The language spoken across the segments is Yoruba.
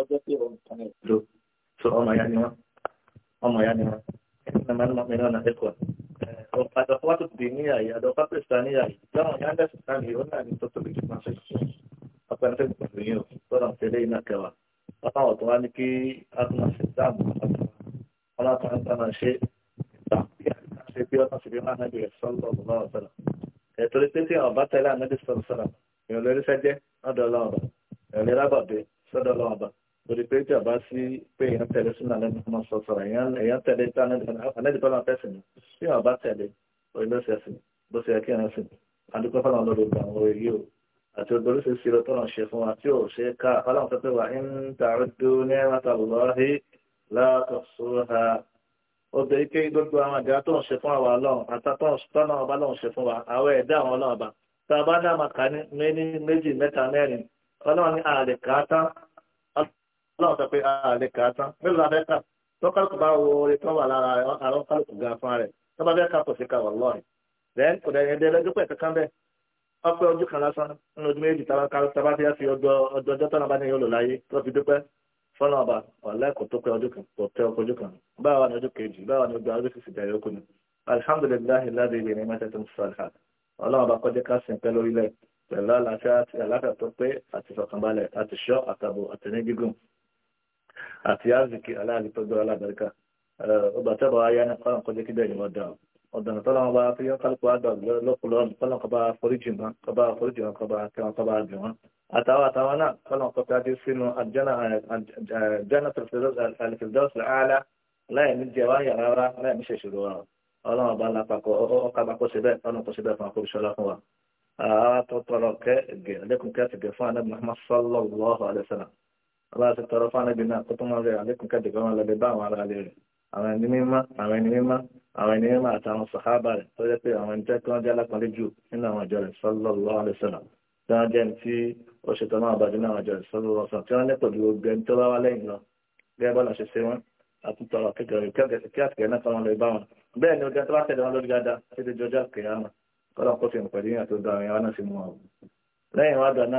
ọjọ́ tí òun kan ẹ̀ lò tó ọmọ ìyá ni wọ́n ọmọ ìyá ni wọ́n ẹni náà máa ń mọ̀ mí náà ẹ̀kọ́ àdọ̀fọ́ tó dì ní àyè àdọ̀fọ́ tó sá ní àyè láwọn yá ń dẹ̀sùn sáà ní ìrọ́lá ní tó tóbi jù máa ṣe ọpẹ́ ní fẹ́ẹ́ pẹ̀lú yín o tọ́lá ń tẹ̀lé iná kẹwàá ọ̀pá ọ̀tọ̀ wá ní kí a tún máa ṣe dáàbò ọlọ́pàá ń tán máa sọ́dọ̀ lọ́ọ̀bà lórí pé tí a bá sí pé èèyàn tẹ̀lé sínú alẹ́ ní ọmọ sọ sọ̀rọ̀ èèyàn tẹ̀lé tí anẹ́dì bọ́lá fẹ́sìn ni tí wọ́n bá tẹ̀lé orí ló ṣe ẹ̀sìn bó ṣe yẹ kí ẹran sìn àdúgbò fọlọ́n lórí ìgbà àwọn orí yìí o àti oríṣi ìṣirò tọ́nà ṣe fún wa tí ò ṣe ká fọlọ́n tó wà ń tàrúdú ní ẹ̀rọ̀tàlùlọ́hí látọ̀ṣúra obìnrin pé gbogbo àwọn àdá tó ń ṣe fún àwa ọlọ́run àtàtọ̀ tọ́nà ọlọ́run ní ààrẹ kàátá ọlọ́run sọ pé ààrẹ kàátá mélòó la fẹ́ kà tọ́kàlùkù bá wo orí tó wà lára àrọ́ kàlùkù gan fún rẹ̀ tó bá fẹ́ kà kò sí kà wà lọ́rùn then kò dẹ̀ ẹ̀dẹ̀ ẹ̀dẹ̀ dúpẹ́ kankan bẹ́ẹ̀ ọpẹ́ ojú kan lásán nínú ojú méjì tábà fi fi ọjọ́ ọjọ́ tó náà bá ní yóò lò láyé tó fi dúpẹ́ fọ́nà ọba ọ̀lẹ́ tó pẹ́ ojú kan kò tẹ́ ọkọ̀ ojú kan báwa ni ojú kejì báwa ni ojú arúgbó sì bẹ̀rẹ̀ okùn ni alhamdulilayi ladi ibi ni mẹ́tẹ̀ẹ̀tẹ̀ ń ọlọ́run ọba kọjá ká sìn pẹ́ lórílẹ̀ pẹ̀lú àlàáfíà àti àlàáfíà tó pé àti ìfọ̀kànbalẹ̀ àti ṣọ́ àtàbò àtẹ̀ní gígùn àti áàzìkì aláàlì tó gbọ́ alábẹ́ríkà ọgbà tẹ́bọ̀ ayé ní kọ́lọ̀ kọjá kí bẹ́ẹ̀ ni wọ́n dà ọ́ ọ̀dọ̀nà tó lọ́wọ́ bá fi yọ kálukú àgbà lọ́pọ̀lọ́ kọ́lọ̀ kọba foríjì wọn kọba foríjì wọn kọba àti wọn kọba àgbẹ̀ wọn àtàwọn àtàwọn náà kọ́lọ̀ kọfí adé sínú àjẹ́nà tòlifíṣẹ́ àlá láì ní jẹ wáyà rárá láì ní ṣèṣirò wa ọlọ́wọ́n bá lápapọ̀ ọkọ̀ àbákọ́sẹ̀ bẹ́ẹ̀ ọlọ́wọ́n kọ́sẹ̀ bẹ́ẹ̀ fún akọ́bíṣọ́lá fún wa àtọ̀tọ̀rọ̀ àlékún kẹ́ àti gẹ̀fún ànábì Muhammad sallallahu alaihi wasallam aláàtì tọrọ fún ànábì náà kótó máa rẹ àlékún kẹ́ àdìgbọ́n lọ́dẹ bá àwọn ará rẹ̀ àwọn ẹni mímọ́ àwọn ẹni mímọ́ àwọn ẹni mímọ́ àtàwọn sàhábà rẹ̀ tó jẹ́ pé àwọn ẹni tẹ́ kí wọ́n jẹ́ alápọ̀lẹ́ jù nínú àwọn ìjọ rẹ̀ sallallahu alaihi wasallam tí wọ́n jẹ́ tí ó ṣe tọ́ náà bàjẹ́ náà ìjọ rẹ̀ sallallahu alaihi wasallam tí wọ́n kọ́lọ́n kó fi hàn pẹ̀lú yíyan tó dáa yẹn wá náà sí mu àwọn. lẹ́yìn wá dáná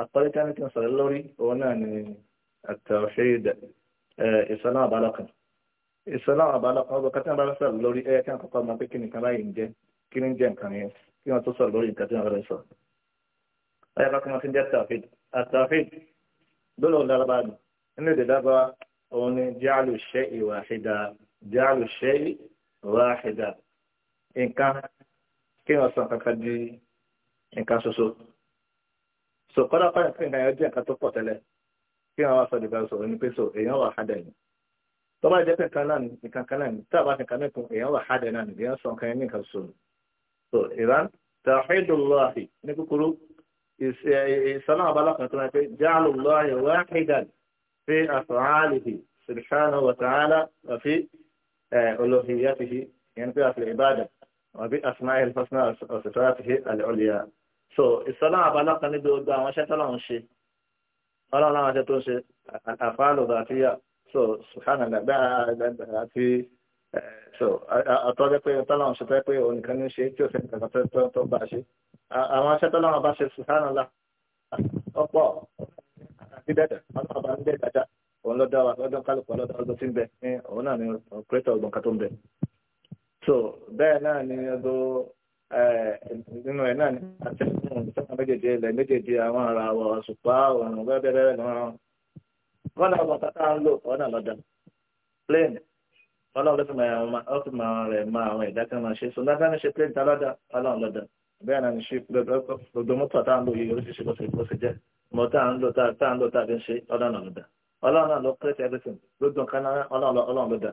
àkọ́lé tí wọ́n ti ń sọ̀rọ̀ lórí òun náà ni at-tawhid ìsọ̀nà àbálọ́kan ìsọ̀nà àbálọ́kan ọgbọ̀n kátí wọ́n bá sọ̀rọ̀ lórí ẹ̀yẹ kí wọ́n kọ́kọ́ mọ pé kí nìkan láyé ń jẹ́ kí ní jẹ́ nǹkan yẹn kí wọ́n tó sọ̀rọ̀ lórí nǹkan tí wọ́n bá sọ̀rọ̀. ẹ̀yẹ kọ́kọ́ wọn ti ń jẹ́ tawhid at-tawhid gbọ́dọ̀ lọ́rọ̀bá ni nínú èdè dábàá òun ni ja'alu shay'i wahida ja'alu kí wọ́n sọ kankan di nǹkan ṣoṣo so kọ́dà kọ́dà sí nǹkan yẹn jẹ́ nǹkan tó pọ̀ tẹ́lẹ̀ kí wọ́n wá sọ dìgbà sọ̀rọ̀ ní pé so èèyàn wà hádà yìí tó bá jẹ́ nǹkan náà nǹkan kan náà ní tá a bá nǹkan mẹ́kun èèyàn wà hádà náà ní èèyàn sọ nǹkan yẹn ní nǹkan ṣoṣo so ìran tàhídùláhì ní kúkúrú ìsọ́nà àbálọ́kàn tó náà pé jáàlùláhì wáhídàn fi àfọ̀hálìhì subhanahu wa ta'ala fi olóhìyàtìhì yẹn pé àfìlẹ̀ ìbàdàn وبأسمائه الحسنى وصفاته العليا so الصلاة عبالقة نبي أدعى ما شاء الله شيء قال الله ما شاء الله شيء أفعال ذاتية so سبحان الله بقى في so أتوقع pé ọ̀tọ́lá ọ̀ṣẹ́ tó pé òǹkan ní ṣe tí ó fẹ́ nǹkan tó tó bá ṣe àwọn aṣẹ́ tọ́lá ọba ṣe سبحان الله ọ̀pọ̀ àti dẹ́dẹ̀ ọlọ́ọ̀bá ń dẹ́ dáadáa òun ló dá wa lọ́dún kálukú ọlọ́dún ọdún tí ń bẹ ní òun náà ní kúrẹ́tọ̀ ọgbọ̀n kan tó ń bẹ so bẹẹ náà ni ọdọ nínú ẹ̀ náà ni àtẹ̀kùn sọ́kàn méjèèjì ilẹ̀ méjèèjì àwọn ara wa ṣùpá òrùn bẹ́ẹ̀ ni wọ́n ń lò plane ọ fi máa rẹ̀ máa àwọn ẹ̀dá kan máa ṣe so ṣe plane lọ́dà bẹ́ẹ̀ náà ni ṣe gbogbo mọ́tò tá à ń lò yìí oríṣiríṣi bó ṣe bó ṣe jẹ́ à ń lò tá à ń lò tá à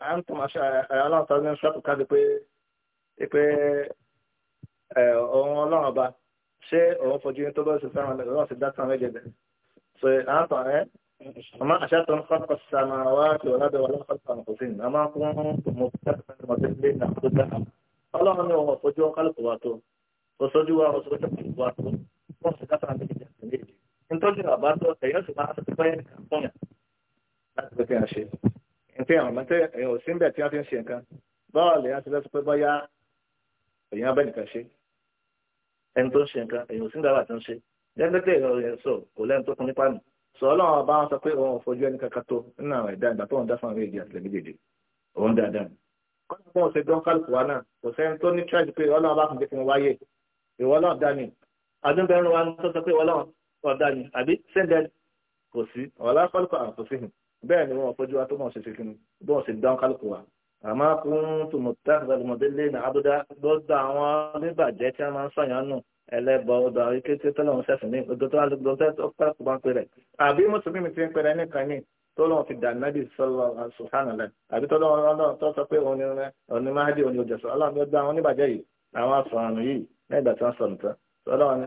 à ń tún aṣọ aláwọ̀tá ní ṣọ́ọ̀tù káàdì pé pé òun ọlọ́run ọba ṣé òun fojú ní tó bá ṣe fẹ́ràn lọ́wọ́ sí dátà méje bẹ̀. so à ń tàn ẹ́ ọmọ àṣà tó ń fọ́kọ̀ sàmà wá kí wọ́n lábẹ́ wọn lọ́wọ́ fọ́kọ̀ sàmà kò sí ní. a máa ń fún mọ̀ fún mọ̀ sí ilé náà tó dá ọlọ́run ní òun ọ̀fọ́jú ọkálùkù wa tó òṣojú wa òṣojú wa tó wọ́n sì dátà méje bẹ̀ nítorí àbátọ̀ ẹ̀yọ́ sì máa ń sọ pé fún yàn láti pẹ́ kí n ṣe nfin àwọn mọtẹ èèyàn ò sí ń bẹ tí wọn fi ń ṣe nǹkan báwo lèèyàn ti lọsọ pé bóyá èèyàn bẹ nìkan ṣe ẹni tó ń ṣe nǹkan èèyàn ò sí ń dára tó ń ṣe lẹ́gbẹ́tẹ̀ èèyàn rẹ̀ sọ kò lẹ́nu tó kún nípa nù sọ ọlọ́run ọba wọn sọ pé òun ò fojú ẹni kankan tó nínú àwọn ẹ̀dá ìgbà tó ń dá fún àwọn èdè àtìlẹ́ méjèèjì òun dáadáa kọ́ńtà fún ọ̀sẹ̀ dán kálukú wa náà kò sẹ́ni tó ní tíráàjì pé ọlọ́run ọba kan jẹ́ kí wọ́n wáyé bẹ́ẹ̀ ni wọn ọ̀pẹ́jú wa tó mọ̀ ṣe ṣe kí ni bí wọ́n ṣe dáhùn kálukú wa àmọ́ kún tòmọ̀ táàkì àlùmọ̀dé lé ní abúdá lọ́dọ̀ àwọn oníbàjẹ́ tí wọ́n máa ń sọ̀yàn nù ẹlẹ́bọ ọdọ̀ àwọn kété tó lọ́wọ́ sẹ́sìn ní odò tó wà lọ́dọ̀ tó pẹ́ kó máa ń pẹ́rẹ́ àbí mùsùlùmí mi ti ń pẹ́rẹ́ nìkan ní tó lọ́wọ́ ti dà nábì sọ́lọ́ sùhánàlá àbí tó lọ́wọ́ lọ́wọ́ tó sọ pé òun ni máàdì òun ni òjòsọ ọlọ́run ló dá àwọn oníbàjẹ́ yìí àwọn asọ̀ràn yìí nígbà tí wọ́n sọ̀rọ̀ tán ọlọ́run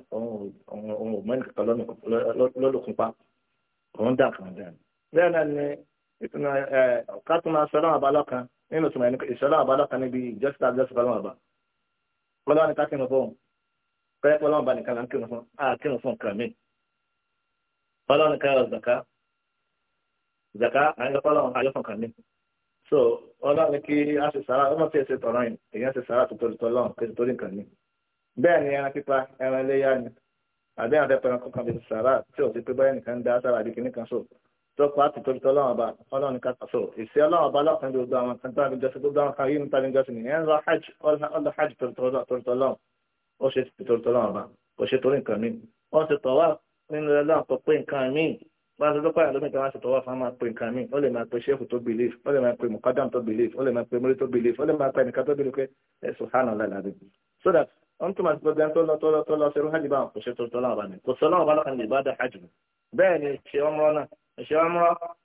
òun bẹ́ẹ̀ ni ìtumọ̀ ẹ̀ ká tún máa sọ́dọ̀ àbálọ́ kan nínú ìtumọ̀ ìṣọ́dọ̀ àbálọ́ kan níbi ìjọsìn àjọsìn fọlọ́wọ́n àbá fọlọ́wọ́n ni ká kírun fóun pẹ́ fọlọ́wọ́n bá nìkan là ń kírun fún à kírun fún nǹkan míì fọlọ́wọ́n nìkan yọ zaka zaka àyẹ̀kọ́ fọlọ́wọ́n àyẹ̀ fún nǹkan míì so ọlọ́run ni kí a ṣe sàrà ọmọ tí ẹ ṣe tọ̀rọ̀ yìí èèyàn ṣe sàrà tuntun tọ́lọ́run kí torí ni ẹran pípa ẹran iléyà ni àbí àwọn afẹ́pẹ́ran kọ̀ọ̀kan lè ṣe sàrà tí ò sí pé báyẹn nìkan dá sára àbí kìnnìkan sọ̀rọ̀ tọ́pọ̀ àti tóbi tọ́ lọ́wọ́ ọba ọlọ́run ní kàtà so èsì ọlọ́run ọba lọ́kùnrin gbogbo àwọn kan tó àbíjọ sí gbogbo àwọn kan yìí níta níjọ sí nìyẹn ń lọ hajj ọlọ́ hajj tóbi tọ́ lọ́wọ́ ó ṣe tóbi tọ́ lọ́wọ́ ọba ó ṣe torí nǹkan mi wọ́n ti tọ̀ wá nínú ẹ̀ lọ́wọ́ kó pé nǹkan mi wọ́n ti lọ́pọ̀ àlómi kan wọ́n ti tọ̀ wá fún wọn máa pe nǹkan mi ó lè máa pe sheikh tó belief ó lè máa pe mukadam tó belief ó lè máa pe mori tó belief ó lè máa pe ẹnìkan tó belief pé ẹ subhanallah alazim so that wọ́n túmọ̀ sí gbogbo ẹni tó lọ tó lọ tó lọ ṣerú hajj báwọn kò ṣe tó tọ́lá ọba ni kò sọ́lá ọba lọ́kàn lè bá dá hajj bẹ́ẹ̀ ni ṣe ọmọ náà iṣẹ́ ọmọ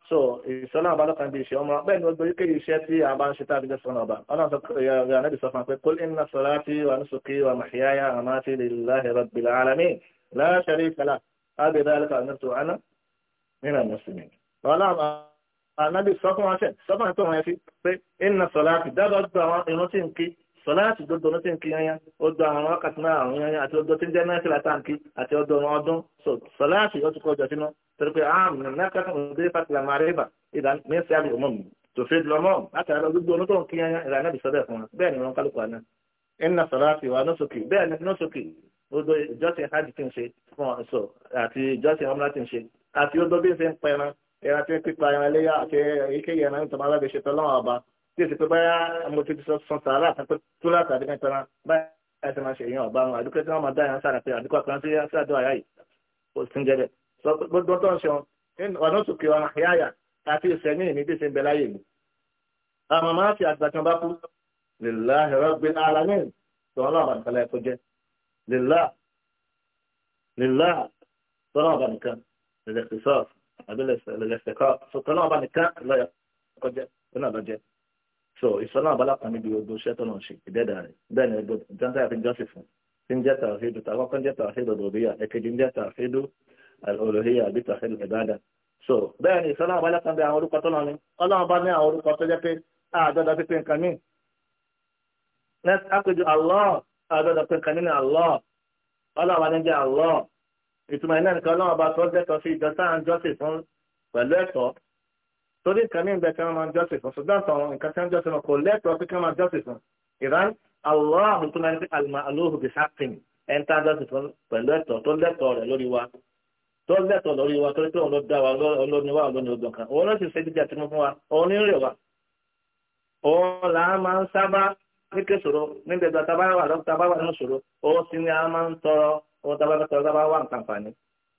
so ìṣẹ́ náà bá lọ́kàn bí iṣẹ́ ọmọ bẹ́ẹ̀ ni gbogbo ike iṣẹ́ tí a bá ń ṣe tábìlì sọ́nà ọba ọlọ́run sọ pé ìyá anábì sọ fún wa pé kul inna salati wa nusuki wa mahyaya wa mamati lillahi rabbil alamin la sharika lah ábẹ́ dáhàlẹ́ kan náà tó aná nínú mùsùlùmí. ọlọ́run anábì sọ fún wa ṣe sọ fún wa pé wọ́n yẹ sí pé inna salati dábàá gbọ́ àwọn sọláàtì gbọ́dọ̀ ló ti ń kiri yan ọdọ àwọn wákàtí náà àwọn yan àti ọdọ tí ń jẹ́ náírà táǹkì àti ọdọ ọ̀rọ̀ ọdún sọláàtì ọtún kọ ọjọ́ sínú torí pé ààrùn náà kàkàn òde fàtìlà máa rí bà ìdá mẹ́sì àlùkò mọ́ mi tòfin lọ́mọ́ látàrí gbogbo onítọ̀ ń kiri yan ìlànà náà bìsọ́dẹ̀ fún wa bẹ́ẹ̀ ni wọn kálukú àná ẹ̀ńnà sọláàtì wa nọ́sọ̀kì bẹ́ẹ̀ ni nọ́sọ̀kì odò ìjọsìn hajj ti ń ṣe fún ọ̀sọ̀ àti ìjọsìn ọmọlá ti ń ṣe àti odò bí ń tí o sì pé báyà amọ̀tòtò sọ sàrà àtàkùn tó látàdé mẹ́ta náà báyà ẹsẹ̀ máa ṣe èèyàn ọ̀bá wọn àdúgbò tí wọ́n máa dá yẹn sára pé àdúgbò àpẹẹrẹ tí yẹn sáà dọ́ àyà yìí kò sí ń jẹ bẹ́ẹ̀ sọ gbogbo tó ń ṣeun ọ̀nà òsùnkè ọ̀nà àyàyà àti ìsẹ̀mí mi bí ṣe ń bẹ láyé mi. àmọ́ máa fi àgbà tí wọ́n bá kú lèlá ẹ̀rọ gbé ara ní ìtọ́nà ọ̀bà nìkan jẹ́ lèlá lèlá tọ́nà ọ̀bà nìkan lẹ́lẹ́sẹ̀kọ́ so ìsọ́nà àbálà kan níbi odò ṣẹ́tọ̀ náà ṣe ìdẹ́dà rẹ̀ bẹ́ẹ̀ ni odò jẹ́ńtà àfi jọ́sìn fún tí ń jẹ́ tàfídù tàkọ́kọ́ ń jẹ́ tàfídù òdòdóyà èkejì ń jẹ́ tàfídù olóhìyà àbí tàfídù ìbádà so bẹ́ẹ̀ ni ìsọ́nà àbálà kan bí àwọn orúkọ tó náà ni ọlọ́run bá ní àwọn orúkọ tó jẹ́ pé àádọ́dọ̀ pípé nǹkan míì next àpèjù Allah àádọ́dọ̀ pé nǹkan nínú Allah ọlọ́run bá ní jẹ́ Allah ìtumọ̀ iná torí nǹkan ní ìgbà tí wọ́n máa ń jọ́sìn fún ṣùgbọ́n àtàwọn nǹkan tí wọ́n jọ́sìn fún kò lẹ́tọ̀ọ́ pé kí wọ́n máa jọ́sìn fún ìran allah tó máa ń pẹ́ àlùmọ́ alóhùn bí hapkin ẹ̀ ń tá jọ́sìn fún pẹ̀lú ẹ̀tọ́ tó lẹ́tọ̀ọ́ rẹ̀ lórí wa tó lẹ́tọ̀ọ́ lórí wa torí pé òun ló dá wa olóni wa olóni odò kan òun ló sì ṣe jíjà tí mo fún wa òun ní rè wa òun là á máa ń sábà ní kéṣòro níbi ìgbà tábà wà lọ́kùtà bá wà ní ìṣòro òun sì ni a máa ń tọrọ òun tábà tọrọ tábà wà nǹkan fàní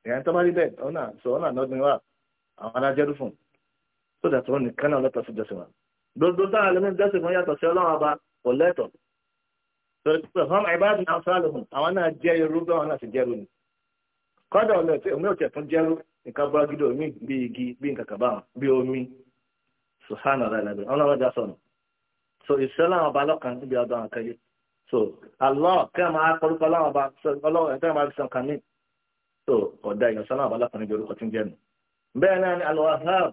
ìyẹn tó bá rí bẹ́ẹ̀ òun náà wa àwọn adájọ́dún fún so that wọ́n nìkan náà lẹ́tọ̀ọ́ sí jọ́sìn wọn gbogbo táwọn ẹlẹ́mí jọ́sìn wọn yàtọ̀ sí ọlọ́run ọba kò lẹ́tọ̀ọ́ hàn àìbáàdì náà sọ́ọ́lù hàn àwọn náà jẹ́ irú bí àwọn náà sì jẹ́rú ni kọ́dà ọ̀lẹ́ tí omi ò tẹ̀ tún jẹ́rú nǹkan bá gídọ̀ bí igi bí nǹkan kàbá bí omi sùhánà ọ̀la ìlàgbẹ̀ wọn sọ̀nù so ìṣẹ́ ọba lọ́kàn níbi ọdọ àwọn akẹ́yẹ so Allah kí a máa kọrúkọ láwọn ọba ọlọ́wọ́ ẹ̀ máa fi sàn so ọ̀dà ìyànṣẹ́ ọba lọ́kàn níbi orúkọ tí ń jẹ́ bẹ́ẹ̀ náà ni alwahab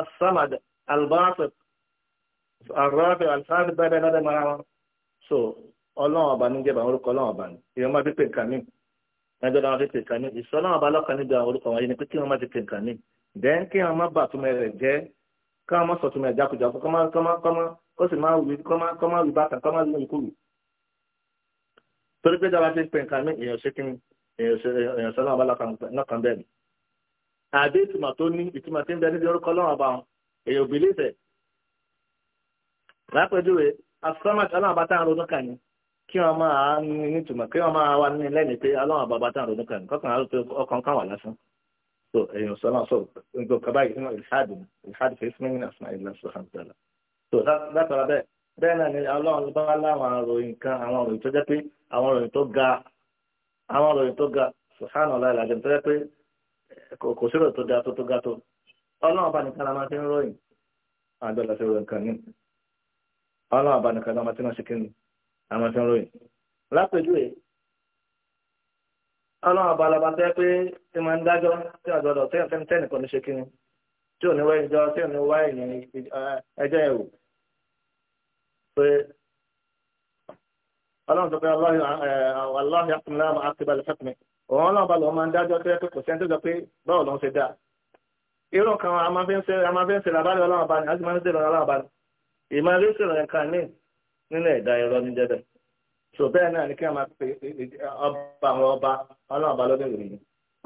الصمد الباسط الرافع الخافض bẹ́ẹ̀ bẹ́ẹ̀ lọ́dẹ̀ mara wọn. so ọlọ́run ọba ní jẹ́bà àwọn orúkọ ọlọ́run ọba ni èèyàn máa fi pè nǹkan mí ẹjọ́ dáwọn fi pè nǹkan mí ìsọ ọlọ́run ọba lọ́kàn níbi àwọn orúkọ wọ̀nyí ni pé kí wọ́n má ti pè nǹkan mí then kí wọ́n má bà túmọ̀ rẹ̀ jẹ́ kí wọ́n má sọ túmọ̀ rẹ̀ jákujàku kọ́ má wí bákan kọ́ má wí ìkúrú. torí pé dáwọn fi pè nǹkan mí èèyàn ṣe kí èèyàn ṣe ọlọ́run ọba lọ́kàn bẹ́ẹ̀ àdé ìtumọ̀ tó ní ìtumọ̀ tí ń bẹ níbi orúkọ ọlọ́run ọba èèyàn òbí lẹ́sẹ̀. lápẹjúwe asọ́mọ̀tì ọlọ́run bàtà ń ronú kàn ní kí wọ́n máa ní ìtumọ̀ kí wọ́n máa wà ní lẹ́nu pé ọlọ́run bàbá ronú kàn ní kọ́kàn ọkàn kan wà lásán. so èèyàn sọ náà sọ nǹkan kaba yìí nínú ìhádùn ìhádùn fèsì mẹ́rin náà sùn àìlẹ́ sọ hàn so látara bẹ́ẹ̀ bẹ́ẹ̀ náà ni ọlọ́run bá láwọn ròyìn kan àwọn ròyìn tó jẹ́ pé àwọn ròyìn tó ga kò sírò tó ga tó tó ga tó ọlọ́run bá nìkan la máa fi ń ròyìn àgbẹ̀lá fi ròyìn kan ní ọlọ́run bá nìkan la máa fi ń ṣe kíni la máa fi ń ròyìn. lápèjúwe ọlọ́run bá lọ́ba tẹ́ pé tí máa ń dájọ́ tí àgbọ̀dọ̀ tẹ́yìn tẹ́yìn kò ní ṣe tí ò ní wá ìjọ tí ò ní wá ìyẹn ẹjọ́ ẹ̀wò pé ọlọ́run tó pé aláhùn òun náà bá lọ máa ń dájọ́ tó yẹ pé kò sẹ́ni tó sọ pé báwo ló ń ṣe dáa irú kan a máa fi ń ṣe a máa fi ń ṣe làbálẹ̀ ọlọ́run bá ní a sì máa ń ṣe lọ́rọ̀ ọlọ́run bá ní ìmọ̀ eré ṣèlọ̀ ẹ̀ka ní nínú ẹ̀dá ẹ̀rọ ní jẹ́dẹ̀ so bẹ́ẹ̀ náà ni kí a máa pe ọba àwọn ọba ọlọ́run bá lọ́dẹ̀ ìròyìn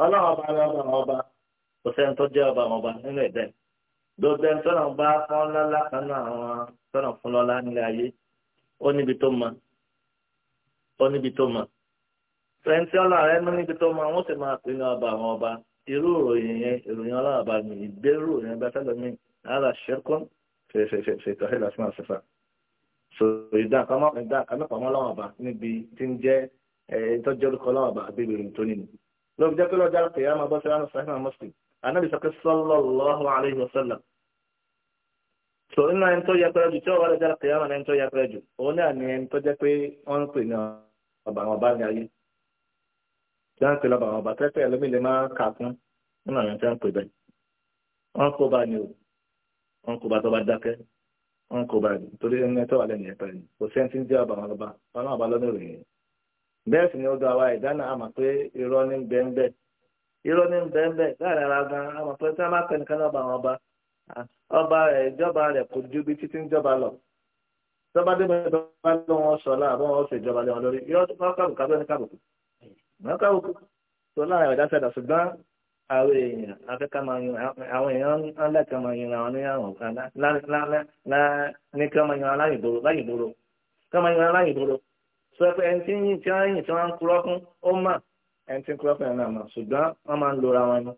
ọlọ́run ọba ọlọ́run àwọn ọba kò sẹ́ni tó jẹ́ ọba àwọn ọba nínú ẹ̀dá gbogbo ẹni tọ́nà bá fọ́n lọ́lá kan náà àwọn tọ́nà fún lọ́lá nílé ayé ó níbi tó mọ ó níbi tó mọ fẹ́ntì ọlọ́run ẹnu níbi tó máa wọ́n sì máa pè ní ọba àwọn ọba irú ìròyìn yẹn ìròyìn ọlọ́run ọba ní ìgbéró yẹn bá fẹ́ lómi ara ṣẹ́kùn fèfèfèfètò ẹ̀dá sí máa ṣẹ̀fà. so ìdá àkámẹ́pàmọ́ ọlọ́run ọba níbi tí ń jẹ́ ìtọ́jú orúkọ ọlọ́run ọba àbí ìròyìn tó nínú. lóbi jẹ́ pé lọ́jà pé a máa bọ́ sí ránṣẹ́ náà mọ́sí anábì sọ́kẹ́ sallallahu alaihi wasallam. so tí wọ́n ń pè lọ́ba àwọn ọba tẹ́tẹ́ ẹlòmíì lè máa kà kún nínú àwọn tí wọ́n ń pè bẹ́ẹ̀ wọ́n kó bá ní o wọ́n kó bá tó bá dákẹ́ wọ́n kó bá ní torí ẹni tó wà lẹ́nu yẹn pẹ̀lú kò sẹ́ńtì ń jẹ́ ọba àwọn ọba ọlọ́run ọba lọ́nà ìròyìn bẹ́ẹ̀ sì ni ó dọ̀ àwa ìdáná àmọ̀ pé irọ́ ní bẹ́ẹ̀ irọ́ ní bẹ́ẹ̀ láàrin ara gan àmọ̀ pé tí wọ́n bá pẹ̀lú kan lọ́ba àwọn ìjọba lé wọn lórí irọ́ tó bá kàbùkà bẹ́ẹ̀ mọ́káwó tó láàrin ọ̀dá sẹ́dà ṣùgbọ́n àwọn èèyàn afẹ́ká máa yan àwọn èèyàn ńlá kan máa yan àwọn oníyàwó ní kí wọ́n máa yan aláìgboro láìgboro kí wọ́n máa yan aláìgboro sọ pé ẹni tí yìí tí wọ́n yìn tí wọ́n ń kúrọ́ fún ó mà ẹni tí ń kúrọ́ fún ẹ̀ náà mà ṣùgbọ́n wọ́n máa ń lora wọn ni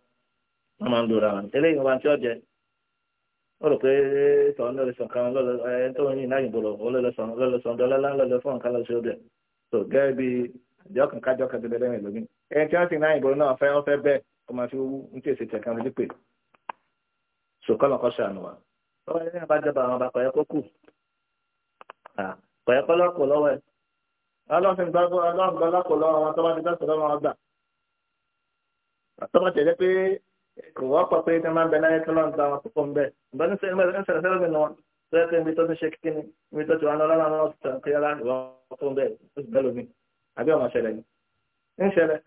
wọ́n máa ń lora wọn eléyìí wọn ti ọ̀jẹ̀ ó rò pé tọ́hún lọ́lọ́ sọ kan lọ́lọ́ ẹ tó ń yìn láìgboro ó lọ́lọ́ sọ àjọkàn kájọkàn dẹdẹdẹ rìn lómi ẹni tí wọn sì náà ìbọn náà fẹ wọn fẹ bẹ́ẹ̀ wọn máa fi wú ní tèsè tẹkan lójú pé sòkòlò kọ ṣàánú wa lọ́wọ́ ẹni bá jọba àwọn ọba kọyẹ kó kù kọyẹ kọ lọkọ lọ́wọ́ ẹ ọlọ́sìn gbàgbọ́ ọlọ́sìn gbàgbọ́ lọkọ lọ́wọ́ wọn tọ́ba ti dọ́sọ̀ lọ́wọ́ wọn gbà tọ́ba tẹ̀lé pé kò wọ́pọ̀ pé ní máa ń bẹ láyé tó lọ́nà àwọn púpọ̀ ń bẹ̀ ǹbẹ́ ní sẹ́yìn mẹ́rin sẹ́yìn sẹ́yìn nínú wọn tó yẹ pé ibi tó ti ṣe kíkíni ibi tó ti wà ní ọlọ́run ọ̀sán kí ọlá ìwọ́n tó ń bẹ̀ ó sì bẹ́ lómi àbí ọmọ ṣẹlẹ̀ ni ń ṣẹlẹ̀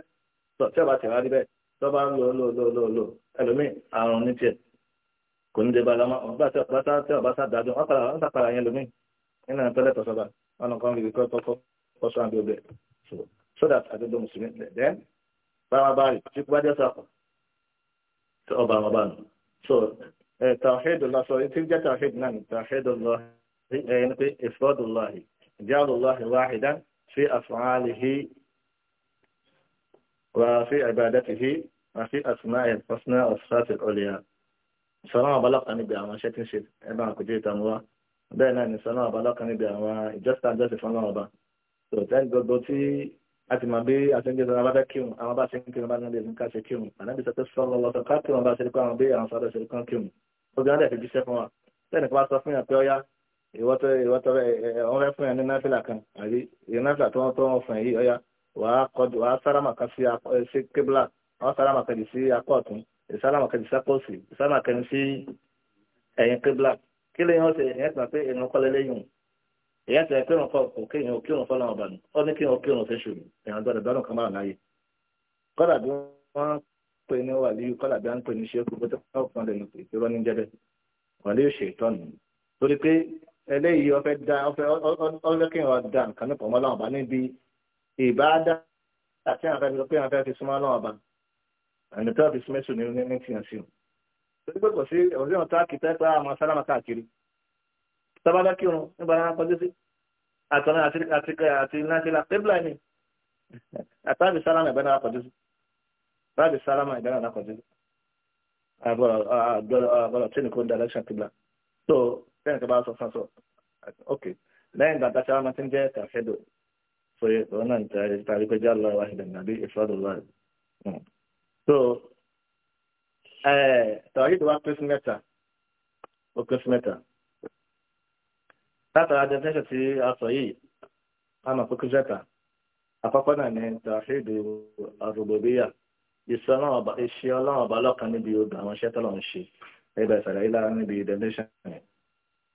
tọ tí ọba tẹwàá rí bẹ́ẹ̀ tọ bá ń lò lò lò lò lò ẹlòmíì àrùn ní tiẹ̀ kò ní débà lọmọ ọba tí ọba tá tí ọba tá dájú wọn padà wọn sàpàrà yẹn lòmíì nínú ẹtọlẹ tọsọba ọnà kan rí kọ kọkọ kọsọ àbí ọbẹ so that àdúgbò mùsùlùmí lẹ dẹ báwa bá rí tí kò bá tí ọba wọn bá nù so tawhid Allah sọ tí jẹ tawhid náà ni tawhid Allah ẹni pé Allah ìjáàlú Allah wahidan في أفعاله وفي عبادته وفي أسماء الحسنى والصفات العليا سلام بلغ أن يبقى ما شكل شيء إبعا كجيت أنواع بين أن سلام بلغ أن يبقى ما جست عن جست فنوع با so then go go ti àti ma bi àti nje na bada kiun àwọn ba se kiun ba na le nka se kiun Ànábì sallallahu alaihi wasallam ka kiun ba se ko àwọn be àwọn sada se kan kiun o ga da fi bi se fún wa then ko ba sọ fún ya pé ó yá ìwọ tó ìwọ tó wọn fẹ́ fún yẹn ní náfìlà kan àbí ìyẹn náfìlà tó wọn tó wọn fún yẹn yìí ọyà wàá kọjú wàá sáramà kan sí sí kébìlà wọn sáramà kan sí akọ ọ̀tún ìsáramà kan sí akọ òsì ìsáramà kan sí ẹ̀yìn kébìlà kí lè yẹn ọsẹ ìyẹn tó máa pé ìrìn kọlẹ lẹ́yìn ìyẹn tó yẹ pé òǹkọ kò kí ìyẹn òkírun fọlọ ọba nù ó ní kí ìyẹn òkírun fẹ́ ṣùgbọ́n ìyẹn gbọ́dọ̀ gbọ́dọ̀ kan máa láàyè kódà bí eléyìí ọfẹ da ọfẹ ọlọkẹyìn ọdà nǹkan ní pọmọ lọ́wọ́ bá níbi ìbáadá àti àwọn afẹ́fẹ́ pé àwọn afẹ́fẹ́ fi súnmọ́ lọ́wọ́ bá ẹni tó fi súnmọ́ sùn nínú ní tiẹ̀ sí o. torí pé kò sí òsì ọ̀tá kìtẹ́ pé àwọn sálámà káàkiri sábàbá kírun nígbà náà kọjú sí àtọ̀nà àti nàkìlá tébìlà ni àtàbí sálámà ìbẹ́ náà kọjú sí àtàbí sálámà ìbẹ́ náà kọjú sí àbọ̀rọ̀ àbọ̀rọ̀ tí nìkan dá lẹ́sìn tébìlà bẹ́ẹ̀ nǹkan bá sọ fún sọ ok lẹ́yìn ìgbà tàṣà máa ti ń jẹ́ tàfẹ́dọ̀ so òun náà níta ẹ̀rí tàbí pé jálọ wà hídẹ̀ nàbí ìfọ́dọ̀ lọ́rẹ̀ so tàwájú tó wá pín sí mẹ́ta ó pín sí mẹ́ta látara definition tí a sọ yìí a mọ̀ pé kúrẹ́ta àkọ́kọ́ náà ní tàfẹ́dọ̀ àrùbọ̀bíyà ìṣẹ́ ọlọ́run ọba lọ́kàn níbi odò àwọn iṣẹ́ tọ́lọ́ ń ṣe ẹgbẹ́ ìsàlẹ̀ yìí lára níbi definition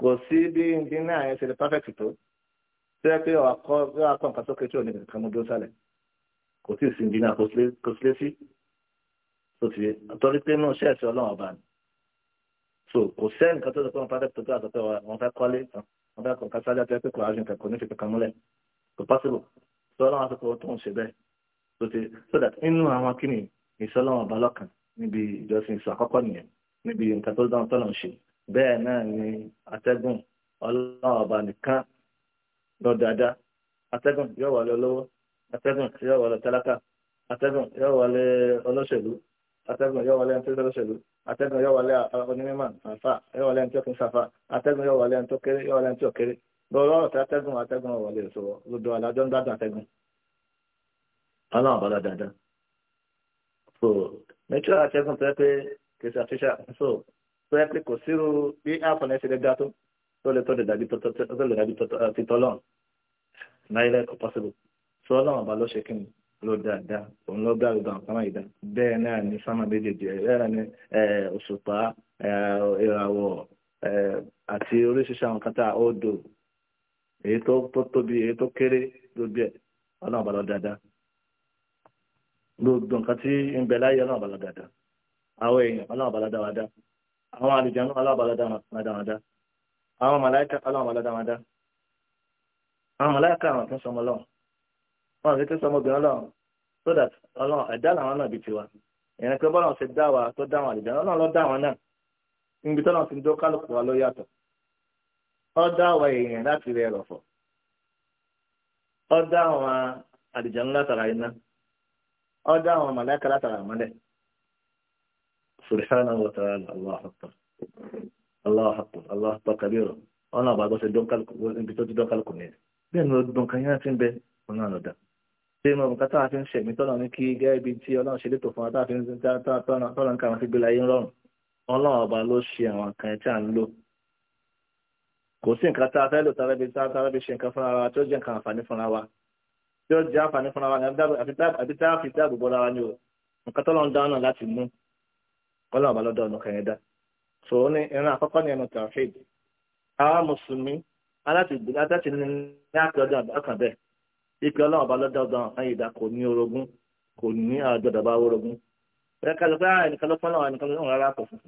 kò sí bí ìdíná yẹn ṣe lè perfect tó tó yẹ pé ọkọ bí wọn kọ nǹkan sókè tí ò ní nǹkan mú dúró sálẹ̀ kò tí ì sí ìdíná kò sí lé sí tó ti yé torí pé inú iṣẹ́ ẹ̀sìn ọlọ́run ọba ni so kò sẹ́ni kan tó sọ pé wọn perfect tó tó àtọ́pẹ́ wọn fẹ́ kọ́lé wọn fẹ́ kọ́ nǹkan sálẹ̀ tó yẹ pé kò ájú nǹkan kò ní fi kankan múlẹ̀ kò possible tó ọlọ́run àti kò ń ṣe bẹ́ẹ̀ tó ti so that inú àwọn kíni ìsọlọ́run ọba lọ́kàn níbi ìjọsìn ìsọ àkọ́kọ́ nìyẹn níbi nǹkan tó dáhùn tọ́lọ̀ ń ṣe bẹ́ẹ̀ náà ni atẹ́gùn ọlọ́run ọba nìkan lọ dáadáa atẹ́gùn yóò wọlé olówó atẹ́gùn yóò wọlé tálákà atẹ́gùn yóò wọlé olóṣèlú atẹ́gùn yóò wọlé ẹni tó olóṣèlú atẹ́gùn yóò wọlé onímọ̀ àfà yóò wọlé ẹni tó kún sàfà atẹ́gùn yóò wọlé ẹni tó kéré yóò wọlé ẹni tó kéré lọ́wọ́ ọ̀tẹ́ atẹ́gùn atẹ́gùn wọlé ìṣòwò lọ́dọ̀ alájọ́ ń gbádùn atẹ́gùn ọlọ́run ọba lọ dáadáa so nature atẹ́gùn pẹ́ pé kìsà tíṣà so tó yẹ si kò sírú bí àfọ̀nà ẹ̀ṣẹ̀ gẹ́gẹ́ tó tó lè tọ́lẹ̀ dàbí títọ́ lọ́n náírà kò pọ́sibú tó ọlọ́run ọba ló ṣe kí ni ló dáadáa òun ló gbá gbogbo àwọn sámà ìdá bẹ́ẹ̀ náà ni èyí tó tóbi èyí tó kéré ọlọ́run dáadáa gbogbo nǹkan tí ń bẹ láyé ọlọ́run dáadáa àwọn èèyàn ọlọ́run dáadáa àwọn àlùjànnú alábàládàmàdà àwọn màláìkà alábàládàmàdà àwọn màláìkà àwọn tó ń sọmọ lọ́wọ́ wọn àti tó sọmọ obìnrin lọ́wọ́ so that ọlọ́run ẹ̀dá làwọn náà bí tiwa ìrìn pé bọ́lá ṣe dá wa tó dá wọn àlùjànnú náà lọ dá wọn náà níbi tọ́lá ti dó kálukú wa ló yàtọ̀ ó dá wa èèyàn láti rẹ ẹ̀rọ̀fọ̀ ó dá wọn àlùjànnú látara iná ó dá wọn màláìkà látara àmọ́lẹ̀ subhanahu wa ta'ala Allahu akbar Allahu akbar Allahu akbar kabira ọ̀nà àbàgbọ́ ṣe ibi tó ti dọ́kàlùkù ní bẹ́ẹ̀ ni ọdún kan yára ti ń bẹ ọ̀nà àlọ́dà ṣé ìmọ̀ nǹkan táà fi ń ṣẹ̀mí tọ́nà ní kí gẹ́gẹ́ ibi tí ọlọ́run ṣe létò fún wa táà fi ń tọ́nà nǹkan àwọn fi gbélé ayé rọrùn ọlọ́run ọba ló ṣe àwọn nǹkan tí à ń lò kò sí nǹkan tá a fẹ́ lò tá a fẹ́ ṣe nǹkan fúnra wa tí ó jẹ́ nǹkan àǹfààní fúnra wa tí ó jẹ́ àǹfààní fúnra wa àfi tá a fi dáàbò bọ́ra wa ni o nǹkan tọ́lọ́run dáná láti mú kọ́lá ọba lọ́dọ̀ ọ̀nà kan so ó ní ìran àkọ́kọ́ ní ẹnu tàfíìd àwọn mùsùlùmí aláti gbé adáti ní láti ọjọ́ àbákan ipe ọba lọ́dọ̀ ọ̀dọ̀ ọ̀kan kò ní orogún kò ní bá orogún pé àwọn ah, ẹnìkan ló ẹnìkan ló ń rárá kò fún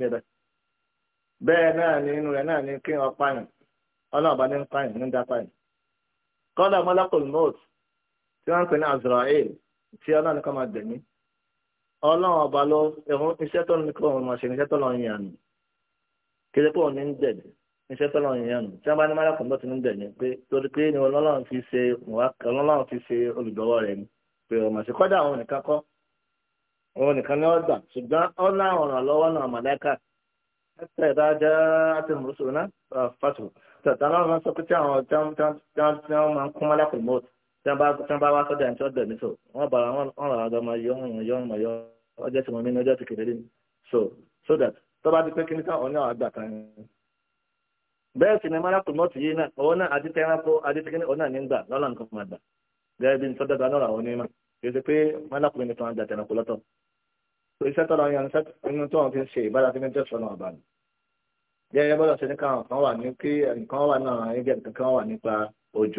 náà ni inú rẹ̀ náà ni kí wọ́n pààyàn ọlọ́run ọba lọ ẹ̀hún iṣẹ́ tó ní kí wọ́n máa ṣe iṣẹ́ tó lọ́ọ́ yàn nù kéde pé òun ní ń dẹ̀dẹ̀ iṣẹ́ tó lọ́ọ́ yàn nù tí wọ́n bá ní mọ́lá kọ̀ǹtọ́ ti ń dẹ̀dẹ̀ pé torí pé ni ọlọ́run fi ṣe ọlọ́run fi ṣe olùdọ́wọ́ rẹ̀ ni pé ọmọ sí kọ́dà òun nìkan kọ́ òun nìkan ní ọ̀dà ṣùgbọ́n ọlọ́run ọ̀ràn lọ́wọ́ náà màláìkà ẹ̀tẹ̀ ìdájọ́ àti mùsùlùmí fásitì tàtà náà sọ pé tí àwọn tí wọ́n máa ń kún mọ́lá kọ̀ǹtọ́ tán bá wá sọ́jà ní sọ́dọ̀ mi so wọ́n bá wọn ràn án ọmọ yọ ọmọ yọ ọmọ yọ ọjọ́ tí mo ní ní ọjọ́ ti kékeré so so that tó bá di pé kí ní káwọn ní àwọn àgbà kan ni. bẹ́ẹ̀ sì ni malakul mọ́tì yìí náà òun náà àti tẹ́ránkó àti tẹ́kíní òun náà ní gbà lọ́la nǹkan fún àgbà gẹ́gẹ́ bí sọ́dọ̀ gba lọ́ra òun ní ma kì í ṣe pé malakul mi tán àgbà tẹ̀ránkó lọ́tọ̀ iṣẹ́ tọ́lọ yan inú wọn fi ni. yẹ́yẹ́ bọ́dọ̀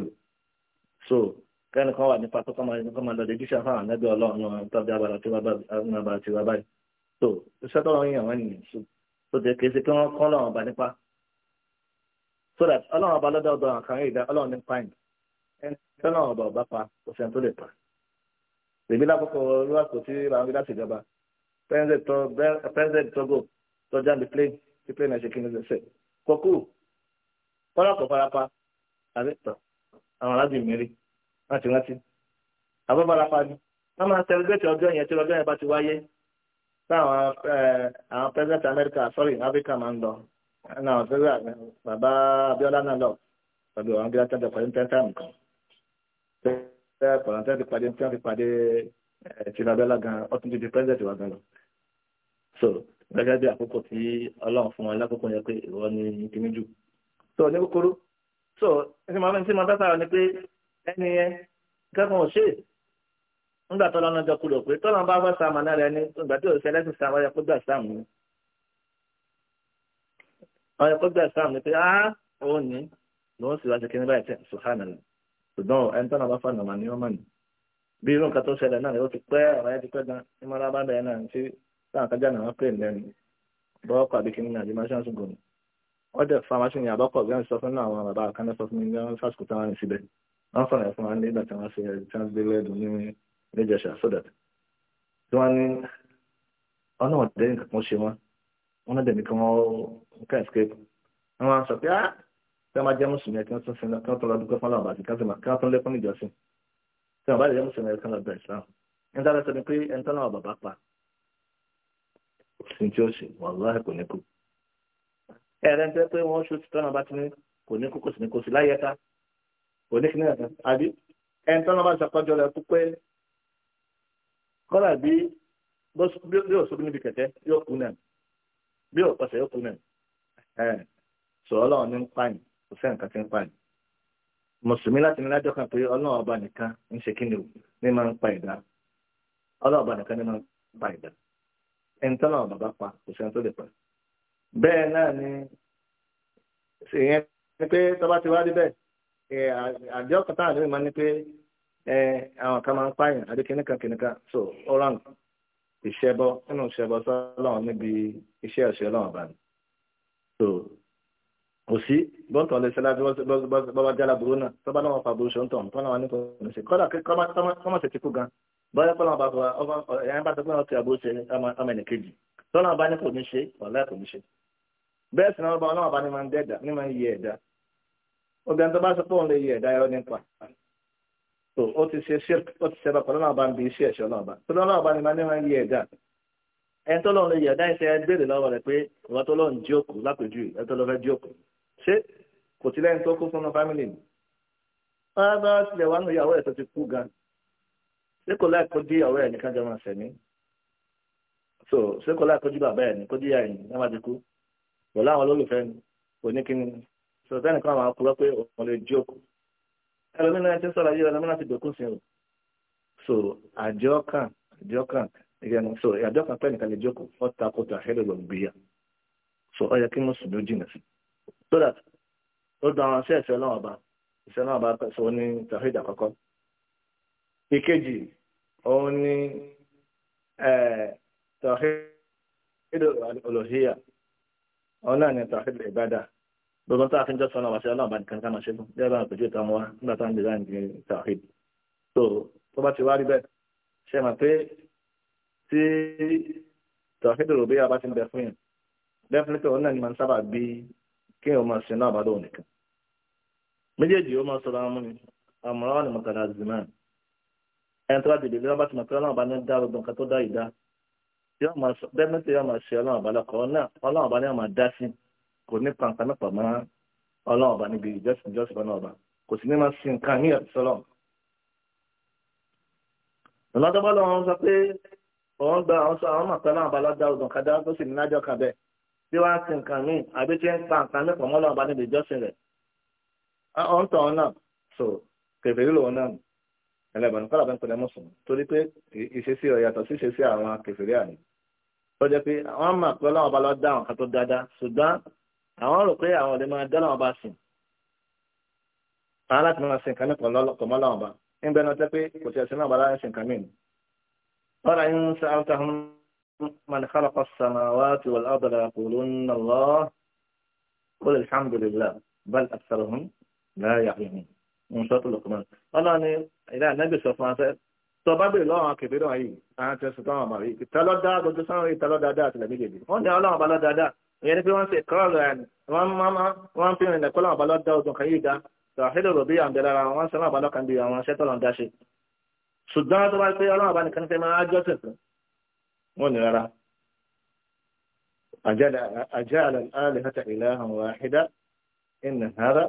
so kẹ́ni kan wà nípa tó kọ́ máa kọ́ máa lọ́dẹ jíṣà fáwọn ẹgbẹ́ ọlọ́run tọ́jú abala tí wọ́n bá ti wá báyìí tó iṣẹ́ tó ń yàn wọ́n nìyẹn so tó tẹ kì í ṣe kí wọ́n kọ́ ọlọ́run ọba nípa so that ọlọ́run ọba lọ́dọ̀ ọdọ àkàn ìdá ọlọ́run ní pine ẹni tí ọlọ́run ọba ọba pa òṣèlú tó lè pa èmi lákòókò olúwàkó tí bàbá mi láti ìjọba president togo tó jáde plane wọ́n ti rántí àbábalapa ni wọ́n máa sẹlẹ̀bẹ̀tì ọjọ́ yẹn tí ọjọ́ yẹn bá ti wáyé táwọn àwọn president America sorry Africa máa ń lọ náà ọ̀sẹ̀rẹ̀ bàbá Abiola náà lọ pẹ̀lú àwọn bí wọ́n tẹ́tẹ̀ pẹ̀lú tẹ́tẹ̀ nǹkan tẹ́tẹ̀ pàdé pàdé gan ọtún ti di wa gan lọ. so gẹ́gẹ́ bí àkókò tí Ọlọ́run fún wọn lákòókò yẹn pé ìwọ ni kíní jù. so ní kúkúrú so ẹni yẹn kẹ́kọ̀ọ́ ò ṣe nígbà tó lọ́nà jọ kúrò pé tọ́lọ́n bá fẹ́ sàmà náà rẹ ní ìgbà tí òṣìṣẹ́ lẹ́sìn sàmà yẹ kó gbà sàmù ni wọ́n yẹ kó gbà sàmù ni pé á òun ní lòun sì wá sí kíní báyìí tẹ̀ sùhánàlá ṣùgbọ́n ẹni tọ́lọ́n bá fọ́nà mà ní ọmọ ni bí irú nǹkan tó ṣẹlẹ̀ náà ó ti pẹ́ ọ̀rọ̀ yẹn ti pẹ́ gan ní mọ́ra bá bẹ̀rẹ̀ náà tí táwọn kájà náà wọ́n pè lẹ́nu ní wọ́n fásitì wọ́n fàlàyé fún wa nígbà tí wọ́n ṣe ẹ̀ẹ́dẹ́gbẹ̀rún gbé lẹ́dùn ní níjẹ̀ṣà sódà tí wọ́n ní ọ̀nà ọ̀dẹ́ nǹkan kan ṣe wọ́n wọ́n náà dẹ̀ nìkan wọ́n ká escape wọ́n wá sọ pé á ah, tí wọ́n bá jẹ́ mùsùlùmí ẹ̀kan tó sin kan tó lọ dúpẹ́ fún aláwọ̀ àti kan tó lẹ́kún níjọsìn tí wọ́n bá jẹ́ mùsùlùmí ẹ̀kan lọ bẹ̀rẹ̀ Islam níta lọ sọ ni pé ẹni tó náà bàbá pa sin tí ó ṣe wàláhì kò ní kú ẹ̀rẹ́ ń tẹ́ pé wọ́n ṣó oníkìnnà ẹ̀sán àbí ẹni tí wọ́n bá ṣàkọjọ rẹ̀ púpẹ́ kọ́là bí bí ò sóbi níbi kẹ̀kẹ́ yóò kú náà bí ò pàṣẹ yóò kú náà ẹ̀ sọ̀rọ̀ ọlọ́run ní ń pààyàn kò sẹ́yìn kan ti ń pààyàn mùsùlùmí ọba nìkan ń ṣe ni o ní máa ń pa ọlọ́run ọba nìkan ní máa ń pa àjọ kọta àdúgbò máa ní pé àwọn kan máa ń pààyàn àbí kìnìkan kìnìkan so ó rán ìṣẹ́bọ nínú ìṣẹ́bọ sọ́lọ́run níbi iṣẹ́ ọ̀ṣẹ́ ọlọ́run ọba ni so kò sí bọ́ǹtàn lè ṣẹlá bí bọ́bá jálá burú náà tọ́ba náà wọ́n fa burú ṣọ́ǹtàn tọ́ba náà wọ́n ní kò ní ṣe kọ́dà kọ́mọ̀ ṣe ti kú gan bọ́yá kọ́lá ọba ẹ̀yán bá tọ́gbọ́n ọtí àbúrò ṣe ọmọ ẹnì kejì tọ́lá ọba ní kò ní ṣe ọ̀la kò ní ṣe bẹ́ẹ̀ sì náà ọba ọlọ́wọ́ ọba ní máa ń dẹ́ẹ̀dá ní máa ń yẹ ẹ̀dá ọgbẹ́ tó bá sọ pé òun lè yẹ ẹ̀dá ẹ̀rọ nípa tó ó ti ṣe ṣe ó ti ṣẹba pẹ̀lú náà bá ń bi iṣẹ́ ẹ̀ṣọ́ náà bá tó náà bá ní máa ní máa ń yẹ ẹ̀dá ẹni tó lọ́n lè yẹ ẹ̀dá iṣẹ́ ẹgbẹ́rẹ́ lọ́wọ́ rẹ̀ pé ìwà tó lọ́n jókòó lápèjúwe ẹni tó lọ́ fẹ́ jókòó ṣé kò sí lẹ́yìn tó kú fún fámìlì ni wọ́n bá tilẹ̀ wà nù ẹ̀ tó ti kú gan ṣé kò láì kojú ìyàwó ẹ̀ so ṣé kò láì kojú bàbá ẹ̀ ní kojú ìyá ẹ̀ ní ẹ̀ máa ti kú ni oníkíni sọ̀tẹ́nì kan àwọn akúrọ́ pé òun lè jókòó ẹlòmínà ti sọ̀rọ̀ yìí ẹlòmínà ti dòkú sí o so àjọ kan àjọ kan ìgbẹ́nu so àjọ kan pẹ́ nìkan lè jókòó ọ̀tà kòtò àṣẹ́lẹ̀ lọ gbìyà so ó yẹ kí mùsùlùmí ó jìnà sí so that ó dán àwọn sí ẹ̀sẹ̀ náà ọba ẹ̀sẹ̀ náà ọba sọ ní tàfíìdì àkọ́kọ́ ìkejì òun ní tàfíìdì olùhíyà òun náà ní tàfíìdì ìbádà gbogbo tá a fi ń jọ́sọ̀ náà wá sí aláàbá nìkan ká máa ṣe fún bí a bá ń pèjú ìtàn wa nígbà tá à ń design ní tawhid so tó bá ti wá rí bẹ́ẹ̀ ṣe mà pé tí tawhid rò bí a ti ń bẹ fún yẹn definitely òun ni máa ń sábà bí kí èèyàn máa ṣe náà bá dóun nìkan méjèèjì ó máa sọ̀rọ̀ àwọn múni àmọ́ràn wà ní mọ̀tàlá zimán ẹni tó bá dìde bí wọ́n bá ti mọ̀ pé ọlọ́run bá ní dá definitely yóò máa ṣe ọlọ́run àbálẹ̀ kọ́ náà ọlọ́run àbálẹ̀ máa dá kò ní pàǹpàǹpà mọ́ ọlọ́run ọba níbi ìjọsìn ìjọsìn ọlọ́run ọba kò sí ní máa sin nǹkan ní ẹ̀sìn ọlọ́run. ìlọ́dọ́gbọ́ lọ́wọ́ sọ pé òun gba àwọn sọ àwọn màpẹ́ náà balá dá ọdún kadà tó sì ní lájọ́ kan bẹ́ẹ̀ bí wọ́n á sin nǹkan míì àbí tí ń pa nǹkan mẹ́pọ̀ mọ́ ọlọ́run ọba níbi ìjọsìn rẹ̀ ọ̀hún tọ̀ náà so kèfèrí lòun náà ẹlẹ́bọ̀n kọ́lá bẹ́ẹ̀ ń pẹ̀lẹ́ mọ̀sùn torí pé ìṣesí ọ̀ yàtọ̀ sí ìṣesí àwọn kèfèrí àná ó jẹ́ pé wọ́n mọ̀ pé ọlọ́run ọba lọ dá àwọn kan tó dáadáa ṣùgbọ́n àwọn rò pé àwọn ọ̀dẹ́ máa dọ́là wọn bá sìn àwọn láti máa sìn kan ní pọ̀ mọ́ láwọn bá ń bẹ́ẹ̀ náà tẹ́ pé kò tí ẹ̀sìn náà bá láwọn sìn kan mí ni. ọ̀rọ̀ yìí ń sọ àwọn táwọn man khalaqa as-samawati wal-arda la yaqulunna Allah qul alhamdulillah bal aktharuhum la ya'lamun ń sọ tó lọ́kùnmọ́. ọlọ́run ni ìdá ànábì sọ fún aṣẹ tó bá bèrè lọ́wọ́ àwọn kèfèrè wọ̀nyí àwọn tẹ̀sán tó wọn mọ̀ rí ìtàlọ́dá gbogbo sáwọn ìtàlọ́dá dáa tìlẹ̀ méjèèjì wọ́n ní ọlọ́run bá lọ́dá dáa ìyẹn ni pé wọ́n ń ṣe ìkọ́rọ̀ rẹ̀ ni wọ́n máa wọ́n ń pinnu ìdẹ̀kọ́ làwọn àbálọ́ dá ọdún kan yìí dá tàhídò rọ̀bí àǹdẹ̀ lára wọn sẹ́wọ́n àbálọ́ kan bí àwọn aṣẹ́tọ̀ lọ́n dáṣe ṣùgbọ́n tó bá pé ọlọ́run àbá nìkan fẹ́ máa jọ́ tuntun wọn ni rárá àjẹ́ àlẹ́ àlẹ́ hàtà ìlà àwọn àhídá ìnà hàrá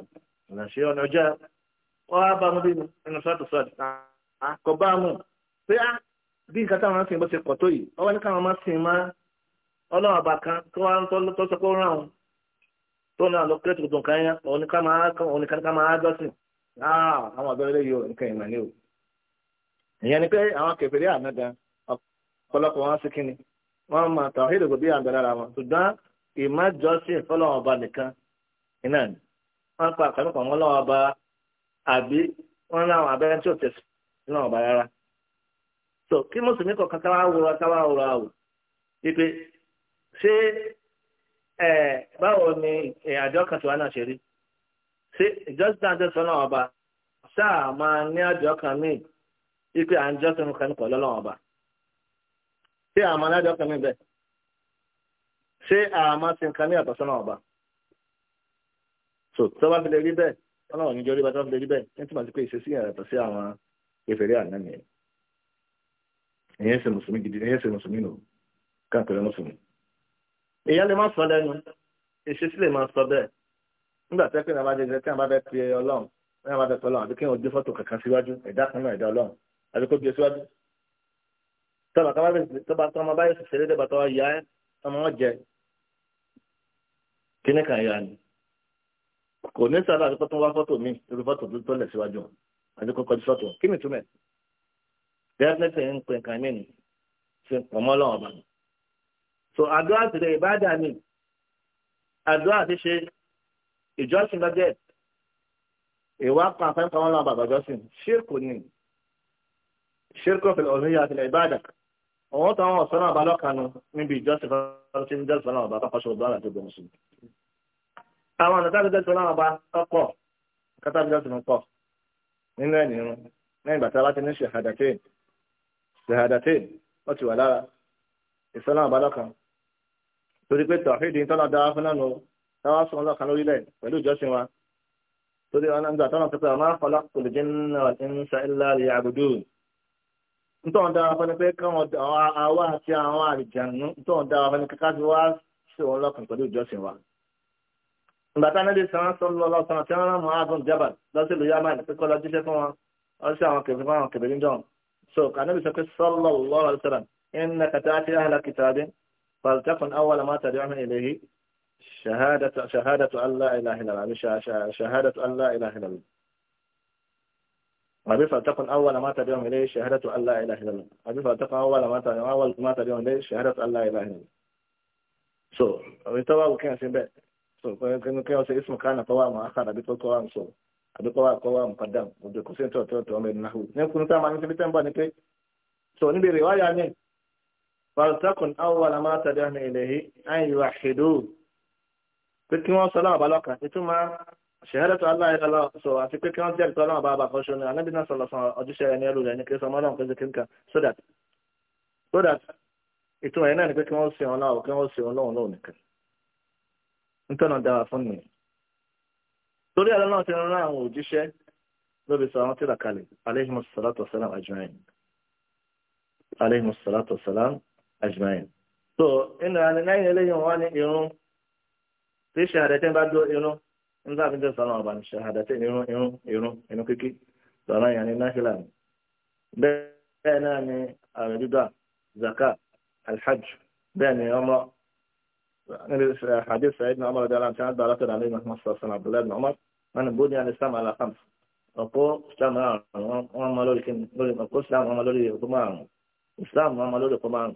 ìnà ṣe ọ̀nà ọjà wọn á bá mu bí inú sọ́ọ̀tù sọ́ọ̀tù kò bá mu pé á bí nǹkan táwọn máa ń sìn bó ṣe pọ̀ tó yìí ọwọ́ ní káwọn máa ń sìn máa ọlọ́run kan tó wá ń tọ́ sọ pé ó ràn wọn tó náà lọ kẹ́tù tuntun kan ká máa ah, àwọn àgbẹ̀rẹ̀ yìí ò nǹkan ìmọ̀ ni o ìyẹn ni pé àwọn kẹfẹ́rẹ́ ànága ọ̀pọ̀lọpọ̀ wọn sí wọ́n máa ìdògbò bí àgbẹ̀ lára wọn ṣùgbọ́n ìmájọ́sìn ọba nìkan iná ni wọ́n pa wọn lọ́wọ́ ọba àbí wọ́n láwọn abẹ́rẹ́ tí so kí mùsùlùmí kọ̀ọ̀kan káwá wúra ṣé ẹ báwo ni àjọ kan tiwa náà ṣe rí ṣé ìjọsìn ọba sáà máa ní àjọ kan míì ipe à ń kan pọ̀ ọba ṣé àmọ́ alájọ kan míì bẹ́ẹ̀ ṣé àmọ́ sí nǹkan ní ọba so tó bá fi lè rí bẹ́ẹ̀ rí bá bẹ́ẹ̀ ní pé ìṣesí yàtọ̀ ṣe mùsùlùmí gidi ìyẹn ṣe mùsùlùmí èèyàn lè má sọ lẹ́nu ìṣesí lè máa sọ bẹ́ẹ̀ nígbà tẹ́ pé ní abájẹ́ ìṣẹ́ tí wọ́n bá fẹ́ pe ọlọ́run ní wọ́n bá fẹ́ pe ọlọ́run àbí kí wọ́n gbé fọ́tò kankan síwájú ẹ̀dá kan náà ẹ̀dá ọlọ́run àbí kó gbé síwájú. tọ́ba tó bá tó ọmọ báyìí ṣiṣẹ́ lédè bàtọ́ ya ẹ́ ọmọ wọn jẹ kíní kan ya ni kò ní sábà àti pọ́tún wá fọ́tò mi irú fọ́tò tó lẹ̀ síwájú àti kó kọjú fọ́tò kí ni túmẹ̀ so àdúrà ti rẹ̀ ìbáàdà ni àdúrà ti ṣe ìjọsìn lọ́jẹ́ ìwà kan afẹ́ǹkan wọn lọ́wọ́ bàbá jọ́sìn ṣírkù ni ṣírkù fìlẹ̀ òní yà tilẹ̀ ìbáàdà òun tó àwọn ọ̀sán náà bá lọ́kànnù níbi ìjọsìn fọ́nrán tí ń jọ́sìn náà bá kọ́kọ́ ṣòro dọ́là tó gbọmọ sí. àwọn ọ̀nà tábìlì jọ́sìn náà bá kọ́kọ́ kátàbí jọ́sìn pọ̀ nínú ẹ̀ nínú lẹ́yìn bàtà bá ti ní ṣèhàdàtẹ́ẹ̀ ṣèhàdàtẹ́ẹ̀ wọ́n ti wà lára ìsọ́nà àbálọ́kànnù torí pé tọ̀hídì ń tọ́lá dára fún lánàá táwa sọ wọn lọ́kàn lórílẹ̀ pẹ̀lú ìjọsìn wa torí wọn nígbà tọ́lá pé àmọ́ àkọlá kò lè jẹ́ nínú ìṣá ilá rẹ̀ àgùdù ntọ́wọ́n dára fún ni pé káwọn àwa àti àwọn àlìjànú ntọ́wọ́n dára fún ni kíkà tí wá sí wọn lọ́kàn pẹ̀lú ìjọsìn wa. ìgbà táwọn ẹni sàn sọ lọ lọ sàn tí wọn rán muhammed jabal lọsílùú yamani pé so kànáà bí sọ pé sọ́lọ́ lọ́rọ̀ sọ́lá ẹ̀ ń nà kàtà فلتكن أول ما تدعون إليه شهادة شهادة أن لا إله إلا الله شهادة أن لا إله إلا الله أبي فلتكن أول ما تدعون إليه شهادة أن لا إله إلا الله أبي فلتكن أول ما تدعون أول ما تدعون إليه شهادة أن لا إله إلا الله so أبي توا وكان سبب so كان كان سي اسمه كان توا ما أخر أبي توا so أبي توا توا مقدم ودي كوسين توا توا توا من نحو نحن كنا تعمل نتبي تنبأ نكى so نبي رواية يعني fàlùtẹ́kùn àwọn alámọ́tàdé ọ̀nà ìlẹ̀hí àyìnwó àṣẹdó pé kí wọ́n sọlá ọ̀bá lọ́kàn ìtumọ̀ ṣẹ̀hẹ́dẹ̀tọ̀ aláìlọ́lọ́ sọ àti pé kí wọ́n jẹ́ ìtọ́lọ́ ọ̀bá àbá fọ́ṣọ́ ní anábì náà sọ̀lọ̀ sàn ojúṣe rẹ̀ ní ẹrù rẹ̀ ní kí sọmọ́ ọlọ́run pèsè kíńkà so that so that ìtumọ̀ yẹn náà ni pé kí wọ́n sin ọ̀la ò kí wọ́n sin ọlọ́run lóhùn nìkan nítorí dára fún mi torí ẹ̀rọ náà ti rán àwọn òjíṣẹ́ lóbi sọ àwọn tíra kalẹ̀ alayhimus salatu wassalam ajma'in alayhimus salatu wassalam àjùmáyìn. so inú àná lẹ́yìn eléyìí wọ́n ní irun tí ṣàdẹ̀tẹ̀ bá dó irun nígbà tí ń tẹ̀sán náà ọ̀bàní ṣàdẹ̀tẹ̀ irun irun irun irun kíkí lọ́nà yẹn ní náṣílà ni. bẹ́ẹ̀ náà ni àrùn dídá zaka alhajj bẹ́ẹ̀ ni ọmọ níbi hadith sayid na ọmọdé alam tí wọ́n gbà látọ̀dọ̀ alẹ́ ìmọ̀ sọ̀sọ̀ náà abdullahi ọmọ wọn ni bóni alisam alakams ọ̀pọ̀ islam àwọn ọmọ lórí kí ni lórí ọ̀pọ̀ islam ọmọ lórí ọ̀pọ̀ márùn-ún islam ọmọ lórí ọ̀pọ̀ márùn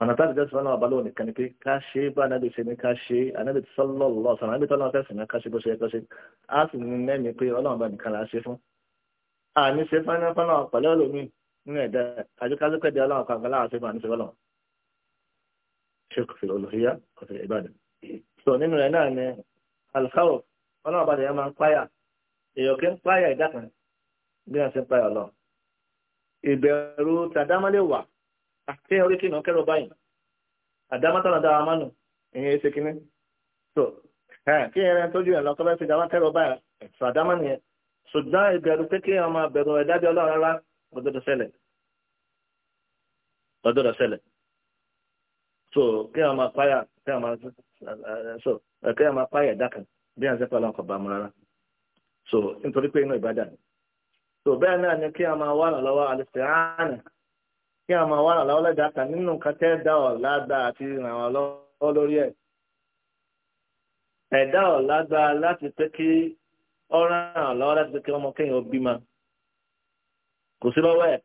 ọ̀nà tá a ti jẹ́ sọ́nà àbálò nìkan ni pé ká ṣe bá anábì ṣe ní ká ṣe anábì sọ́lọ́ lọ sọ̀rọ̀ anábì tọ́lọ́ fẹ́ sìn ní ká ṣe bó ṣe yẹ kó ṣe á sì ní mẹ́mi pé ọlọ́run bá nìkan là á ṣe fún. àní ṣe fẹ́ràn fẹ́ràn pẹ̀lú ẹlòmíì nínú ẹ̀dá àjọkájú pẹ̀lú ọlọ́run kan kan láwọn ṣe bá ní ṣe fẹ́ràn. ṣé kò fi olùhíyá kò fi ìbàdàn. sọ nínú rẹ̀ náà ni alkhawf ìbẹ̀rù tàdámọ́lé wà àti orí kìnnà kẹrọ báyìí àdámátàlá dára mánu ìyẹn ẹsẹ kìíní so kí ẹrẹ tọ́jú ẹ̀ lọ́kọ́ bẹ́ẹ̀ fi dáwà kẹrọ báyìí ẹ̀sọ àdámá nìyẹn ṣùgbọ́n ìbẹ̀rù pé kí ọmọ bẹ̀rù ẹ̀dájọ́ ọlọ́run rárá gbọdọ̀dọ̀ ṣẹlẹ̀ gbọdọ̀dọ̀ ṣẹlẹ̀ so kí ọmọ páyà kí ọmọ so kí ọmọ páyà dákan bí wọn ṣe pẹ̀lú ọkọ bá mu rárá so nítorí pé inú ìbàdàn so bẹ́ẹ̀ náà ni kí ọmọ wà lọ́wọ́ àlùfẹ́ àná kí a máa wá àláwọ́ lẹ́dàá kan nínú nǹkan tẹ́ dá ọ̀ lágbára àti ràn wọ́n lọ́wọ́ lórí ẹ̀. ẹ̀dá ọ̀ lágbára láti pé kí ọ̀ràn àláwọ́ láti pé kí ọmọ kéèyàn bímọ kò sí lọ́wọ́ ẹ̀.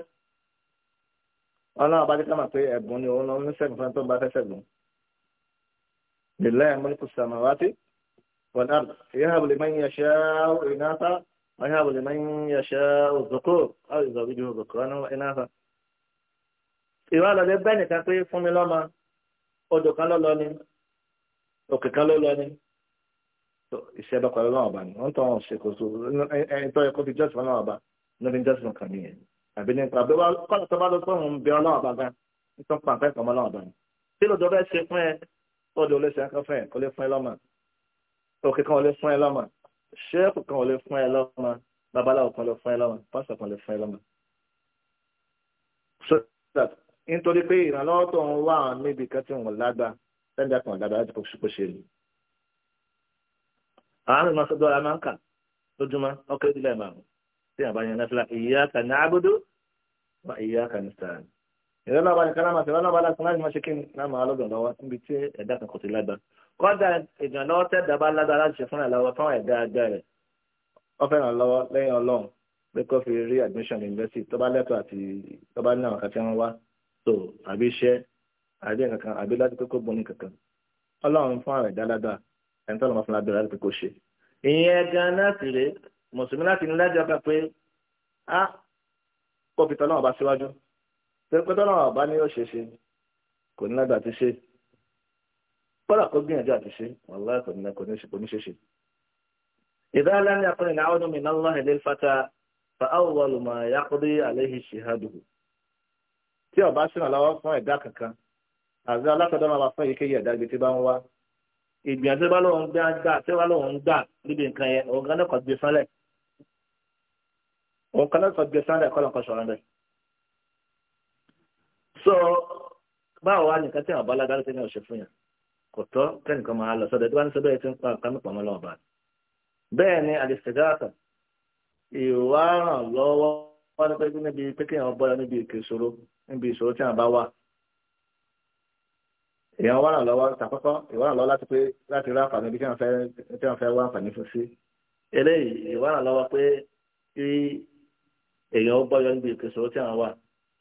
ọlọ́run bá dé ká mà pé ẹ̀bùn ni òun lọ ní sẹ́gun fún tó ń bá fẹ́ sẹ́gun. lèlẹ́ mọ́lẹ́kù sàmáwátì wọ̀dà ìyáhàbù wọ́n yáhàbù lè máa ń yẹ̀ṣẹ́ ìwà lọ́dẹ bẹ́ẹ̀ nìkan pé fún mi lọ́mọ odò kan ló lọ ni òkè kan ló lọ ni iṣẹ́ bá pẹ̀lú náà ọba ni wọ́n tọ́ wọn ṣe kò so ẹni tó yẹ kó fi jọ́sìn náà ọba ní fi jọ́sìn kan nìyẹn àbí nípa àbí wọ́n kọ́nà tó bá lọ pé òun bẹ ọlọ́wọ́ bá gan nítorí pàǹpẹ́ kan mọ́ ọlọ́wọ́ bá ni tí lòdò bẹ́ẹ̀ ṣe fún ẹ odò lè ṣe kan fún ẹ kó lè fún ẹ lọ́mọ òkè kan ò lè fún ẹ nítorí pé ìrànlọ́wọ́ tó ń wà níbi kan tí wọ́n lágbá sẹ́ńdà kan lágbá láti kó ṣùkó ṣe ni. àwọn ìmọ̀ sọ́dọ̀ ọ̀la máa ń kà lójúmọ́ ọkọ̀ ìdílé márùn-ún tí àbá yẹn náfìlà iyyaka na'budu wa iyyaka nasta'in. ìrànlọ́wọ́ bá ní kálámà sí ìrànlọ́wọ́ láti láti máa ṣe kí náà máa lọ́gàn lọ́wọ́ níbi tí ẹ̀dá kan kò ti lágbá. kọ́dà ìrànlọ́wọ́ tẹ́ dàbá lágbá láti ṣe fúnra lọ́wọ́ fáwọn ẹ̀dá ajá rẹ̀ wọ́n fẹ́ràn lọ́wọ́ lẹ́yìn ọlọ́run pé kó fi rí admission university tó bá lẹ́tọ̀ọ́ àti tó bá ní àwọn kan tí wọ́n wá so àbí iṣẹ́ àbí kankan àbí láti kókó kó kankan ọlọ́run fún ààrẹ dáadáa ẹni tó lọ́ fún abẹ́rẹ́ láti pé ṣe. ìyẹn gan láti rè mùsùlùmí láti ní lájọ bá pé a kó fi tọ́lọ́wọ́ bá síwájú pé pé tọ́lọ́wọ́ bá ní yóò ṣe ṣe kò ní lágbà àti ṣe kọ́lá kó gbìyànjú àti ṣe wàlá kò ní kò ní ṣe ṣe. tí ọba ṣèrànlọ́wọ́ fún ẹ̀dá kankan àti alákọ̀ọ́dọ́ máa fún èyíkéyìí ẹ̀dá gbé tí bá ń wá ìgbìyànjú bá lóun gbé gbà tí wàá lóun gbà níbi nǹkan yẹn òun kan lẹ́kọ̀ọ́ gbé sánlẹ̀ òun kan lẹ́kọ̀ọ́ gbé sánlẹ̀ kọ́ lọ́kọ̀ sọ̀rọ̀ rẹ̀. so báwo wá nìkan tí àwọn ọba alágbára ti ní ọ̀ṣẹ́ fún yàn kò tọ́ kẹ́nìkan máa lọ sọ́dọ̀ tí wọ́n ní sọ́dọ̀ yẹn ti ń pa nǹkan nípa ọmọ lọ́wọ́ bá bẹ́ẹ̀ ni àdìsẹ̀gáàtà ìwárànlọ́wọ́ wọn ní níbi pé kéèyàn níbi ìṣòro tí a bá wà èèyàn wà ràn lọ́wọ́ tàkọ́kọ́ ìwà ràn lọ́wọ́ láti pé láti rí àǹfààní bí tí wọ́n fẹ́ wá àǹfààní fún sí eléyìí ìwà ràn lọ́wọ́ pé kí èèyàn ó bọ́yọ níbi ìṣòro tí a wà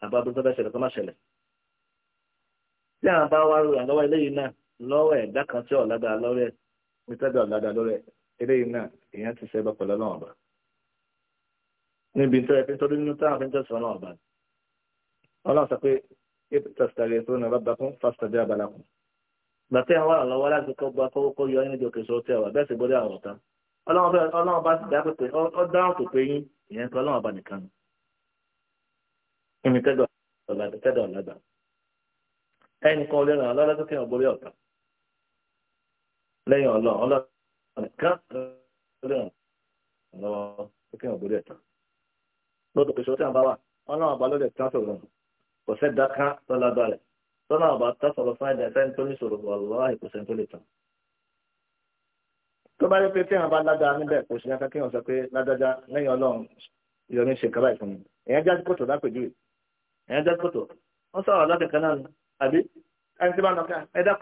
àbábọ́ tó bẹ́ ṣẹlẹ̀ tó má ṣẹlẹ̀ tí a bá wá ràn lọ́wọ́ eléyìí náà lọ́wọ́ ẹ̀dá kan tí ọ̀làdà lọ́rẹ̀ nítẹ́gbẹ̀ ọ̀làdà lọ́rẹ̀ eléyìí náà èèyàn ti ṣẹ́ bọ́ pẹ̀lú ọlọ́run ọ̀bà níbi tó yẹ fi ń tọ́jú nínú táwọn fi ń tẹ̀sán ọlọ́run ọ̀bà ọlọ́run sọ pé tẹ̀sítàrẹ̀ tó nà bàbá kún fásitì àbá lakùn. gbàtẹ́ àwọn àlọ́wọ́ láti kọ́ gba kọ́kọ́ yọ ẹni jọkẹ́ sọ tẹ́ wà bẹ́ẹ̀ sì gbọ́dọ̀ àwọn ọ̀tá. ọlọ́run bá sì dá pé ọ dáhùn tó pé yín ìyẹn kan ọlọ́run bá nìkan. ìmì tẹ́dọ̀ ọ̀làgbà. ẹnì kan lẹ́nu ọlọ́run tó kẹ́yìn ọ̀gbọ́rí ọ̀tá. lẹ́yìn ọlọ́run ọlọ́run nìkan lẹ́nu ọlọ́run tó kẹ́yìn ọ̀gbọ́rí ọ̀tá. lọ́dọ̀ pèsè ọtí àbáwá ọlọ́run àbá lọ́dẹ̀ tí wọ́n sọ̀rọ̀ kò sẹ́ dáká tọ́lágbá rẹ̀ tọ́lá ọba tásọ̀rọ̀ fáìdà ẹ̀fẹ́ni tó ní ṣòro wàláhì kò sẹ́ni tó lè tán. tó bá rí pé tí wọn bá ládàá níbẹ̀ kò sí yàtọ̀ kí wọn sọ pé ládájá lẹ́yìn ọlọ́run ìyọ̀mí ṣe kábàá ìfún mi èèyàn jáde kòtò lápèjúwe èèyàn jáde kòtò wọn sọ̀rọ̀ lábẹ́ kan náà àbí ẹni tí bá nọ ẹ̀dá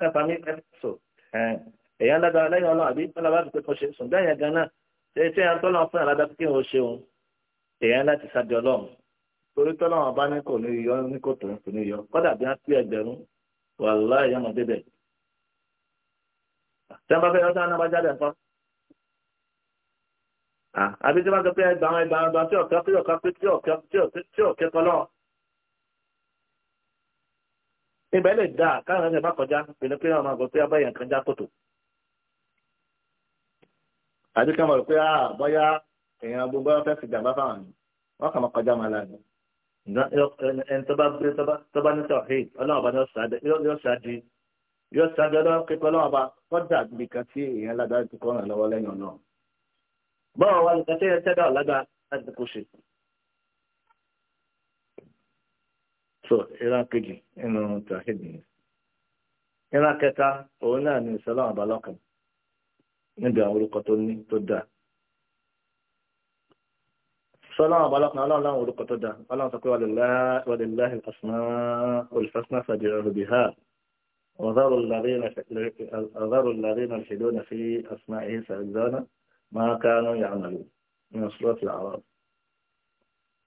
kẹta mi ẹ̀ sọ èèyàn ládàá lẹ́yìn ọlọ́run àbí torí tọ́lọ́wọ́n bá ní kò ní yọ ní kò tó ń fi ní yọ kọ́dà bí wọ́n sí ẹgbẹ̀rún wàhálà ìyá ọmọdé bẹ̀. tí wọ́n bá fẹ́ yọ sí anábá jáde nǹkan. àbí tí wọ́n sọ pé ẹgbàrún ẹgbàrún ẹgbàrún tí ọ̀kẹ́ tí ọ̀kẹ́ pé tí ọ̀kẹ́ tí ọ̀kẹ́ tí ọ̀kẹ́ kọ́lọ́. ibẹ̀ lè dáa káwọn ẹgbẹ́ bá kọjá pinnu pé ọmọ àgọ́ pé abẹ́yẹn kan já kòtò. àdìkẹ́ mọ̀ pé ah, bọ́yá èèyàn gbogbo fẹ́ fi jàmbá fáwọn ni wọ́n kàn mọ́ kọjá máa lánàá ẹni tó bá gbé tó bá ní tọ̀hìn ọlọ́run ọba yóò ṣáájú yóò ṣáájú ọlọ́run pípẹ́ ọlọ́run ọba kọ́dà bí kan tí èèyàn ládàá ti kọ́ ràn lọ́wọ́ lẹ́yìn ọ̀nà. bọ́ọ̀ wà lùkọ́ tẹ́yẹ tẹ́dà ọ̀lága láti kó ṣe. so ìran kejì nínú tọ̀hìn nìyẹn. ìran kẹta òun náà ní ìṣẹ́lọ́run lọ́kàn níbi àwọn orúkọ tó ní tó dáa sọ́lọ́wọ́ ọ̀bọ̀lọ́pàá ọlọ́run orúkọ tó dá ọlọ́run sọ pé wàlélàhì àsùnmá olùfẹ́sùnà fàjẹ̀rẹ̀ òbí ha ọ̀zọ́rò lárí náà ṣèlú náà fi àsùnmá èyí sàrìzọ́nà máa kánú yà àmàlù ní ọ̀ṣọ́ọ̀tì àwọn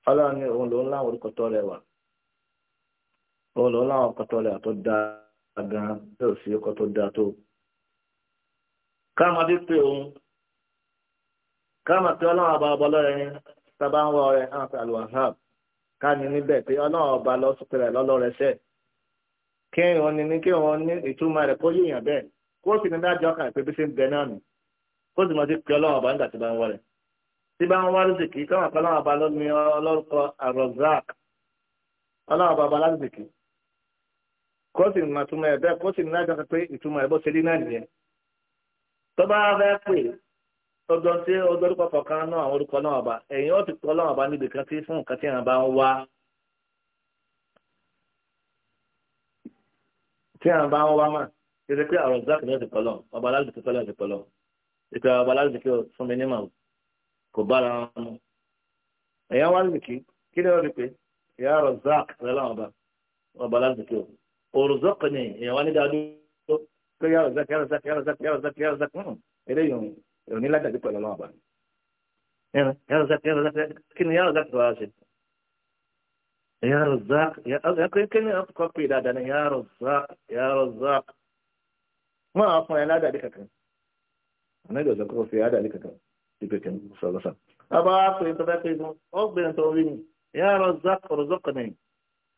ọlọ́run ní òun lòun láwọn orúkọ tó rẹwà òun lòun láwọn orúkọ tó rẹwà tó dá sábà ń wá ọrẹ hàn alwahab ká ní níbẹ̀ pé ọlọ́run ọba lọ sọpẹ̀rẹ̀ lọ́lọ́rẹ̀ sẹ́ kí wọn ní ní kí wọn ní ìtumọ̀ rẹ̀ kó yíyàn bẹ́ẹ̀ kó sì ní dájọ́ kan pé bí ṣe ń bẹ náà nù kó sì mọ̀ sí pé ọlọ́run ọba nígbà tí bá ń wọlẹ̀ tí bá ń wá lóṣèkì káwọn ọlọ́run ọba ló ní arozak ọlọ́run ọba ọba lásìkì kó sì mọ̀ túmọ̀ ẹ̀ bẹ́ẹ̀ kó sì ní dájọ́ kan pé ìtumọ̀ ẹ̀ bó ṣe rí náà nìyẹn tó bá fẹ́ pè ọdọ tí ọdọ orúkọ kọ̀ọ̀kan náà àwọn orúkọ náà ọba ẹ̀yìn ọ̀tún kọ́ náà ọba níbi kan tí fún nǹkan tí àwọn bá ń wá tí àwọn bá ń wá mà kéde pé àrùn zak ní ọ̀tún kọ́ lọ ọba alálùkì kọ́ lọ́ọ̀tún kọ́ lọ ìpè ọba alálùkì fún mi nímọ̀ kò bára wọn mu ẹ̀yà wá lùkì kí ni wọ́n rí pé ìyá àrùn zak rẹ̀ láwọn ọba ọba alálùkì òrùzọ́kọ̀ ni ìyàwó ní dáadúró pé yàrá zak ìròyìn ládàbí pẹ̀lú ọlọ́run àbá ya razak ya razak kí ni ya razak tó wá ṣe ya razak ya kí ni a kọ́ pé dáadáa ni ya razak ya razak máa fún ẹ ládàbí kankan ọ̀nà ìjọba kọ́ fi ládàbí kankan ìgbẹ̀kẹ̀ sọ̀rọ̀ sọ̀rọ̀ أبا أخي أنت بقي أقبل أنت وريني يا رزاق ارزقني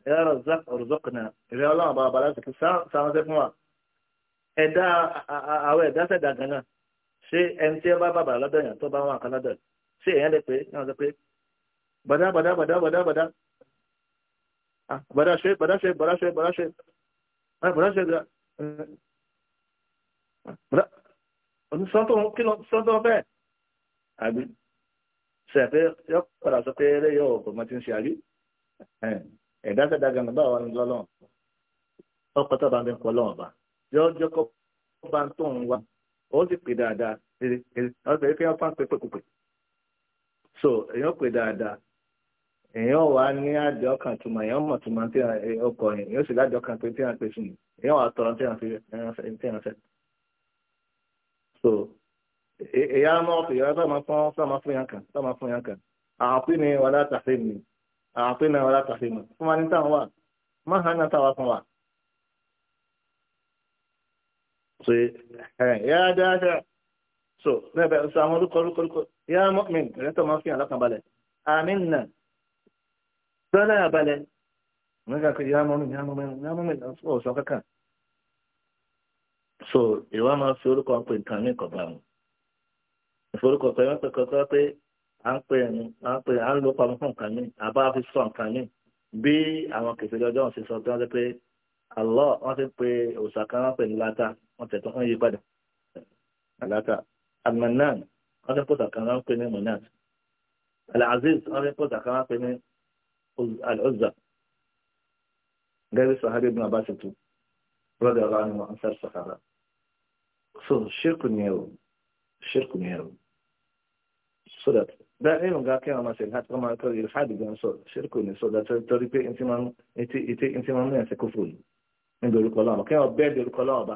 يا رزاق ارزقنا إذا الله أبا بلاتك ساعة ساعة ساعة ساعة ẹ̀dá àwọn ẹ̀dá sẹ̀dá ganan ṣé ẹni tí ẹ bá bàbà lọ́dọ̀ yẹn tó bá wọn kan lọ́dọ̀ ṣé èèyàn lè pé náà sọ pé bàdá bàdá bàdá bàdá bàdá ah, bàdá ṣe bàdá ṣe bàdá ṣe bàdá ṣe ah, bàdá ṣe bàdá onísọ́tò ah, kí lọ sọ́tò bẹ́ẹ̀ àbí ṣẹ̀fẹ́ yọ padà sọ pé eré yóò kò mọ́ ti ń ṣe àbí ẹ̀dá ṣẹ̀dá gan bá wà lọ́lọ́run ọkọ̀ tó bá ń bẹ pọ̀ lọ́wọ́ bá yọ jẹ́ kó bá ń tó ń wá ó sì pè dáadáa ọgbẹ́ yìí kí wọ́n fà pé so èèyàn pè dáadáa èèyàn wà ní àjọ kan tuma èèyàn mọ̀ tuma tí ọkọ̀ yẹn èèyàn sì lájọ kan pé tí wọ́n pè èèyàn wà tọrọ tí fẹ́ so èèyàn mọ̀ ọ̀fẹ́ yọ̀ọ́ ya fún yàn kan sọ́ọ̀mọ́ fún yàn kan ni wàlá tàfé mi àpín ni wàlá tàfé mi fún wa ní táwọn wà má hàn táwọn fún wa. so ya dáadáa so bẹ́ẹ̀ bẹ́ẹ̀ sọ àwọn orúkọ orúkọ orúkọ ya mu'min rẹ̀ tó máa fi hàn lọ́kàn balẹ̀ aminna tọ́lá àbalẹ̀ nígbà pé ya mu'min ya mu'min ya mu'min ọ̀sán kankan so ìwà máa fi orúkọ pè nǹkan ní ìkọ̀bá wọn ìforúkọ pé wọ́n pè kọ́kọ́ pé à ń pè ní à ń pè à ń lo pamọ́ fún nǹkan mi àbá fi sọ nǹkan mi bí àwọn kìsìlẹ̀ ọjọ́ ọ̀sìn sọ pé wọ́n ti pé Allah wọ́n ti pé òòsà kan wọ́n pè ní wọ́n tẹ̀ tó wọ́n yí padà àlàkà almanan wọ́n fẹ́ pọ̀tà kan wọ́n pè ní monat alaziz wọ́n fẹ́ pọ̀tà kan wọ́n pè ní al'uzza gẹ́gẹ́ sọ̀hábí ibn abbas tó rọ́dà ọ̀rọ̀ àwọn ansar sahara so ṣírkù ni ẹ̀rọ ṣírkù ni ẹ̀rọ so that da irin ga kai ma sai hat kuma kar ilhadi gan so shirku ne so da ta tori pe intiman ite ite intiman ne se kufuru ni do ko la ma kai o be do ko la ba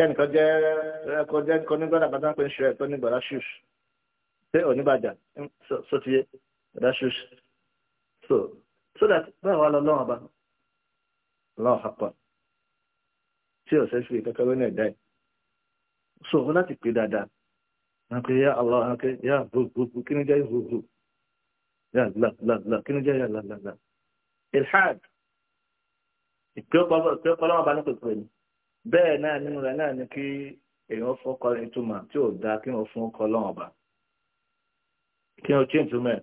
kẹ́ni kan jẹ́ ẹ̀kọ́ jẹ́ nǹkan nígbàdà bàtà ń pè ń ṣe ẹ̀kọ́ nígbàdà ṣùs pé oníbàjá sótìyé bàdà ṣùs so so that báwa lọ lọ́wọ́ bá lọ́wọ́ àpọ̀ tí ò sẹ́sì kankan lónìí ẹ̀dá ẹ̀ so o láti pè dáadáa wọn pe yá Allah wọn pe yá gbogbo kí ni jẹ́ gbogbo yá làlàlà kí ni jẹ́ yá làlàlà ilhad ìpè ọpọlọ ọba ní pèpè ni. bẹ́ẹ̀ náà nínú rẹ̀ náà ni kí èèyàn fọ́kọ tí ò dáa kí wọ́n fún ọkọ lọ́wọ́n ọba kí wọ́n change túmọ̀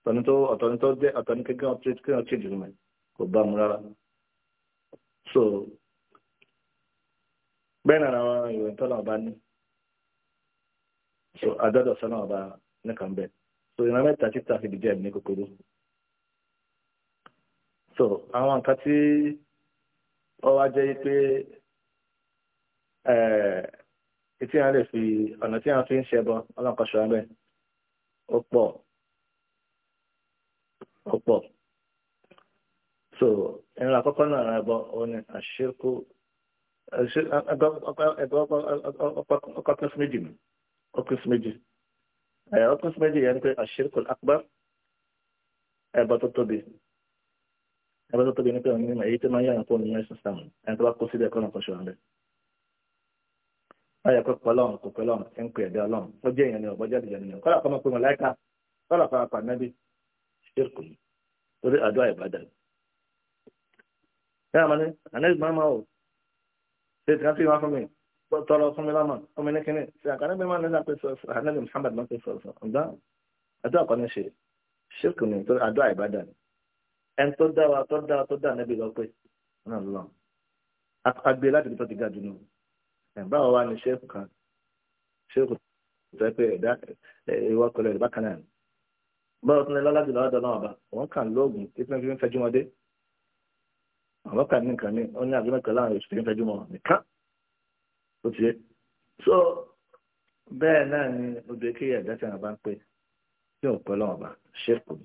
ọ̀tọ̀ni tó ọ̀tọ̀ni tó dé ọ̀tọ̀ni kí wọ́n change kò bá mu rárá so bẹ́ẹ̀ náà àwọn ìròyìn tó ní so agbọ́dọ̀ sọ́nà ọba nìkan bẹ́ẹ̀ so ìran mẹ́ta títà fi dìjẹ́ so àwọn nǹkan ó wá jẹ́ pé etí à ń lè fi ọ̀nà tí à ń fi ń ṣẹbọ ọlọ́kọ̀ṣọ́ abẹ́ ó pọ̀ ó pọ̀ so ìrìn àkọ́kọ́ náà rẹ̀ bọ́ òun ni àṣírkù ẹgbẹ́ ọkọ̀ sí méjì ọkọ̀ sí méjì ọkọ̀ sí méjì yẹn ni pé àṣírkù akbar ẹ̀bọ tó tóbi ẹgbẹ́ tó tóbi ní pé òun ní èyí tó máa ń yàrá fún oníyàn ìsìn sàmù ẹni tó bá kó síbẹ̀ kọ́nà kọ́ṣọ́ rẹ̀. báyọ̀ pé pọ́lọ́n kò pẹ́ lọ́n ti ń pè ẹ̀dẹ́ ọlọ́run ó jẹ́ èèyàn ni ọ̀bọ jáde jẹ́ nìyẹn kọ́lá kọ́mọ pé mo láìka kọ́lá kọ́mọ pa nẹ́bí ṣírkù torí àdúrà Ìbàdàn. ṣé àmọ́ ní ànẹ́bí máa máa wò ṣé ti ká sí wá fún mi tọrọ fún mi lọ́mọ fún mi ní kínní ṣe àkànẹ́bí máa nílá pé sọ̀rọ̀ ànẹ́bí Muhammad máa pé sọ̀rọ̀ ọ̀gbọ́n àdúrà kan ní ṣe ṣírkù ni torí àdúrà Ìbàdàn ni ẹni tó dá wa tó dá wa tó dá nẹ́bí lọ pé ọ̀nà lọ agbé láti ibi tó ti ga jù nù ẹ̀bá wa ni ṣéèkù kan ṣéèkù tó pé ẹ̀dá ìwà kọlẹ̀ ẹ̀dá kan náà bọ́ọ̀ tún ní lọ́lá jùlọ ọ̀dọ̀ náà ọba wọ́n kàn lóògùn títí náà fi ń fẹjú wọn dé àwọn kan ní nǹkan ní ó ní àgbẹ̀mọ̀ kan láàrin oṣù ń fẹjú wọn nìkan ó ti yé so bẹ́ẹ̀ náà ni obìnrin kí ẹ̀dá tí wọn bá ń pè tí pẹ́ lọ́wọ́ ọba ṣéèkù ni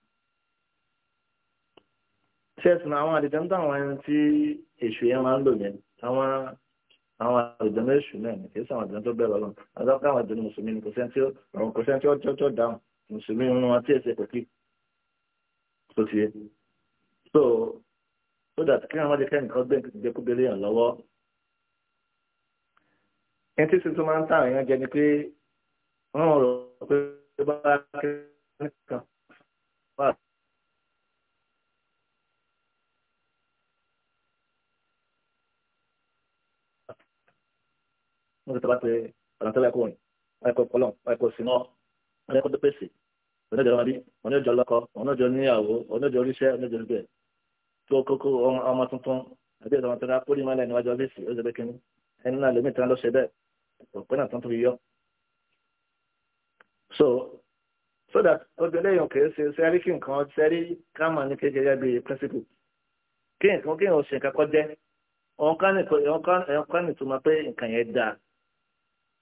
ṣẹ́ẹ̀sìn àwọn àdìjọ́ ń tàn àwọn ẹni tí èṣù yẹn máa ń lò yẹn àwọn àwọn àdìjọ́ náà èṣù náà kì í sọ àwọn àdìjọ́ tó bẹ̀rẹ̀ ọlọ́run àdìjọ́ káwọn àdìjọ́ mùsùlùmí ni kò sẹ́ńtì àwọn kò dáhùn mùsùlùmí ń wọn tí èsè pẹ̀kì tó ti yé so so that kí àwọn àdìjọ́ nǹkan gbé gbẹkúgbẹlé yàn lọ́wọ́ ẹni tí tuntun máa ń tàn èèyàn jẹ wọ́n rò pé bá kẹ́kẹ́ kan wà wọ́n ti tàbá pé ọ̀nà tẹ́wọ́ ẹ̀kọ́ òyìn ẹ̀kọ́ kọlọ́n ẹ̀kọ́ sinọ́ ẹ̀kọ́ dópèsè wọ́n ẹ̀jọ̀ ọmọdé wọ́n ẹ̀jọ̀ lọ́kọ wọ́n ẹ̀jọ̀ níyàwó wọ́n ẹ̀jọ̀ oríṣẹ́ wọ́n ẹ̀jọ̀ níbẹ̀ tó kókó ọmọ tuntun àbí ọmọ tuntun apórí mọ́lẹ̀ níwájú ọ́fíìsì ó ṣe kínní ẹni náà lèmi tán ló bẹ́ẹ̀ òpin náà tán tó so so that obìnrin kì í ṣe sẹ́rí kí nǹkan sẹ́rí káàmà ní kékeré bíi principle kí nǹkan kí nǹkan ṣe nǹkan kọ́ jẹ́ ọ̀nkánì pé nǹkan yẹn dáa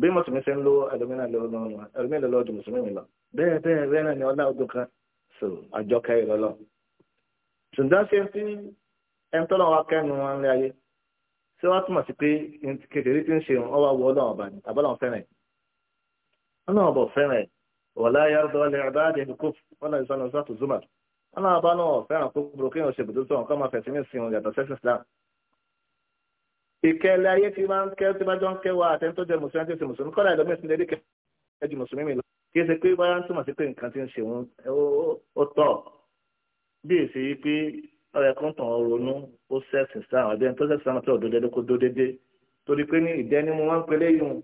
bí mùsùlùmí ṣe ń lo ẹlòmínà lọ́dún mùsùlùmí mi lọ bẹ́ẹ̀ bẹ́ẹ̀ bẹ́ẹ̀ náà ni ọlá ọdún kan so àjọ kẹrì lọ́lọ́ ṣùgbọ́n ṣe tí ẹni tọ́lọ́ wa kẹ́nu wọn ń rí ayé ṣé wàá túmọ̀ sí pé kékeré tí ń ṣe wọn wọ ọlọ́run ọba ni àbọ́lọ́run fẹ́ràn ẹ̀ ọlọ́run ọba fẹ́ràn ẹ̀ wọ̀lá yàrá lè ẹ̀bá wọn náà ìsọ̀nà ìsọ̀tù zuma ọlọ́run ọba náà fẹ́ràn kó burúkú yẹn ṣe bùdó sọ̀rọ̀ kọ́ máa fẹ̀sí ní ìsìn yàtọ̀ sẹ́sìn Islam ìkẹlẹ ayé tí máa ń kẹ tí máa jọ ń kẹ wá àtẹni tó jẹ mùsùlùmí àti èsì mùsùlùmí kọ́lá ìlọ́mí ìsìn lédè kẹjù mùsùlùmí mi lọ kí ẹsẹ pé báyà ń túmọ̀ sí pé nǹkan ti ń ṣe wọn ó tọ̀ bí èsì yìí pé ọ̀rẹ́ kan tàn ọ́ ronú ó sẹ́sìn sáà ọ̀dẹ́ni tó sẹ́sìn sáà tó òdòdó kó dó dédé torí pé ní ìdẹ́ni mo máa ń pelé yùn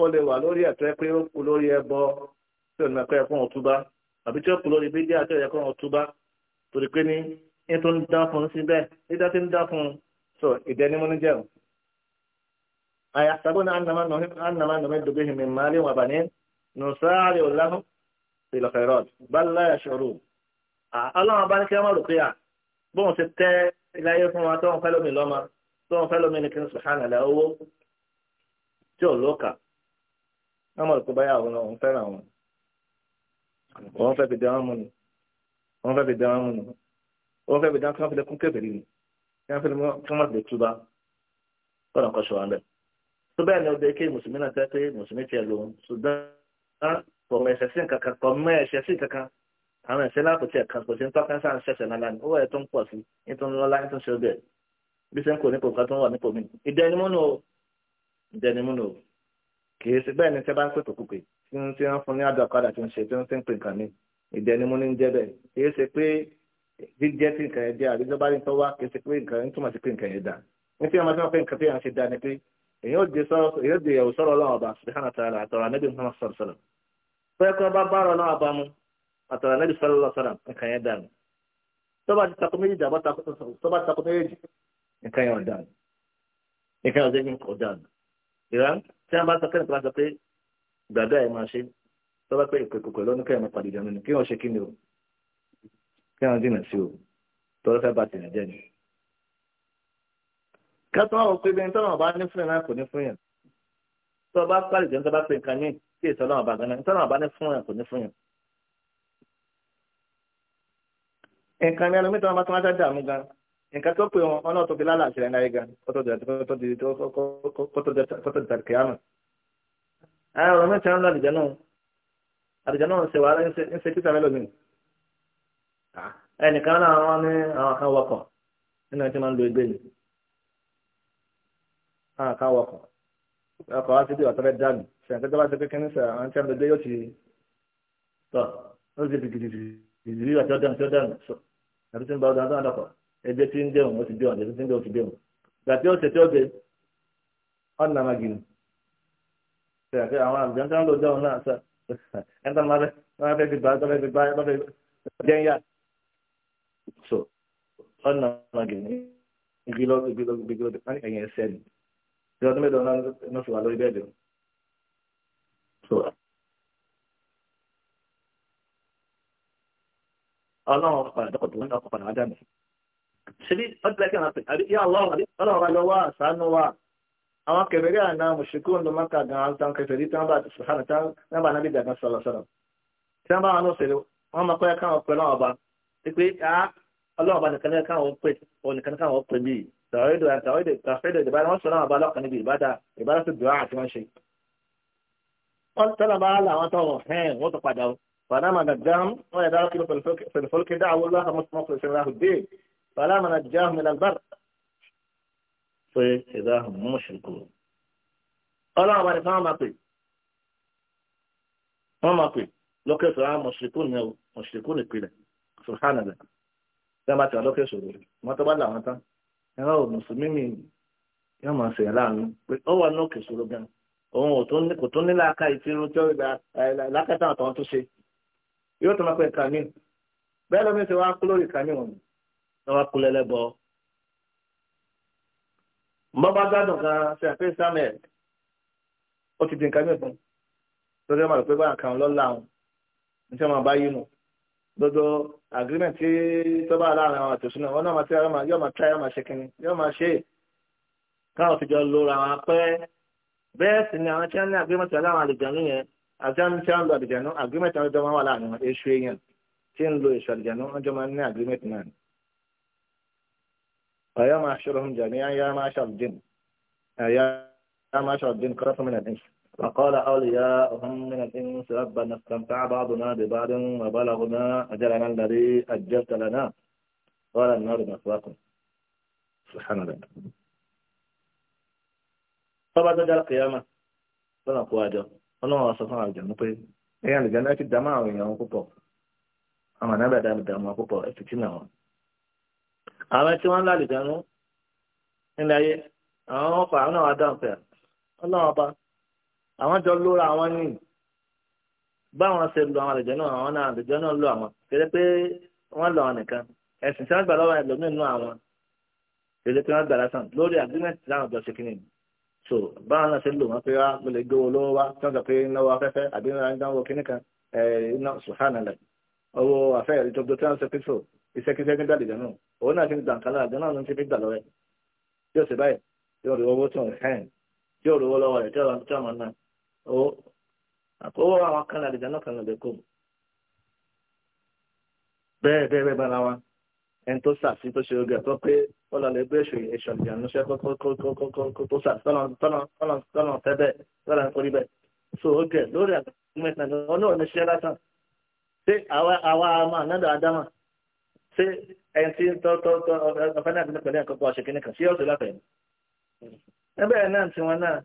ó lè wà lórí ẹ̀tọ́ ẹ pé ó kú lórí ẹbọ tí ò ní ẹ̀kọ́ ẹ̀kọ́ wọn àbí tí ó kú lórí bídíà tí ò yẹ kọ́ wọn torí pé ní ní ń dá fún un síbẹ̀ ní ń dá fún un so ìdẹnimúnú jẹun àyàtàgbọ́n annama nùmẹ́dù bí mi máa lé wọn bà ní nùsáàrí ọ̀làhùn ìlọ̀fẹ̀rọ̀d bálá ẹ̀ṣọ̀rù ọlọ́run bá ní kí wọ́n rò pé à bóun ti tẹ́ iláyé fún wa tó ń fẹ́ lómi lọ́mọ tó ń fẹ́ lómi ní kí n sùhánà lẹ́ owó tí ò lóka wọ́n mọ̀ rò pé báyà òun náà òun fẹ́ràn wọn òun fẹ́ fi dán wọn mú ni òun fẹ́ fi dán wọn mú ni òun fẹ́ fi dán kí wọ́n ni yẹn fi ni wọ́n má ti túbá kọ́nà kọ́ ṣọ́wọ́n bẹ́ẹ̀. tó bẹ́ẹ̀ ni ọdẹ kí mùsùlùmí náà tẹ́ pé mùsùlùmí tiẹ̀ lòun ṣùgbọ́n kò mọ ẹ̀ṣẹ̀ sí kankan kò mọ ẹ̀ṣẹ̀ sí kankan àwọn ẹ̀ṣẹ̀ lápò tiẹ̀ kan kò sí ń tọ́ka sáà ń ṣẹ̀ṣẹ̀ lálá ni ó wà tó ń pọ̀ sí ní tó ń lọ́lá ní tó ń ṣe ọbẹ̀ bí sẹ́ ń kò nípò kan tó ń wà nípò mi. ìdẹnimúnú o ìdẹnimúnú o kì í ṣe bẹ́ẹ̀ ni tẹ́ bá ń pè tòkùpè tí wọ́n fún ní àdó àkọ́dà tí wọ́n ṣe tí wọ́n ti ń pè nǹkan mi ìdẹnimúnú ń jẹ́ bẹ́ẹ̀ kì í ṣe pé jíjẹ́ tí nǹkan yẹn jẹ́ àbí tó bá rí tó wá kì í ṣe pé nǹkan yẹn túmọ̀ sí pé nǹkan yẹn dà ní tí wọ́n máa fẹ́ nǹkan tí yẹn ṣe dá ni pé èyàn ò di ìyẹ̀wò sọ̀rọ̀ ọlọ́run ọba subhanahu wa ta'ala àtọ̀rọ̀ anábì muhammad sọ̀rọ̀ sọ̀rọ̀ pé kí wọ́n bá bá ọ̀rọ̀ náà bá mu àtọ̀rọ̀ anábì sọ̀rọ̀ sọ̀rọ̀ nǹkan yẹn dà ni tó bá ti takò méjì dà tó bá ti takò méjì nǹkan yẹn ọ̀dà ni nǹkan yẹn ọ̀dẹ́gbìn ọ̀dà ni ìrà tí wọ́n bá sọ kẹ́ni kan sọ pé gbàgbé kí wọ́n dènà sí o tọ́lọ́ fẹ́ bá tèèyàn jẹ́ ni. kẹ́tọ́ àwọn pé bẹ́ẹ̀ tọ́lọ́ bá ní fún yẹn náà kò ní fún yẹn tọ́ bá pàlì jẹun tọ́ bá pè nǹkan ní kí èso ọlọ́run bá gan náà tọ́lọ́ bá ní fún yẹn kò ní fún yẹn. nǹkan ní ẹlòmíì tọ́lọ́ di tàkìyàmù. àwọn ọ̀rọ̀ mẹ́ta ń lọ àdìjẹ́ náà àdìjẹ́ náà ń ṣe wàhálà ń ṣe e náà wọn ní àwọn kan wọkọ̀ nínú ẹni tí ń lo egbé ni àwọn kan wọkọ̀ ọkọ̀ wá sí bí ọ̀tọ́ fẹ́ dànù bá ti kékeré sọ àwọn tí wọ́n yóò gidi sọ tí ń tí ń ó ti tí ń ó ti ó àwọn ń lò ọ̀nà ọ̀gẹ̀ni gbígbílọ́gbígbílọ́gbígbílọ́ wọ́n ní ẹ̀yìn ẹsẹ̀ ni bí ọdún mẹ́jọ náà fi wà lórí bẹ́ẹ̀dì ọlọ́run padà dọ́kọ̀tún wọn náà padà wájà mi ṣebí ọdún lẹ́kẹ̀ náà pè àbí yá ọlọ́run àbí ọlọ́run wa lọ wá àṣánú wa àwọn kẹfẹ́rí àná mùsùlùkù ń lọ mọ́kà gan-an tán kẹfẹ́rí tán bá sùhánù tán na bá nábì dàgbà sọ̀rọ̀ sọ̀rọ̀ tí wọ́n bá wọn lọ sèré wọ́n máa kọ́ ẹ̀ káwọn pẹ̀lú àwọn ọba pé ọlọ́run bá nìkan nìkan àwọn pè nìkan nìkan àwọn pè bíi tàwídò àtàwídò tàwídò ìdìbàdà wọn sọ náà bá lọ́kàn níbi ìbádà ìbádà tó dùn àti wọn ṣe. wọn tọ́lá bá là wọn tọrọ hẹ́n wọn tó padà o fàdámà nàjàm wọn yà dára kí ló fẹlẹfọlùkì dáàwó lọ́kàn mọ́tò mọ́tò ìṣẹ̀lẹ̀ àhùn dé fàdámà nàjàm ní làgbàr. pé ìdá mú ṣèkú. ọlọ́run bá nìkan máa pè wọ́n máa pè lókè sọ̀rọ̀ mọ̀ṣẹ̀kú ni bẹ́ẹ̀ bá ti wà bá là tán ẹ̀rọ ò mùsùlùmí mi yóò máa o láàánú pé ó wà gan òun ò tún kò tún tó gba lákàtà àtàwọn tó ṣe yóò tó máa pẹ́ kàmí bẹ́ẹ̀ lómi ti wá kú ni wọ́n kú gbádùn kan ṣe àfihàn samuel ó ti di nǹkan mìíràn pé báyà gbogbo agreement tí tọ́ba láàrin àwọn àtòsí náà wọn náà máa tí ara yóò máa try yóò máa ṣe kínní yóò máa ṣe káwọn fi jọ lóra àwọn apẹ́ bẹ́ẹ̀ sì ni àwọn tí wọ́n ní agreement pẹ̀lú àwọn àlùjànnú yẹn àti àwọn tí wọ́n ń lo àlùjànnú agreement àwọn ìjọba wà láàrin àwọn èṣù èèyàn tí ń lo èṣù àlùjànnú wọ́n jọ máa ní agreement náà ni. ọ̀yọ́ máa ṣòro oúnjẹ ní ayé máa ṣàbùdín ayé máa ṣàbùdín kọ́rọ́fọ́mìnà ní فقال أولياؤهم من الإنس ربنا استمتع بعضنا ببعض وبلغنا أجلنا الذي أجلت لنا قال النار مثواكم سبحان الله طبعا ذلك القيامة فلا طيب. إيه يعني إيه قواجر أه، الله سبحانه الجنة إيه الجنة في الدماء وإنه قطر أما نبدأ من الدماء قطر إفتنا هون أما يتوان لا لجنة إن أنا أقع أنا أدام فيها الله أبقى àwọn jọ lóra àwọn ní báwọn ṣe lo àwọn àlejò náà àwọn náà àlejò náà lo àwọn kéde pé wọ́n lọ àwọn nìkan ẹ̀sìn tí wọ́n gbà lọ́wọ́ ẹlòmíín nù àwọn kéde pé wọ́n gbà lásán lórí agreement láwọn jọ ṣe kí so báwọn náà ṣe lò wọ́n pé wá ah, mo lè gbowó lọ́wọ́ wá tí wọ́n gbà pé náwó afẹ́fẹ́ àbí náwó kíní kan ẹ̀ iná sùhánàlẹ̀ owó afẹ́ ìjọba tí wọ́n ṣe pé so ìṣẹ́kíṣẹ́ nígbà lè jẹun náà òun náà ti ń gbà nǹkan lára jẹun náà ló ń ṣe fi gbà lọ́wọ́ ẹ̀ yóò ṣe báyìí ó àkówó àwọn kan náà àdìjà náà kan náà lè kó bẹ́ẹ̀ bẹ́ẹ̀ bẹ́ẹ̀ bára wa ẹni tó sàfin tó ṣe oge ẹ̀kọ́ pé ó lọ lè gbé èṣù èṣù ìyànúṣẹ́ tó sàfin tọ́nà tẹ́ bẹ́ẹ̀ tọ́nà ń torí bẹ́ẹ̀ so oge lórí àgbẹ̀mẹ́ta ni wọn náà ní ṣẹ́ látàn ṣé àwa àmà nádà ádámà ṣé ẹni tí tọ́tọ́tọ́ ọ̀fẹ́ náà ti ní pẹ̀lú ẹ̀kọ́ pọ̀ ṣe kíní kan ṣé ọ̀sẹ̀ láfẹ̀ẹ́ ẹgbẹ́ náà tiwọn náà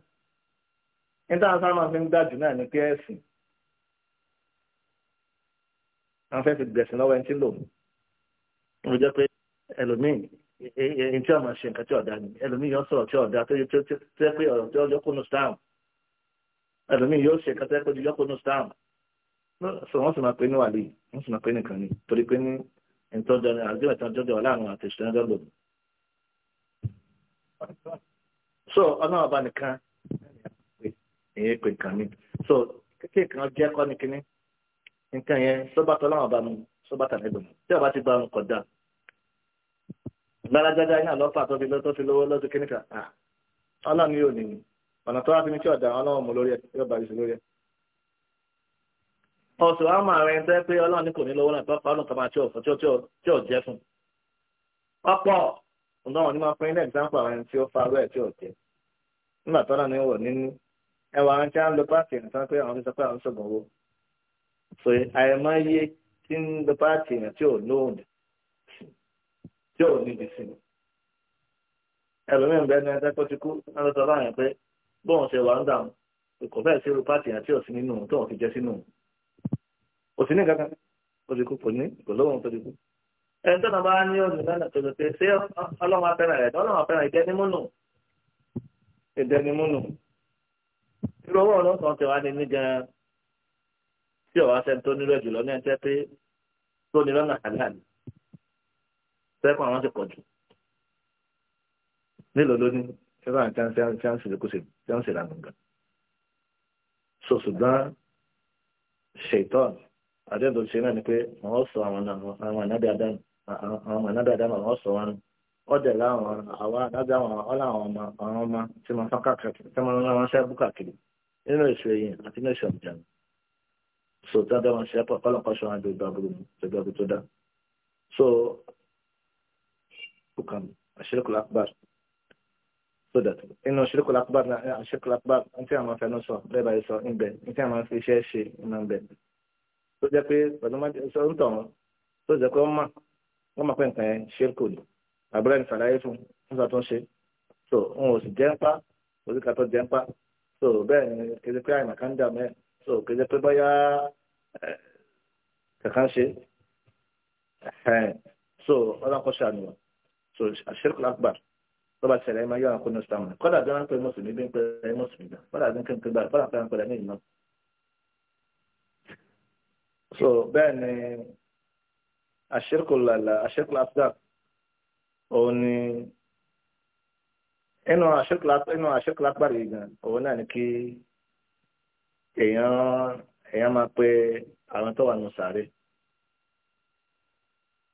níta sábà fi ń gbàjù náà ní si. ẹ̀sìn gesi fẹ́ẹ́ fi gbẹ̀sìn lọ́wọ́ ẹni tí lò ó jẹ́ pé ẹlòmíì èyí tí ọmọ ṣe nǹkan tí elu ni ẹlòmíì yóò sọ̀rọ̀ tí ọ̀dà tó yẹ pé ọ̀rọ̀ tí ọjọ́ kúnnú stamp ẹlòmíì yóò ṣe nǹkan tó yẹ pé so ni ni èyí pè mí so keke kan jẹ́ kọ ní kínní nǹkan yẹn ọba mu sọ́bàtà tí ọba ti gba ọrùn kọjá lálájájá iná lọ́pàá tó fi lọ́tọ́ fi lówó lọ́dún kan ah yóò ọ̀nà tó wá fi ní kí ọ̀dà lórí yóò bá yìí lórí ọ̀sùn fún ọ̀pọ̀ ọ̀nà ni máa fún ilé ẹ̀gbáǹpọ̀ ẹwà àwọn tí a ń lọ páàkì ẹ̀yàn tán pé àwọn ti sọ àwọn sọ̀gbọ̀n wo so àìmọye tí ń lọ páàkì ẹ̀yàn tí ò lóhùn tí ò níbi sí ni ẹlòmíràn bẹ́ẹ̀ ní ẹjẹ́ kó ti kú ẹni sọ láàyàn pé bóun ṣe wà ń dà kò fẹ́ẹ̀ sí irú páàkì ẹ̀yàn tí ò sí nínú òun tóun fi jẹ́ sínú òun kò sí ní kankan kó ti kú kò ní kò lóhùn tó ti kú ẹni tó náà bá ní ọdún lánàá tó ti pé ṣé ọlọ́run afẹ́ràn ẹ̀ ọlọ́run afẹ́ràn ìdẹ́nimúnù ìdẹ́nimúnù irú ọwọ́ ọlọ́sàn tẹ wá ní ní gan-an tí ọ̀wá sẹ́ni tó nílò jùlọ ní ẹ̀ńtẹ́ pé tó ní lọ́nà àlàní sẹ́kùn àwọn ti pọ̀ jù nílò lónìí sẹ́kùn àwọn tí wọ́n kó ṣe lànà gan. ṣùgbọ́n sọ àwọn àdánù àwọn àdánù sọ wọn ọdẹ láwọn àwọn àwọn àwọn ọmọ tí wọn fọn káàkiri nínú ìṣù ẹ̀yìn àti nínú ìṣù àbújá so tí a dá wọn ṣe ọlọ́pàá ṣọ́ra ju ìgbà burú so bukan àṣírẹ́kùlá akbar so that inú àṣírẹ́kùlá akbar na àṣírẹ́kùlá eh, akbar n tí a máa fẹnu sọ bẹ́ẹ̀ báyìí sọ ń bẹ n tí a máa fi iṣẹ́ ṣe iná ń bẹ tó jẹ́ pé pẹ̀lú máa sọ ń tọ̀ wọn tó jẹ́ pé wọ́n mà wọ́n mà pé nǹkan yẹn ṣírẹ́kù ni àbúrò ní sàlàyé so n ò sì jẹ́ ń pa òsì kàtọ́ jẹ́ so bẹ́ẹ̀ ni kìí ṣe pé àìmọ̀ kan dà mẹ́ so kìí ṣe pé bóyá kankan ṣe so ọlọ́kọ̀ ṣàníwọ̀ so àṣírkù akbar tó bá ṣẹlẹ̀ ẹ̀ma yóò àkóónú sàmù kọ́dà bí wọ́n ń pè mùsùlùmí bí ń pè é mùsùlùmí gbà kọ́dà bí ń pè ń pè gbà kọ́dà bí wọ́n lẹ́yìn náà so bẹ́ẹ̀ ni àṣírkù àṣírkù akbar òun ni ẹnu àṣọkùlá pàdé gan òun náà ni kí èèyàn èèyàn máa pe àwọn tó wà nù sàárè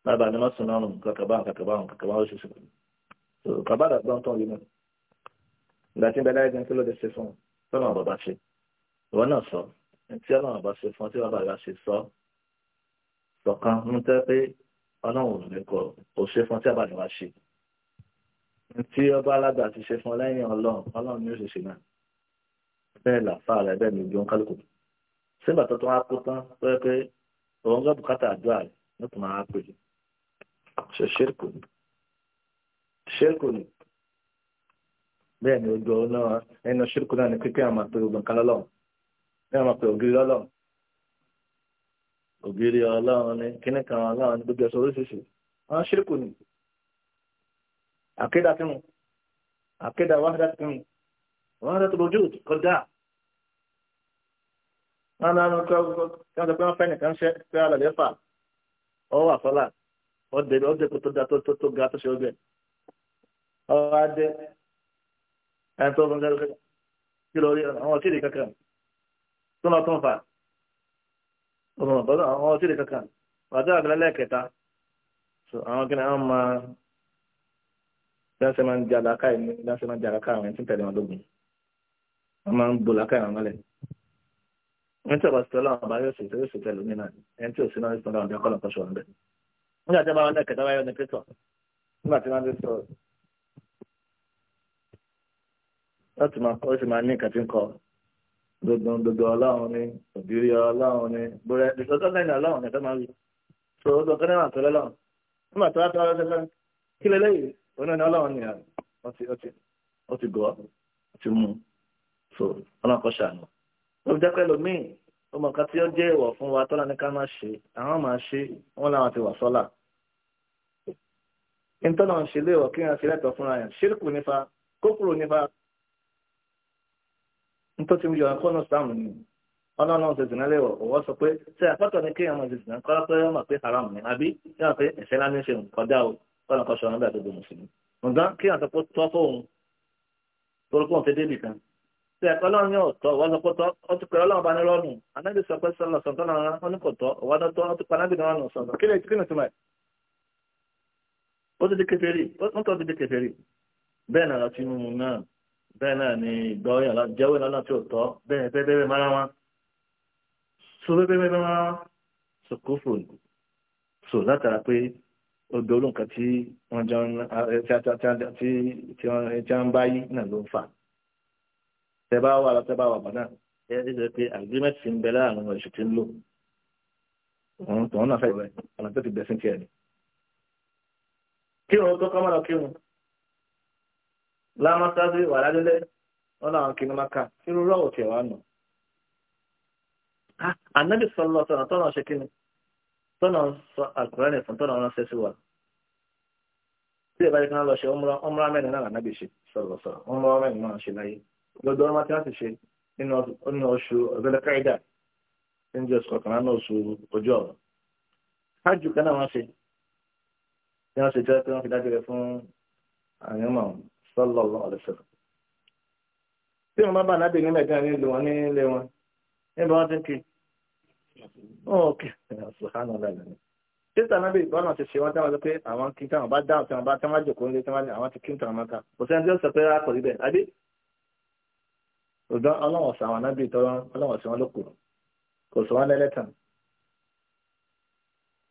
bàbá ni wọ́n sùn náà nù kàkàbá kàkàbá kàkàbá ó ṣoṣo kàbá àdàgbà ń tàn yìí náà ìgbà tí ń bẹ láyé gan kí ló dé ṣe fún un tọ́nà àbàbà ṣe ìwọ náà sọ tí ọlọ́run àbá ṣe fún tí bàbá ṣe sọ sọ̀kan ń tẹ́ pé ọlọ́run ò ní kọ tí bàbá ṣe tí ọba alága ti ṣe fún ọlẹ́yìn ọlọ́run ọlọ́run ní òṣìṣẹ́ náà bẹ́ẹ̀ làfà rẹ̀ bẹ́ẹ̀ ni ìjọ ń kálukú sígbà tó tún á kó tán tó yẹ pé òun gbọ́ bùkátà àdúrà rẹ̀ ló tún máa pè é ṣe ṣírkù ni ṣírkù ni bẹ́ẹ̀ ni ojú ọ̀run náà ẹnu ṣírkù náà ni pípẹ́ àmà pé ogun kan lọ́lọ́run ní àmà pé ògiri lọ́lọ́run ògiri ọlọ́run ni kíníkan ọlọ́run ni gbogbo ẹ̀sọ́ oríṣiríṣi wọ́n ṣírkù ni àkédà tí wọn àkédà wàhádà tí wọn wàhádà tó lójú kọjá wọn náà lọ kí wọn sọ pé wọn fẹ́ nìkan ṣe pé alàlẹ́ fà ọ wà sọ́là ọ dé ọ dé kó tó ga tó ga tó ṣe ọgbẹ ọ wá dé ẹni tó fún gẹ́gẹ́ kí lórí àwọn ọtíìrì kankan tó lọ tó ń fà ọmọ dáṣẹ́ máa ń ja làákà ìmú dáṣẹ́ máa ń ja làákà àwọn ẹni tí ń tẹ̀lé wọn lógun wọ́n máa ń bo làákà ìwọn mọ́lẹ̀ ẹni tí ọba ti tọ́lá ọba yóò ṣètò yóò ṣètò ẹlòmínà ẹni tí òsínà yóò tọ́lá ọba kọ́ lọ́kọ́ ṣọ̀rọ̀ bẹ́ẹ̀ nígbà tí a bá wọn lẹ́kẹ̀ẹ́ dáwáyọ ní pétọ̀ nígbà tí wọ́n ti sọ láti máa kọ́ ó sì máa ní so ó sọ kẹ́lẹ́ náà tọ́lẹ́ lọ́run nígbà tó oní ọ̀nà ọlọ́run ni ó ti gọ́ ó ti mú so ọlọ́kọ̀ ṣàánú ó fi jẹ́pẹ́ lómìn ó mọ̀ nǹkan tí ó jẹ́ ìwọ̀ fún wa tọ́lá ní ká má ṣe àwọn máa ṣe wọ́n láwọn ti wà sọ́là kí n tọ́lá ń ṣe léèwọ̀ kí n ṣe lẹ́tọ̀ọ́ fúnra yẹn ṣírkù nípa kókòrò nípa nítorí mi yọ ẹ̀kọ́ náà sáàmù ni ọlọ́run ṣe zìnà léwọ̀ ọwọ́ sọ pé ṣe àpákan ní kéèyàn máa ṣe zìnà kọ́lá pé wọ́n máa pé haram ni àbí yóò pé ẹ̀ṣẹ̀ lá kọ́nà kan ṣọ̀rọ̀ nígbà gbogbo mùsùlùmí ǹgbọ́n kí wọ́n sọ pé tọ́ fóun torókó òun ti dé nìkan tí ẹ̀kọ́ lọ́run yóò tọ́ wọ́n sọ pé tọ́ ó ti pẹ̀lú ọlọ́run bá ní rọ́ọ̀nù anábì sọ pé sọ́nà sọ̀tọ́ náà wọ́n ní kò tọ́ wọ́n tọ́ ó ti pa anábì náà nù sọ̀tọ́ kí ni kí ni túmọ̀ ẹ̀ ó ti di kèfèrí ó tọ́ ti di kèfèrí bẹ́ẹ̀ náà láti mú un náà bẹ́ẹ̀ náà ni ìgbọ́yàn odò olóǹkan tí wọ́n jọ tí wọ́n bá yí náà ló ń fà tẹ́bá wà lọ tẹ́bá wà bọ̀ náà ẹ ẹ ṣe pé agreement ti ń bẹ láàrin àwọn ìṣètò ń lò òun tòun náà fẹ́ rẹ̀ ọ̀nà tó ti bẹ̀ sí tiẹ̀ ni. kírun tó kọ́ mọ́nà kírun lámọ́sáàbí wà lálẹ́lẹ́ wọn làwọn kiri máa kà kírun rọ́ọ̀ tiẹ̀ wà nù. Ah, ànábì sọlọ sọ̀rọ̀ tọ́nà ṣe kí ni tọ́nà sọ àkùrán ẹ̀fọn tọ́nà ránṣẹ́ sí wa tí ẹ bá yẹ kí wọ́n lọ ṣe ọmọ mẹ́rin náà nàbì ṣe sọ̀rọ̀ sọ̀rọ̀ ọmọ mẹ́rin náà ṣe láyé lọ́dọ̀ ọmọ tí wọ́n ti ṣe nínú oṣù ọ̀gbẹ́lẹ̀ káìdà tí ń jẹ́ oṣù kọkànlá náà oṣù ojú ọ̀rọ̀ hajj kan náà wọ́n ṣe tí wọ́n ṣe jẹ́ pé wọ́n fi dájọ́ rẹ̀ fún àyànmọ́ sọ́lọ́lọ́ ọ̀kẹ́ ṣùgbọ́n ọ̀làlẹ̀ títà náà bí ìbọn náà ti ṣe wọn tí wọn sọ pé àwọn kí n táwọn bá dáhùn tí wọn bá tí wọn bá jòkó nílé tí wọn ní àwọn ti kí n táwọn máa ta kò sẹ́ni tí ó sọ pé rákò rí bẹ́ẹ̀ àbí ọ̀dọ́ ọlọ́wọ̀n sọ àwọn anábì tọ́lọ́ ọlọ́wọ̀n sọ wọn lóko kò sọ wọn lẹ́lẹ́tàn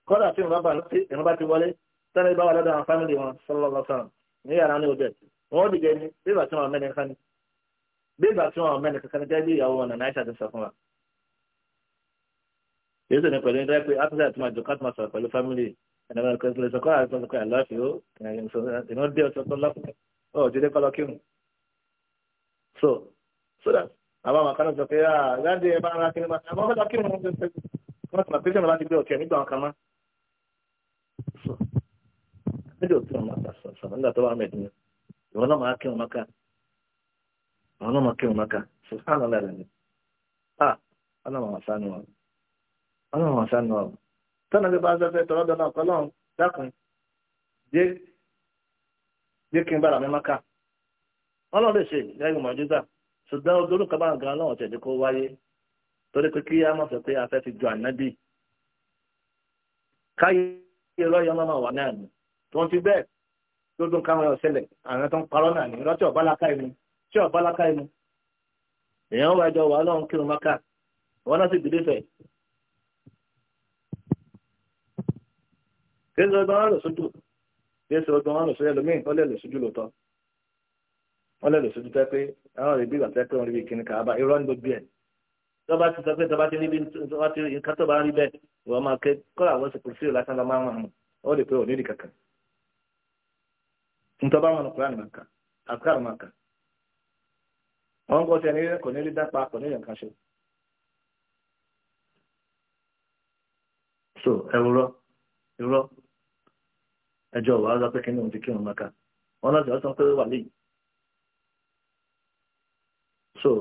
kọ́dà tí ìrún bá ti wọlé tẹ́lẹ̀ bá wà lọ́dọ̀ àwọn fámìlì wọn sọ́lọ́lọ́ sọ́run ní yàrá ní ọjọ́ wọn dìde ní bí ìgbà tí wọn mẹ́ni kankan ní bí ìyàwó wọn nà náà ṣàtúnṣe fún wa yóò sọ ní pẹ̀lú ẹni pé after that máa jọkọ́ àtúmọ̀ sọ̀rọ̀ pẹ̀lú family ẹni wọn kọ́ ìpínlẹ̀ sọ̀kọ́ àti sọ̀kọ́ àlọ́fíò ìná dé ọ̀sọ̀ tó lọ́kùnrin ọ̀ jẹ́dẹ́ kọ́ lọ́kìrùn. so so that àwọn àwọn kan sọ pé ah láti ẹ bá ara kiri máa àwọn ọmọdé kírun wọn fẹẹ wọn sọ pé sọ̀rọ̀ láti gbé ọ̀kẹ́ nígbà wọn kan má. so níbi òtún ọmọ àgbà sọ̀rọ̀ nígbà tó wà mẹ́ẹ̀dínlẹ̀ ìwọ́n náà máa kírun mọ́ká àwọn náà máa kírun mọ́ká ah, sọ̀rọ̀ ọlọ́run ọ̀sánù ọ̀rọ̀ tọ́nà bí bá ń sọ́fẹ́ tọ́lọ́ dọ́nà ọ̀pọ̀lọ́run dákun jẹ́ kí n bára mi mọ́ká ọlọ́run lè ṣe lẹ́yìn mọ̀júgbà ṣùgbọ́n odorú kan bá ń gan ọlọ́run kó wáyé torí pé kí á mọ̀ sọ pé a fẹ́ fi ju ànábì káyé irọ́ wà náà ni tó ń ti bẹ́ẹ̀ lódún káwọn ọ̀sẹ̀lẹ̀ àwọn tó ń parọ́ náà ni irọ́ tí inú tí ọ̀bá inú wà ọlọ́run kírun yẹn sọ ọgbọ́n àrùn sójú yẹn sọ ọgbọ́n àrùn sójú ẹlòmíì wọ́n lè lè sójú lòótọ́ wọ́n lè lè sójú tẹ́ pé àwọn rèébí ìgbà tẹ́ pé wọ́n rí bí kíní kàába irọ́ ní gbogbo ẹ̀ tọ́ba ti sọ pé tọ́ba ti rí bí tọ́ba ti rí nǹkan tọ́ba rí bẹ́ẹ̀ ìwọ́n máa ké kọ́ra àwọn sì kùrùsí lásán lọ máa ń hàn ó lè pé ò nídìí kankan ntọ́ba wọn kúrò àná kan àkàrà máa kà wọ́n gbọ́ sí ẹni kò ní rí dápa kò ní rí nǹkan ṣe. so ẹ wúrọ irọ́ ẹjọ́ wà á pé kíní òun ti kírun maka wọn láti wá pé wà lẹ́yìn so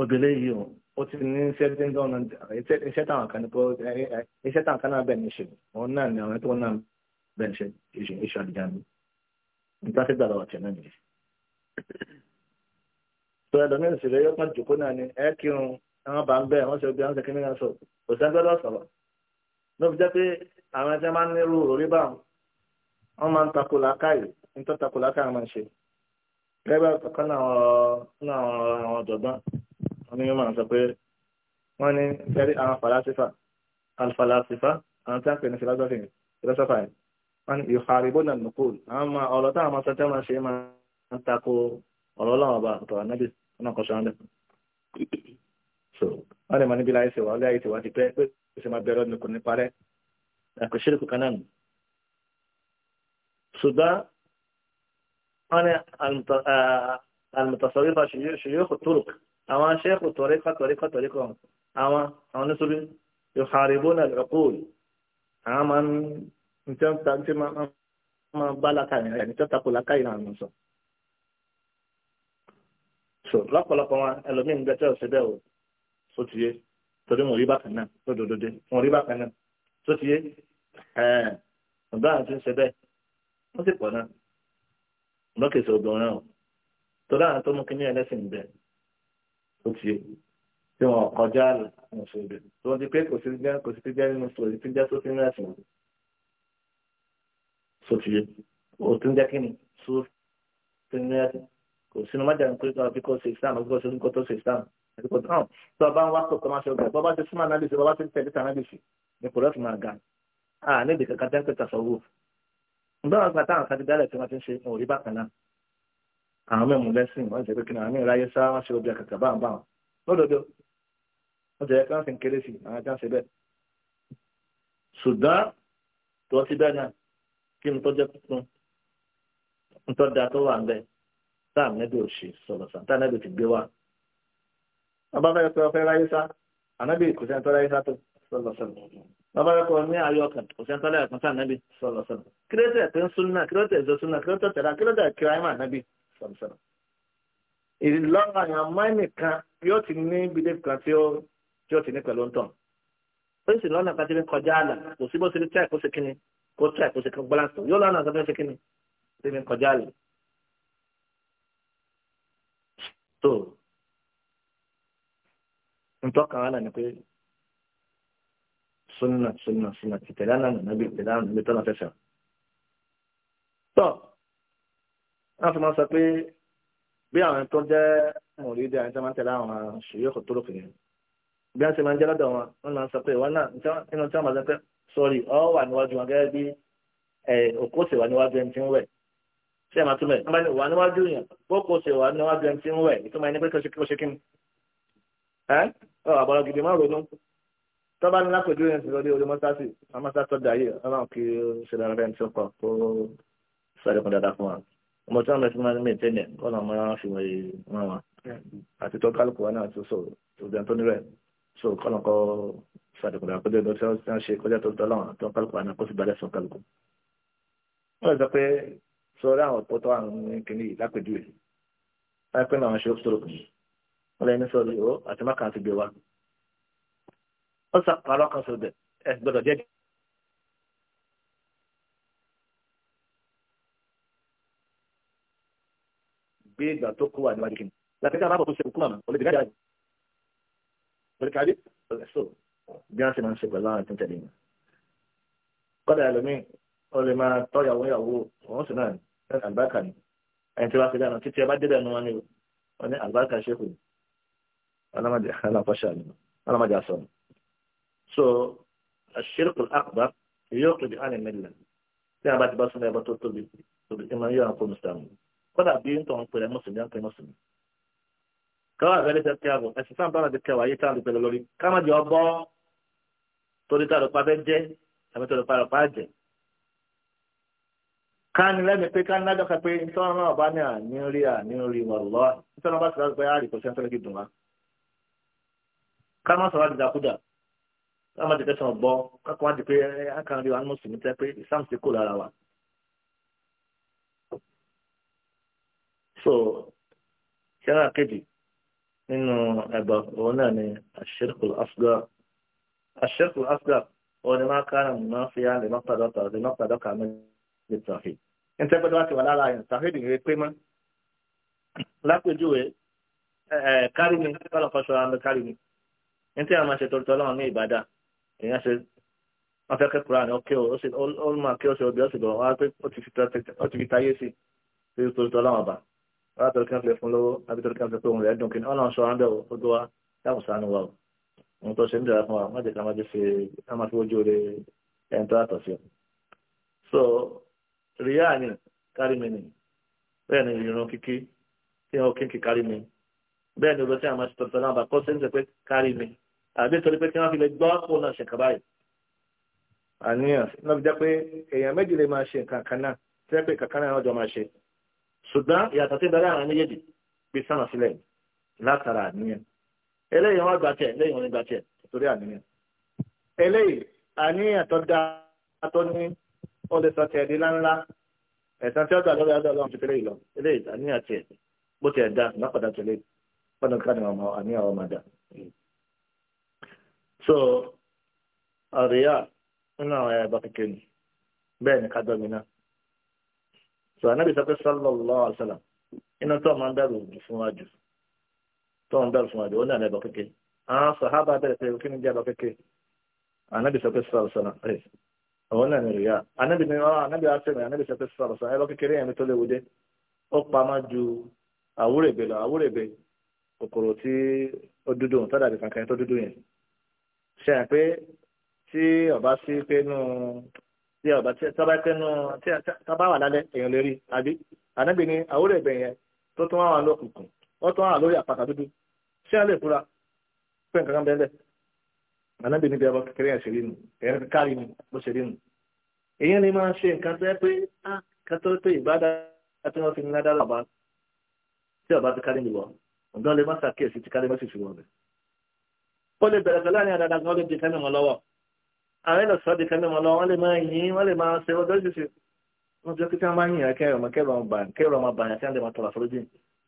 obìnrin yìí ó ti ní seventeen thousand iṣẹ́ táwọn kan ní pé iṣẹ́ táwọn kan náà bẹ̀rẹ̀ ṣe wọn náà ní àwọn tó náà bẹ̀rẹ̀ ṣe iṣu àdìjà mi nígbà tí gbàdọ̀ ọ̀tẹ̀ náà nìyí. so ẹlòmíràn sì rẹ yóò kàn jòkó náà ni ẹ kírun àwọn bá ń bẹ wọn ṣe obìnrin àwọn ṣe kíní náà sọ kò sí ẹgbẹ́ lọ́sọ̀rọ̀ ló fi jẹ́ pé àwọn ẹja máa ń nírú òrí báwọn wọ́n máa ń takò làákàyè nítorí takò làákàyè máa ń ṣe gẹ́gẹ́ ọ̀kan náà àwọn ọ̀jọ̀gbọ́n wọn ni wọ́n máa ń sọ pé wọ́n ní sẹ́rí àwọn falasifa alfalasifa àwọn tí wọ́n pè ní philosophy philosopher yìí wọ́n ní ìhàrìbó náà nùkúl àwọn máa ọ̀rọ̀ táwọn máa sọ tẹ́ máa ṣe máa ń takò ọ̀rọ̀ ọlọ́run ọba àtọ̀ ànábì náà kọ́ sọ́ndẹ̀ so wọ́n lè máa níbi láì ṣèwà ọlẹ́ àìṣèwà ti pẹ́ pé ó sì máa bẹ̀rẹ̀ ọdún kò ní parẹ́ àkọ́ṣẹ́rẹ́kù kan náà ṣùgbọ́n wọ́n ní almutasawwifa shuyukh turuq àwọn sheikh tọ̀ríkà tọ̀ríkà tọ̀ríkà àwọn àwọn nítorí yuharibuna al-uqul àwọn máa ń tẹ́ ń ta tí máa bá lákàyè rẹ̀ ní tẹ́ta kò lákàyè náà nù sọ. so lọ́pọ̀lọpọ̀ wọn ẹlòmíín gbẹ́tẹ́ ọ̀sẹ̀dẹ̀ o so tiye torí mo rí bákan náà lódòdó dé mo rí bákan so tiye ẹ̀ẹ́n ọ̀dọ́ àti ń ṣe wọ́n sì pọ̀ náà lọ́kèsè obìnrin náà tọ́lá àwọn tó mú kí ní ẹlẹ́sìn bẹ̀ ó ti yẹ tí wọn kọjá àlọ́ wọn sọ ibẹ̀ tí wọ́n ti pé kò sí jẹ́ kò sí ti jẹ́ nínú sọ̀rọ̀ ti jẹ́ sófin náà sìn so ti yẹ ó ti ń jẹ́ kí ni sófin náà sìn kò sínú má jẹun pé kí kò ṣe islam kí kò ṣe kó tó ṣe islam àti kò tán tó bá ń wá kó kọ́má ṣe ọgbà bọ́ bá ti ni kò rẹ́fù máa ga nígbà wọn gbà táwọn kan ti dálẹ̀ tí wọ́n ti ń ṣe òrí bákan náà àwọn mẹ́mu lẹ́sìn wọ́n ṣe pé kí ni àwọn ìráyé sá wọ́n ṣe obi àkàkà báwọn báwọn lódodo wọ́n jẹ́ kí wọ́n sì ń kéré sí àwọn ajá ń ṣe bẹ́ẹ̀ ṣùgbọ́n tó ti bẹ́ẹ̀ náà kí ni tó jẹ́ tuntun ntọ́ da tó wà ń bẹ́ẹ̀ táà ò ṣe sọ̀rọ̀ sàn táà nẹ́bí ti gbé wá ọba fẹ́ fẹ́ ráyé sá ànábì kò sẹ́ni tó ráyé sá tó sọ̀rọ̀ sọ̀rọ̀ babalẹ́kọ̀ ní ayọ́kàn òṣèǹtàlẹ̀ ẹ̀kúnṣà nàbí sọ̀rọ̀sọ̀rọ̀ kírẹ́tẹ̀ pé ń súnà kírẹ́tẹ̀ ẹ̀zọ́ súnà kírẹ́tẹ̀ tẹ̀lá kírẹ́tẹ̀ kíráìmà nàbí sọ̀rọ̀sọ̀rọ̀. ìlànà àyàn máìnì kan yóò ti ní bílẹ̀ kan tí ó ti ní pẹ̀lú ntọ̀. ó sì lọ́nà kan ti ní kọjá àlà kò sí bó ti ní tíà kó ṣe kíni kó tíà kó ṣe kí balance yóò lọ́nà kan ṣe kíni ti ní kọjá àlà. tó ntọ́kàn wà náà ni pé súnà súnà súnà tìtẹ̀lá náà nàbí tẹ̀lá nàbí tọ́nà fẹ́fẹ́ tọ́ wọ́n fi máa sọ pé bí àwọn tó jẹ́ mọ̀lẹ́dẹ́ àti àwọn tẹ̀lá àwọn ṣòyẹ́ kò tó lókè yẹn bí wọ́n ti máa ń jẹ́ lọ́dọ̀ wọn wọ́n máa ń sọ pé ìwọ náà nínú tí wọ́n máa sọ pé sọ́ọ̀rì ọ wà níwájú wọn gẹ́gẹ́ bí òkú sì wà níwájú ẹni tí ń wẹ̀ ṣé ẹ̀ máa túmọ̀ ẹ̀ wọ́n wà níwájú yẹn bókò sì wà níwájú ẹni tí ń wẹ̀ ìtumọ̀ ẹni pé kí ṣe kí ó ẹ́ ọ àbọ̀rọ̀ gidi máa ronú tọ́ba ní lápẹ̀jú yẹn ti lọ dé orí mọ́sáàsì amásátọ́ dayé ọlọ́run kí ó ṣẹlẹ̀ rẹ̀ ń sọ́kọ̀ kó sọ̀rọ̀ kan dáadáa fún wa ọmọ tí wọ́n mẹ́sì máa ń mẹ́tẹ́ nẹ̀ kọ́nà ọmọ ara fi wọ́n yìí wọ́n wa àti tó kálukú wa náà tó sọ ọ̀dẹ̀ tó nírẹ̀ so kọ́nà kọ́ sọ̀rọ̀ kan dáadáa kó dé lọ tí wọ́n ṣe kọjá tó tọ́ lọ́wọ́n tó kálukú wa náà kó sì balẹ̀ sọ kálukú. wọ́n sọ pé sọ̀rọ̀ àwọn ọ̀pọ̀ tó wà ní kìnnì lápẹ̀jú yìí ó sàpàrọ̀ kan sọ̀dẹ̀ ẹ gbọ́dọ̀ jẹ́ gbé ìgbà tó kó wà níwájú kìnnì láti ká alábọ̀ tó ṣe kúmọ̀ ó lè dìgbà jáde lórí kárí ọ̀sọ̀ bí wọ́n ṣe máa ń ṣe pẹ̀lú àwọn ìtúntẹ̀lẹ̀ yìí kọ́dà ẹlòmíì ó lè máa tọ́yàwó ìyàwó òun sì náà àlùbáríkà ni ẹni tí wọ́n fi dáná títí ẹ bá débẹ̀ wọn ni o wọ́n ní ṣe kù ọlọ́mọdé alápàṣà ni ọlọ́mọdé asọ̀rọ̀ so ashirkul akbar yóò tóbi á ní mílíọ̀n tí a bá ti bá súnmọ́ ẹbọ tó tóbi tóbi ìmọ̀ yóò hàn kó mùsùlùmí kódà bí ń tọ̀hún pẹ̀lẹ́ mùsùlùmí á ń pẹ́ mùsùlùmí. káwá àgbẹ̀lẹ̀ tẹ kẹ́ àbọ̀ ẹ̀sìn sáà bára ti kẹ́ wáyé tá à ń pẹ̀lú lórí ká má jọ bọ́ torí tá a lè pa bẹ́ jẹ́ àbí tó lè pa àpá jẹ́. ká ní lẹ́mi pé ká ká má tẹ̀tẹ̀ sàn bọ́ kákan wá di pé eh, akànrí wa mùsùlùmí tẹ́ pé islam ti kó lára wa. so ṣẹ́ra kejì nínú ẹ̀bà òun náà ni ashirkul asgar ashirkul asgar òun ni máa kára mọ̀ náà fi hàn lè má padà ọ̀tà lè má padà ọ̀kà mi lè tàfé. ní tẹ́gbẹ́ tó bá ti wà lára yẹn tàfé nìyẹn pé mọ́ lápèjúwe kárí mi kọ́lọ̀ fọ́ṣọ́ àmì kárí mi ní tí máa ṣe torítọ́ èèyàn ṣe wọ́n fẹ́ kẹ́kọ̀ọ́ àná ọkẹ́ o ó máa kí ọṣẹ obìnrin ọ̀sìnbọ̀ wá pé ó ti fi táyé sí i tó tọ́ láwọn ọba wọ́n á tọ́lú kí wọ́n fi fún lọ́wọ́ àbí tọ́lú kí wọ́n fi pé òun rẹ̀ dùn kí ni ọlọ́run sọ wọn bẹ́ẹ̀ ó tó wá dáhùn wa o òun tó ṣe ń dára fún wa wọ́n jẹ́ ṣe ká máa fi ojú rẹ̀ ẹni tó yàtọ̀ sí ọ. so ríyá ni kárí mi ni bẹ́ẹ̀ ni ìrún kíkí tí wọ́n kí kárí mi bẹ́ẹ̀ ni olóṣèlú àmọ́ ṣe tọ́tọ́ náà bá kọ́ sẹ́ńtẹ̀ pé kárí mi àbí torí pé kí wọ́n fi lè gbọ́ kó náà ṣe kaba yìí àníyàn náà fi jẹ́ pé èèyàn méjì lè máa ṣe nǹkan kan náà tí wọ́n pè kankan náà wọ́n jọ máa ṣe ṣùgbọ́n ìyàtọ̀ sí ìbẹ̀rẹ̀ àwọn méjèèjì gbé sánà sílẹ̀ látara àníyàn eléyìí wọ́n gbà tiẹ̀ eléyìí wọ́n gbà tiẹ̀ torí àníyàn eléyìí àníyàn tó dáa tó ní ó lè sọ tiẹ̀ di ńláńlá ẹ̀sán tí ó gbà lọ́wọ́ ọlọ́run ti fẹ́rẹ̀ ìlọ eléyìí so àríyá nínú àwọn ya ìbákẹ́kẹ́ ni bẹ́ẹ̀ ni náà so anábì sọ pé sallallahu alaihi wasallam inú tó máa ń dàrú fún wa jù tó ń dàrú fún wa jù ó ní àná ìbákẹ́kẹ́ àwọn bẹ̀rẹ̀ pé kí ni jẹ́ sọ pé sallallahu alaihi wasallam àwọn náà ni ríyá ni ah, sẹ́mi sallallahu alaihi wasallam kékeré yẹn mi tó léwu dé ó ju àwúrẹ̀bẹ̀ lọ àwúrẹ̀bẹ̀ kòkòrò tí ó dúdú ṣe hàn pé tí ọba sí pé nù tí ọba tí ọba pé nù tí ọba wà lálẹ́ èèyàn lè rí àbí ànábì ni àwòrán ẹ̀bẹ̀ yẹn tó tún wà lókùnkùn ó tún wà lórí àpáta dúdú ṣé a lè fura pé nǹkan kan bẹ́ẹ̀ bẹ́ẹ̀ ànábì níbi ẹbọ kékeré yẹn ṣe rí nù ẹ̀yẹn kárí nù bó ṣe rí nù èèyàn lè máa ṣe nǹkan tó yẹ pé á ah, kan tó tó ìbádá tí wọ́n fi ń ládá lọ́ba tí ọba ti kárí nìwọ̀ ọ̀dọ́ lè má ṣàkíyèsí ti kárí mọ́sì fi wọ̀ bẹ́ẹ̀ ó lè bẹ̀rẹ̀ pẹ̀lú àníyàn dáadáa kan ó lè di kẹ́mì wọn lọ́wọ́ àwọn èèyàn sọ di kẹ́mì wọn lọ́wọ́ wọ́n lè máa yìn wọ́n lè máa ṣe ọjọ́ ìṣẹ̀ṣẹ̀ wọ́n ti kíkẹ́ máa yìn kẹ́rọ ọmọ kẹ́rọ ọmọ bàyàn kẹ́rọ ọmọ bàyàn tí wọ́n lè máa tọrọ àforíjì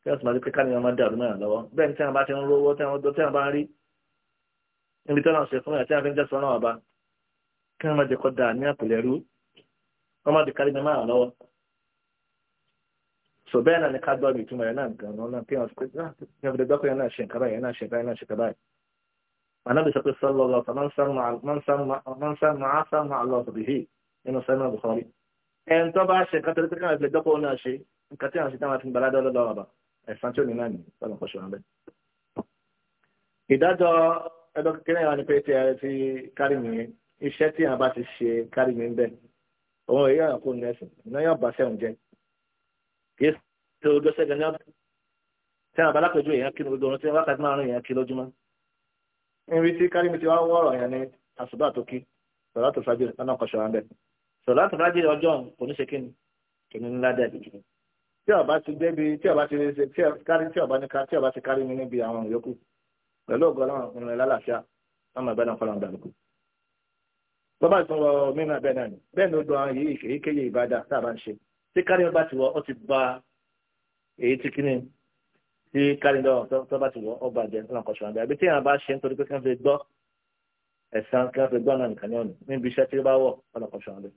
kí wọ́n sì máa di kíkà níyàn máa dàrú mẹ́rin lọ́wọ́ bẹ́ẹ̀ ni tí wọ́n bá ti ń rówó tí wọ́n bá ń rí níbi tí wọ́n ṣe fún yàn tí wọ́n fi ń jẹ́ sọ́nà ọba kí wọ́n máa di kọ́dà bẹ́ẹ̀ náà ni ká gbọ́ ìtumọ̀ yẹn náà gan-an náà kí wọ́n ah, fi gbọ́ pé yẹn náà ṣe nǹkan báyìí yẹn náà ṣe nǹkan báyìí Ànábì sọ pé sọ́lọ́lọ́ ọ̀tọ̀ máa ń sá máa lọ bìhí nínú sẹ́mọ̀ Bukhari. Ẹn tó bá ṣe nǹkan tó tẹ́kàn ìpìlẹ̀ dọ́pọ̀ náà ṣe, nǹkan tí àwọn ṣe táwọn ti ń gbà ládọ́ lọ́dọ̀ ọ̀bà, ẹ̀sán tí ò ní náà ní ọ̀nà kọ́ṣọ́ wọn bẹ́ẹ̀. Ìdájọ́ ẹ̀dọ́ kékeré wa ni pé tí ẹ ti kárí mi iṣẹ́ tí àwọn bá ti ṣe kárí mi ń bẹ̀. Òun èyí àyànkó ní ẹ̀sìn, iná yóò bá sẹ́wọ̀n jẹ. Kì í ṣe ojú ọ̀sẹ̀ gan-an. Tí àwọn abalápẹ̀jù èèyàn kí lójúmọ́, tí wákàtí márùn-ún èèyàn níbi tí kárìmì ti wá ń wọ̀rọ̀ yẹn ní àsùbá tó kí sọ̀rọ̀ tó fàájì lọ́nà kọ̀ṣọ́ wa sọ̀rọ̀ tó fàájì ọjọ́ kò ní ṣe kí ni kì ní ńlá dẹ̀ bìjú tí ọba ti débi tí ọba ti ṣe tí kárí tí ọba ní ká tí ọba ti kárí mi níbi àwọn yòókù pẹ̀lú ògùn ọlọ́run ìrìn lálàáfíà ọmọ ẹ̀bẹ́ náà fọlọ́n dàlùkù. bọ́bá ìtàn wọ mímọ́ bẹ́ẹ̀ náà ni bẹ́ẹ̀ ni ó dùn yìí èyíkéyìí ìbádà tá a bá ń ṣe tí kárí ọba ti wọ ó ti ba èyí ti kíni tí kálíńdọ̀ tó bá ti wọ ọba àjẹ ńlá kan ṣọ̀rọ̀ àbí tí èèyàn bá ṣe nítorí pé kí wọ́n fi gbọ́ ẹ̀sán kí wọ́n fi gbọ́ náà nìkan ní ọ̀nà níbi iṣẹ́ tí ó bá wọ̀ ọ̀nà kan ṣọ̀rọ̀ bẹ́ẹ̀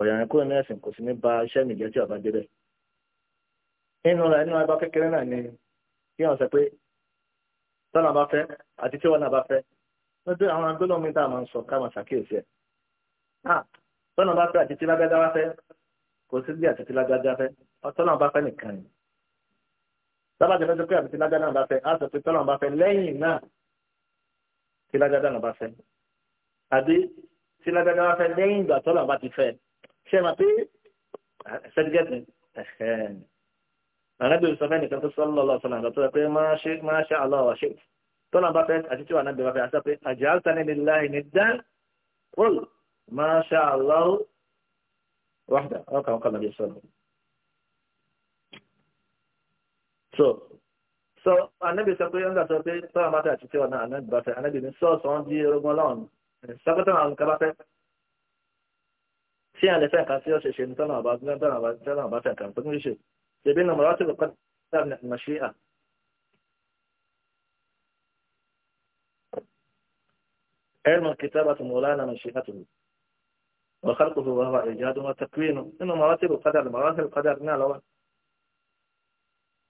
ọ̀yà yẹn kúrò ní ẹ̀sìn kò sí ní ba iṣẹ́ nìjẹ́ tí ọba dé bẹ́ẹ̀ nínú rẹ̀ nínú ẹgbẹ́ kékeré náà ni kí wọ́n sọ pé tọ́nà bá fẹ́ àti tí wọ́n náà bá fẹ́ sábà jẹ́ fẹ́ pé àbí tílágá náà bá fẹ́ á sọ pé tọ́lọ́run bá fẹ́ lẹ́yìn náà tílágá náà bá fẹ́ àbí tílágá náà bá fẹ́ lẹ́yìn ìgbà tọ́lọ́run bá ti fẹ́ ṣé máa pé sẹ́dígẹ́tì ànábì sọ fẹ́ nìkan tó sọ́lọ́ lọ sọ́nà àgbà tó sọ pé máa ṣe aláwọ̀ ṣe tọ́lá bá fẹ́ àti tí wà nábì bá fẹ́ àti pé àjálta ní lílá ìní dán kúrò máa ṣe aláwọ̀ wáhdà sọ́lọ́. so so anabi sọ pé ńgbà sọ pé tọ́wọ́ bá tẹ àti tí ọ̀nà anabi bá tẹ anabi ní sọ́ọ̀sì wọn di orogún ọlọ́run sọ́kọ́tà àwọn nǹkan bá fẹ́ tí a fẹ́ kan sí ọ̀ṣẹ̀ ṣe ní tọ́nà ọba tọ́nà ọba fẹ́ kan tó ń ṣe ṣèbí ní mọ̀lá tí kò pẹ́ mọ̀ sí à. علم الكتابة مولانا مشيئته وخلقه وهو إيجاده وتكوينه إنه مراتب القدر مراتب القدر من الأول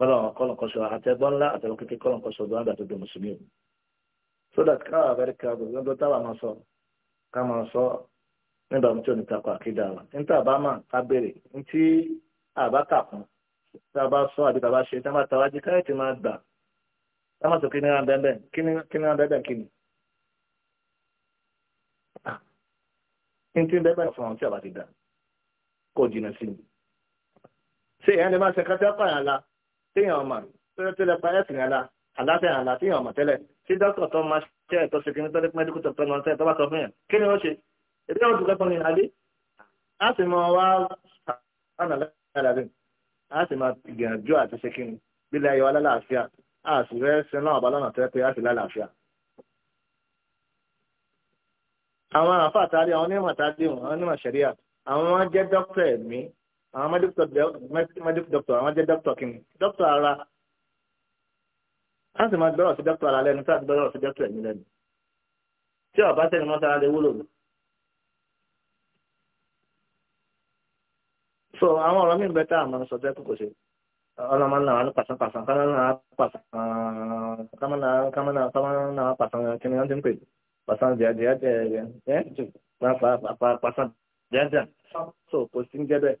kọ́lọ̀n kọ́lọ̀n kọ́sọ̀ àtẹ̀gbọ́n ńlá àtẹ̀wọ́n kékeré kọ́lọ̀n kọ́sọ̀ ọ̀dọ́ mùsùlùmí o so that káwọn abẹ́rẹ́kẹ́ agbègbè ọdún táwa máa sọ ká máa sọ nígbà tí òní takọ àkídà wa níta ká béèrè ntí tá a bá sọ àbí ṣe tá a bá jí káyọ̀ tí máa gbà tá a máa sọ kí ni ra bẹ́ẹ̀ kí ni ra bẹ́ẹ̀ kí ah. téèyàn mà tẹ́lẹ̀ tẹ́lẹ̀ pa ẹ̀sìn àlá àlàáfíà àlá téèyàn mà tẹ́lẹ̀ tí dókítà tó máa ṣe ẹ̀tọ́ ṣe kí ní tọ́lẹ̀ mẹ́díkù tó tọ́nu ọ̀sẹ̀ tó bá sọ fún yẹn kí ni wọ́n ṣe èdè yóò dúpẹ́ fún alẹ́ á sì máa wá sàánà lẹ́yìn á sì máa gbìyànjú àti ṣe kí ni bílẹ̀ ayọ̀ alálàáfíà á sì rẹ́ sin náà balọ̀nà tẹ́ pé á sì lálàáfíà. àwọn àfáà tàbí àwọn onímọ̀ tàbí àwọn onímọ̀ ṣẹ̀ríà àwọn jẹ́ dókítà ẹ̀mí àwọn medical doctor àwọn jẹ́ doctor kìíní doctor ara a sì máa gbọ́rọ̀ sí doctor ara lẹ́nu tí a ti gbọ́rọ̀ sí doctor ẹ̀mí lẹ́nu tí ọba sẹ́ni mọ́ sára lè wúlò lò. so àwọn ọ̀rọ̀ míì bẹ́tà àmọ́ sọ jẹ́ kókò ṣe ọlọ́mọ náà ní pàṣán-pàṣán kámánà pàṣán kíni wọ́n ti ń pè pàṣán díadíadíẹ ẹ́ pàṣán díadíà so kò sí ń jẹ́ bẹ́ẹ̀.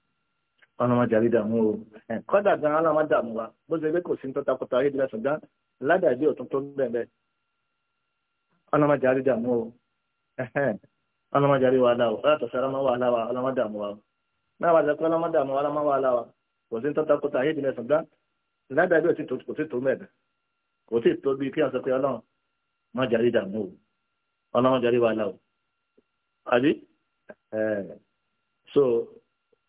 ọlọ́mọdé àrídàmú o kọ́dà gan alámọ́dàmú wa bó ṣe pé kò sí tọ́takọta ayé ìdílé ṣùgbọ́n ládàbí ọ̀tún tó bẹ̀rẹ̀ ọlọ́mọdé àrídàmú o ọlọ́mọdé àríwá aláwọ̀ ọlọ́tọ̀ sí ọlọ́mọ wa aláwọ̀ ọlọ́mọdàmú wa náà wàá sẹ́kọ́ ọlọ́mọdàmú wa ọlọ́mọ wa aláwọ̀ kò sí tọ́takọta ayé ìdílé ṣùgbọ́n ládàbí ọ̀tún kò sí tó mẹ́ẹ̀dá kò sí tó bí kí wọ́n sọ pé ọlọ́run mọ́jà àrídàmú o ọlọ́mọdé àríwá aláwọ̀ so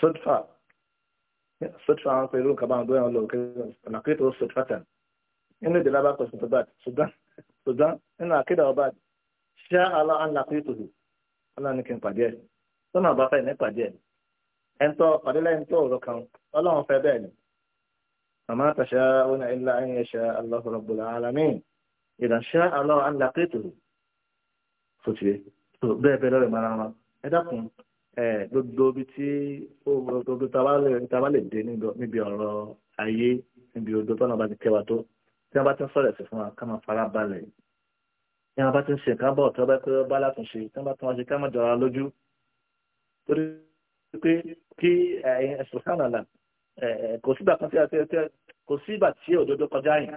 sọ́tfà sọ́tfà àwọn pẹ̀lú nǹkan báwọn bóyá wọn lọ òkè ọ̀nà kí tó sọ́tfà tán nínú ìdílé bá pẹ̀sùn tó bá ṣùgbọ́n ṣùgbọ́n nínú àkídà ọba ṣá alá ńlá kí tòhù ọlọ́run kì í pàdé ẹ̀ tọ́nà ọba fẹ́ ní pàdé ẹ̀ ẹ̀ńtọ́ pàdé lẹ́yìn tó ọ̀rọ̀ kan ọlọ́run fẹ́ bẹ́ẹ̀ ni màmá tàṣà ọ̀nà ilá ẹ̀yìn ẹ̀ṣẹ̀ aláhùrọ̀bùlà alámìn gbogbo ibi tí gbogbo tàbá lè dé níbi ọ̀rọ̀ ayé níbi odò tọ́nà bá ti kẹwa tó tí wọ́n bá ti ń sọ̀rọ̀ ẹ̀sìn fún wa ká máa fara balẹ̀ tí wọ́n bá ti ń ṣe nǹkan bọ̀ tí wọ́n bá pé bá látúnṣe tí wọ́n bá tún wá ṣe ká má jọra lójú torí pé kí ẹ̀sùn kánàlà kò sígbà kan kò sígbà tí òdodo kọjá yìí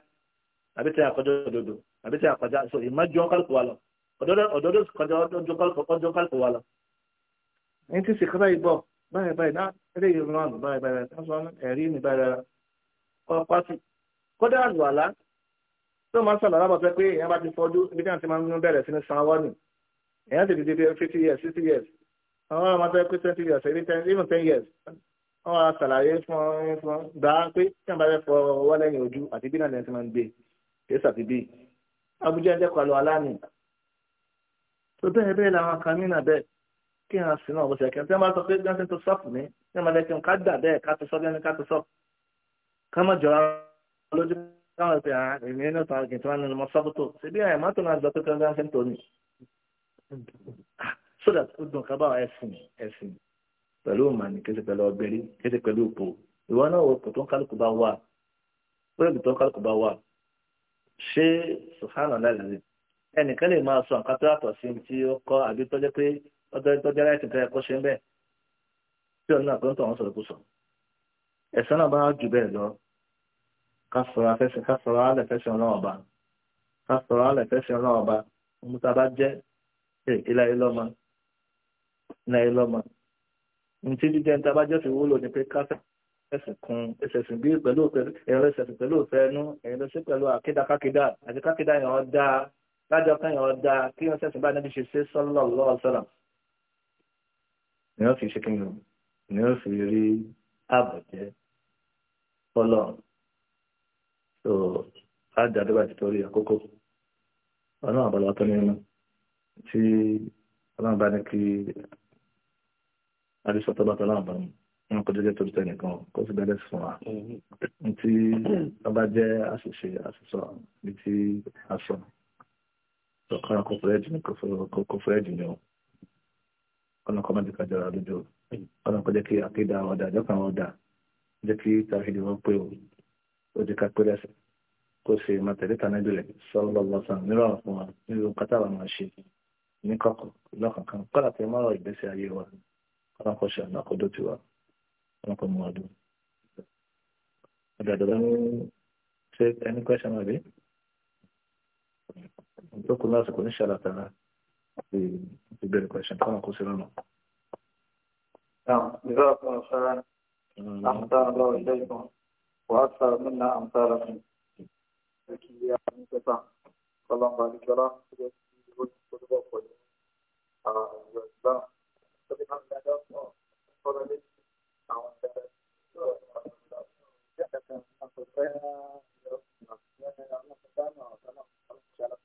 àbí tí a kọjá òdodo àbí tí a kọjá so ìmọ̀jú ọkọ̀ wa lọ òdodo kọjá ọjọ́ kọ̀ọ̀kan wa lọ ẹni tí sì kọ́tà yìí bọ̀ báyìí báyìí náà ẹ̀rẹ́ yìí rán àná báyìí báyìí náà sọ ẹ̀rí mi báyìí rárá kọ́ pátì kódà àlù àlá tó máa ń sọ̀rọ̀ alábọ̀ pé pé èèyàn bá ti fọdú ibi tí wọ́n ti máa ń bẹ̀rẹ̀ sí ní san owó nì èèyàn ti di di fifty years sixty years àwọn ọmọ tó yẹ pé twenty years even ten years wọ́n á ṣàlàyé fún fún gbà á pé tí wọ́n bá fẹ́ fọ ọwọ́ lẹ́yìn ojú àti bí náà lẹ́yìn tí wọ́n ń gbé Abuja ẹ̀jẹ̀ kọ́ àlọ́ àlá nì tó bẹ́ẹ̀ bẹ́ẹ̀ làwọn kan nínà kí hàn sí náà bó ṣe kẹ́hìn tí wọ́n bá sọ pé bí wọ́n ṣe ń to sọ́ọ̀pù ní ní ọmọdé kí wọ́n ká dà bẹ́ẹ̀ ká ti sọ bí wọ́n ṣe ká ti sọ ká mọ̀ jọra lójú káwọn ìpè àwọn èmi ní ọ̀tàn àgbẹ̀ tí wọ́n ní mọ sọ́bùtò ṣe bí àyè mọ́tò náà gbọ́ pé kí wọ́n ṣe ń tò ní. so that ó dùn ká bá ẹ̀sìn ẹ̀sìn pẹ̀lú òmàní kéṣe pẹ̀lú ọgbẹ́rí kéṣe pẹ̀lú òpó ìwọ náà wọ kò tó ń kálukú bá wà pẹ́ẹ́lú tó ń kálukú bá wà ṣé sùhánà láìláì ẹnìkan lè máa sọ nǹkan tó yàtọ̀ sí tí ó kọ́ àbí tó jẹ́ pé ọ̀dọ̀ ẹni tó jẹ́ láìsí nǹkan ẹ̀kọ́ ṣe ń bẹ̀ tí ọ̀nà àkọ́ńtò àwọn sọ̀rọ̀ kù sọ. ẹ̀sán náà bá jù bẹ́ẹ̀ lọ ká sọ̀rọ̀ afẹ́sẹ̀ ká sọ̀rọ̀ alẹ́ fẹ́sẹ̀ ọlọ́wọ́ ọba ká sọ̀rọ̀ alẹ́ fẹ́sẹ̀ ọlọ́wọ́ ọba ohun tá a bá jẹ́ ìlàyé lọ́mọ ìlàyé lọ́mọ ntí jíjẹ́ ní tá a bá jẹ́ fi wúlò ní pé ká fẹsẹ̀ kun ẹsẹ̀sìn bí pẹ̀lú ẹ̀rọ ẹsẹ̀sìn pẹ̀lú òfẹ́ ẹnu ẹ̀yìn lọ sí pẹ̀lú àkídàkákídà àti kákídà yẹn ọ̀ dáa lájọ kan yẹn ọ̀ dáa kí wọ́n sẹ̀sìn bá níbi ṣe ṣe sallallahu alaihi wasallam ni wọ́n fi ṣe kí ni ni wọ́n fi rí àbọ̀jẹ́ fọ́lọ̀ so àjàdúgbà ti torí àkókò ọ̀nà àbọ̀lọ̀ tó nínú tí ọlọ́run bá ní kí adúsọ́tọ́ bá tọ́lá àbọ̀n wọn kò jẹ́jẹ́ tó ti tẹ̀lé kan kó sì bẹ̀rẹ̀ sùn wá tí wọ́n bá jẹ́ àṣìṣe àṣìṣọ ní ti aṣọ ọ̀kan kò fẹ́ẹ́ jù ní kò fẹ́ẹ́ jù ní o ọ̀nà kọ́ máa ti kàjọ ra lójú ọ̀nà kọ́ jẹ́ kí akéda ọ̀dà jọ́kà àwọn ọ̀dà jẹ́ kí tàhídì wọn pé o ó jẹ́ ká pẹ́rẹ́ sí kó ṣe máa tẹ̀lé tàn níbẹ̀rẹ̀ sọ́lọ́lọ́sàn nínú àwọn fún wa nínú kátàwà máa ṣe ní kọ́kọ́ lọ́kànkan kọ́lá tẹ mọ́rọ̀ ìgbésí ayé wa ọ̀nà kọ́ ṣe ọ̀nà kọ́dọ̀ tiwa ọ̀nà kọ́ mú wa dùn. ọ̀dàdọ̀ ló ń ṣe ẹni kọ́ ṣe máa bí ìjókòó lásìkò ní ṣàlàtàrà àti ìbéèrè question kọ́nà kó sí lọ́nà. جزاكم خيرا أحسن الله إليكم وأكثر منا أمثالكم يا مكتا فالله بارك الله Thank you.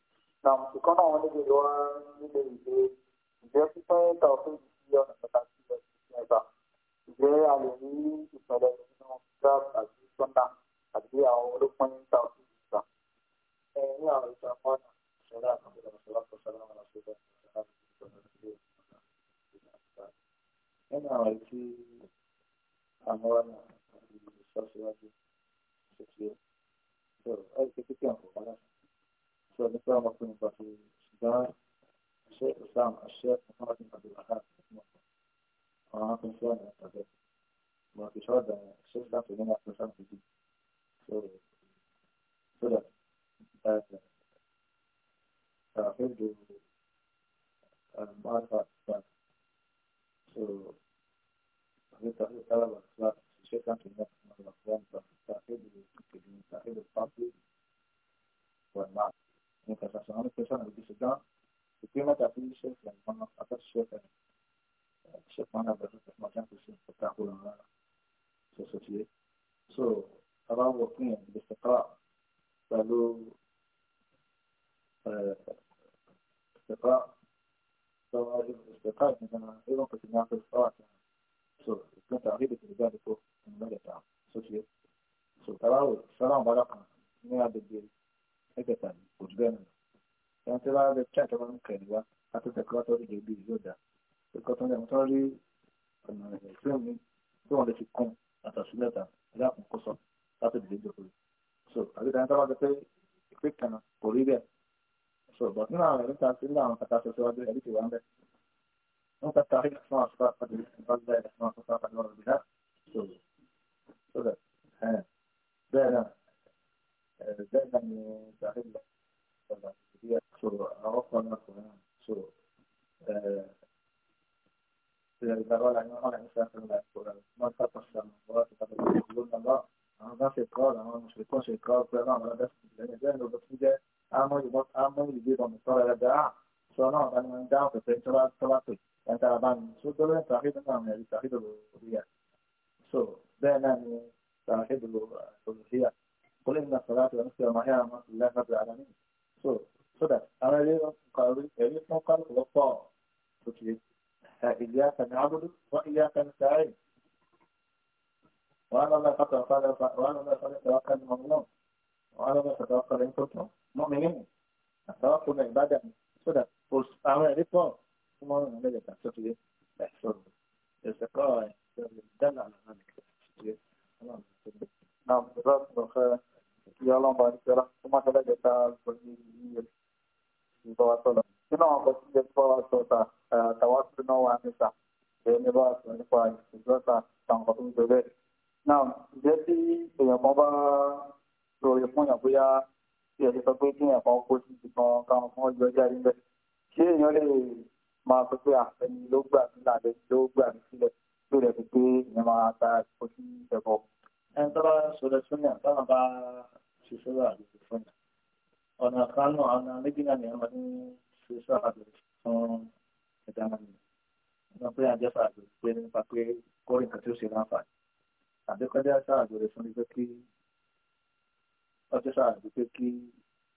na ìkan náà wọn níbi wọn nílé ìgbé ìjẹ pípẹ́ tàwọn sí ọ̀nà pàtàkì lọ sí ẹ̀bà ìjẹ́ a lè rí ìpẹ̀lẹ̀ nínú grab àti sọ́nà àti àwọn olópin tàwọn sí ìgbà ẹ̀yìn àwọn ìgbà wọn náà ṣẹlẹ̀ àkàndé lọ́sọ̀rọ̀ sọ́nà wọn lọ́sọ̀rọ̀ sọ́nà wọn lọ́sọ̀rọ̀ nínú àwọn tí àwọn ọ̀nà ìṣọ́ṣíwájú ṣe ṣe ẹ̀rọ ẹ̀rọ kékeré àwọn ọ̀nà فنسأل الله سبحانه وتعالى الشيخ الشيخ الإسلام الشيخ محمد بن عبد الوهاب رحمه الله أنا كنت سؤال عن التعبير ما في شهادة الشيخ الإسلام في جامعة الإسلام في الجيل سورة تعقيد المعرفة الإسلام سورة تعقيد الطلبة الإسلام الشيخ الإسلام في جامعة الإسلام تعقيد التعقيد الفاصل والمعرفة من كذا فأنا كسان بدي سدان وكما تعطيني شيء لما أتى الشيء الشيء أنا بدرس ما كان في شيء تقول أنا سوسيتي so أرى وقتين باستقراء قالوا استقراء سواء الاستقراء عندنا أيضا كنت نعطي استقراء so كنت أغيب الرجال فوق من مدى تعب سوسيتي so ترى سلام عليكم ما بدي ẹgbẹ̀ta ni kò jù bẹ́ẹ̀ nù lọ tí wọ́n bẹ tíṣà tó bá ń kẹ̀lé wa láti tẹ̀kọ́ tó lè débi yóò dá ẹ̀kọ́ tó ń lẹ́nu tó rí ọ̀nà ìfẹ́ mi tí wọ́n lè fi kún àtàṣù mẹ́ta ẹ̀dá kan sọ láti lè débi òkúrò so àbíkà ní tábà pé ìpè kan kò rí bẹ́ẹ̀ so bọ̀ nínú àwọn ẹ̀rí ta sí ní àwọn kàtà ṣoṣo wájú ẹ̀rí ti wá ń bẹ́ wọ́n kàtà rí fún àṣùpá àti ìfọ̀gbẹ́ ẹ̀fọn àṣùpá àti ọ̀rọ̀ so so that eh, bẹ́ẹ̀ دائما تعمل هي عرفنا نفسها شو الزوال عن نوع الإنسان في المعقول آه، ما تطلع شموات يقولون لا أنا ما في إقرار أنا مش بيكونش إقرار فأنا أنا بس لأن جانب بس كده أعمل بس أعمل يجيب من طلع الدعاء فأنا أنا من دعوة في إنترا تلاقي أنت عبان شو دولة تعقيد نعم يعني تعقيد الوضعية شو ده نعم تعقيد الوضعية قل إن صلاتي ونسكي ومحيا ومات لله رب العالمين so so that أنا ليه قالوا ليه قالوا وطاع okay إياك نعبد وإياك نستعين وعلى الله قد قال وعلى الله قد توكل المؤمنون وعلى الله قد توكل إن كنتم مؤمنين التوكل عبادة so that أنا ليه قال ثم أنا ليه قال so okay احسن استقاء دل على ذلك نعم جزاكم الله خيرا kí ọlọ́run bá nífẹ̀ẹ́ rà kó má tẹ́lẹ̀ jẹ́ ká gbọ́ ní ìlú yẹn ìbá wa sọ̀rọ̀ nínú àwọn ọkọ̀ tí yẹn bá wa sọ ta tàwa sí náà wà níta ẹ̀ ní bá wa sọ nípa ìjọta tàwọn ọkọ̀ tó ń jẹ bẹ́ẹ̀. náà ǹjẹ́ tí èèyàn kan bá lórí fún èèyàn bóyá tí ẹ̀ ti sọ pé kí èèyàn kan kó sí ìkan káwọn kan yọ jáde bẹ́ẹ̀ ṣé èèyàn lè máa sọ pé àfẹni ló gbà mí lálẹ́ ló gbà mí sílẹ̀ tó rẹ̀ fi pé èèyàn máa ta ìkó sí ìjẹ̀bọ̀. ẹ في شرع الفن أنا كانوا أنا نجينا نعمل في شرع الفن كتامن نقول عن جسا بين فكرة كورين كتير سيران فاي عندك كذا شرع الفن يبكي أجل شرع يبكي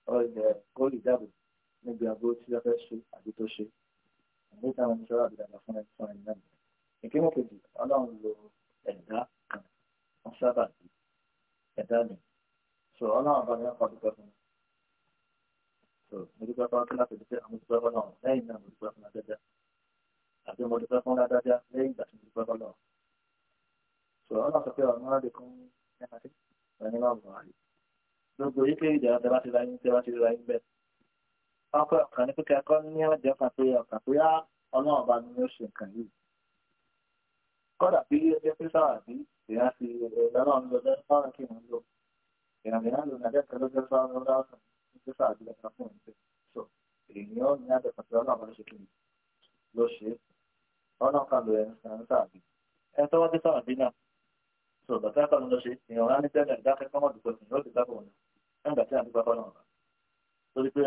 أو كوري دابو níbi àgbo tí wọ́n fẹ́ ṣe àbí tó ṣe àbí táwọn ìṣọ́ra àbí dàgbà fún ẹ̀sán ẹ̀ náà ìkíni kejì ọlọ́run lo ẹ̀dá kan wọ́n sábà di ẹ̀dá mi so ọlọ́run bá ní ọkọ̀ dúpẹ́ so mo dúpẹ́ fún ọtí láti dúpẹ́ àwọn dúpẹ́ fún ọlọ́run lẹ́yìn náà mo dúpẹ́ fún so ọlọ́run sọ pé ọ̀nà láti kún ẹ̀ka sí ẹni máa bọ̀ wáyé gbogbo yìí pé ìdè kan pé ọ̀kan pé á ọlọ́run bá ní ó ṣe nǹkan yìí kọ́dà bí ẹgbẹ́ pé sáwà bí ìyá ti ẹ̀rọ ọlọ́run lọ lọ́rùn Fenomenal, una vez que los dos son logrados, se sabe la fuente. So, riunión ni altre fattori no, ma non c'è più. Lo sci, o non quando è, non sabe. E trovate soldi, no? So, da tempo non lo sci, in un anno interne, da che comodo, poi in rotti da buono. E un gattino di papà non. So, di cui,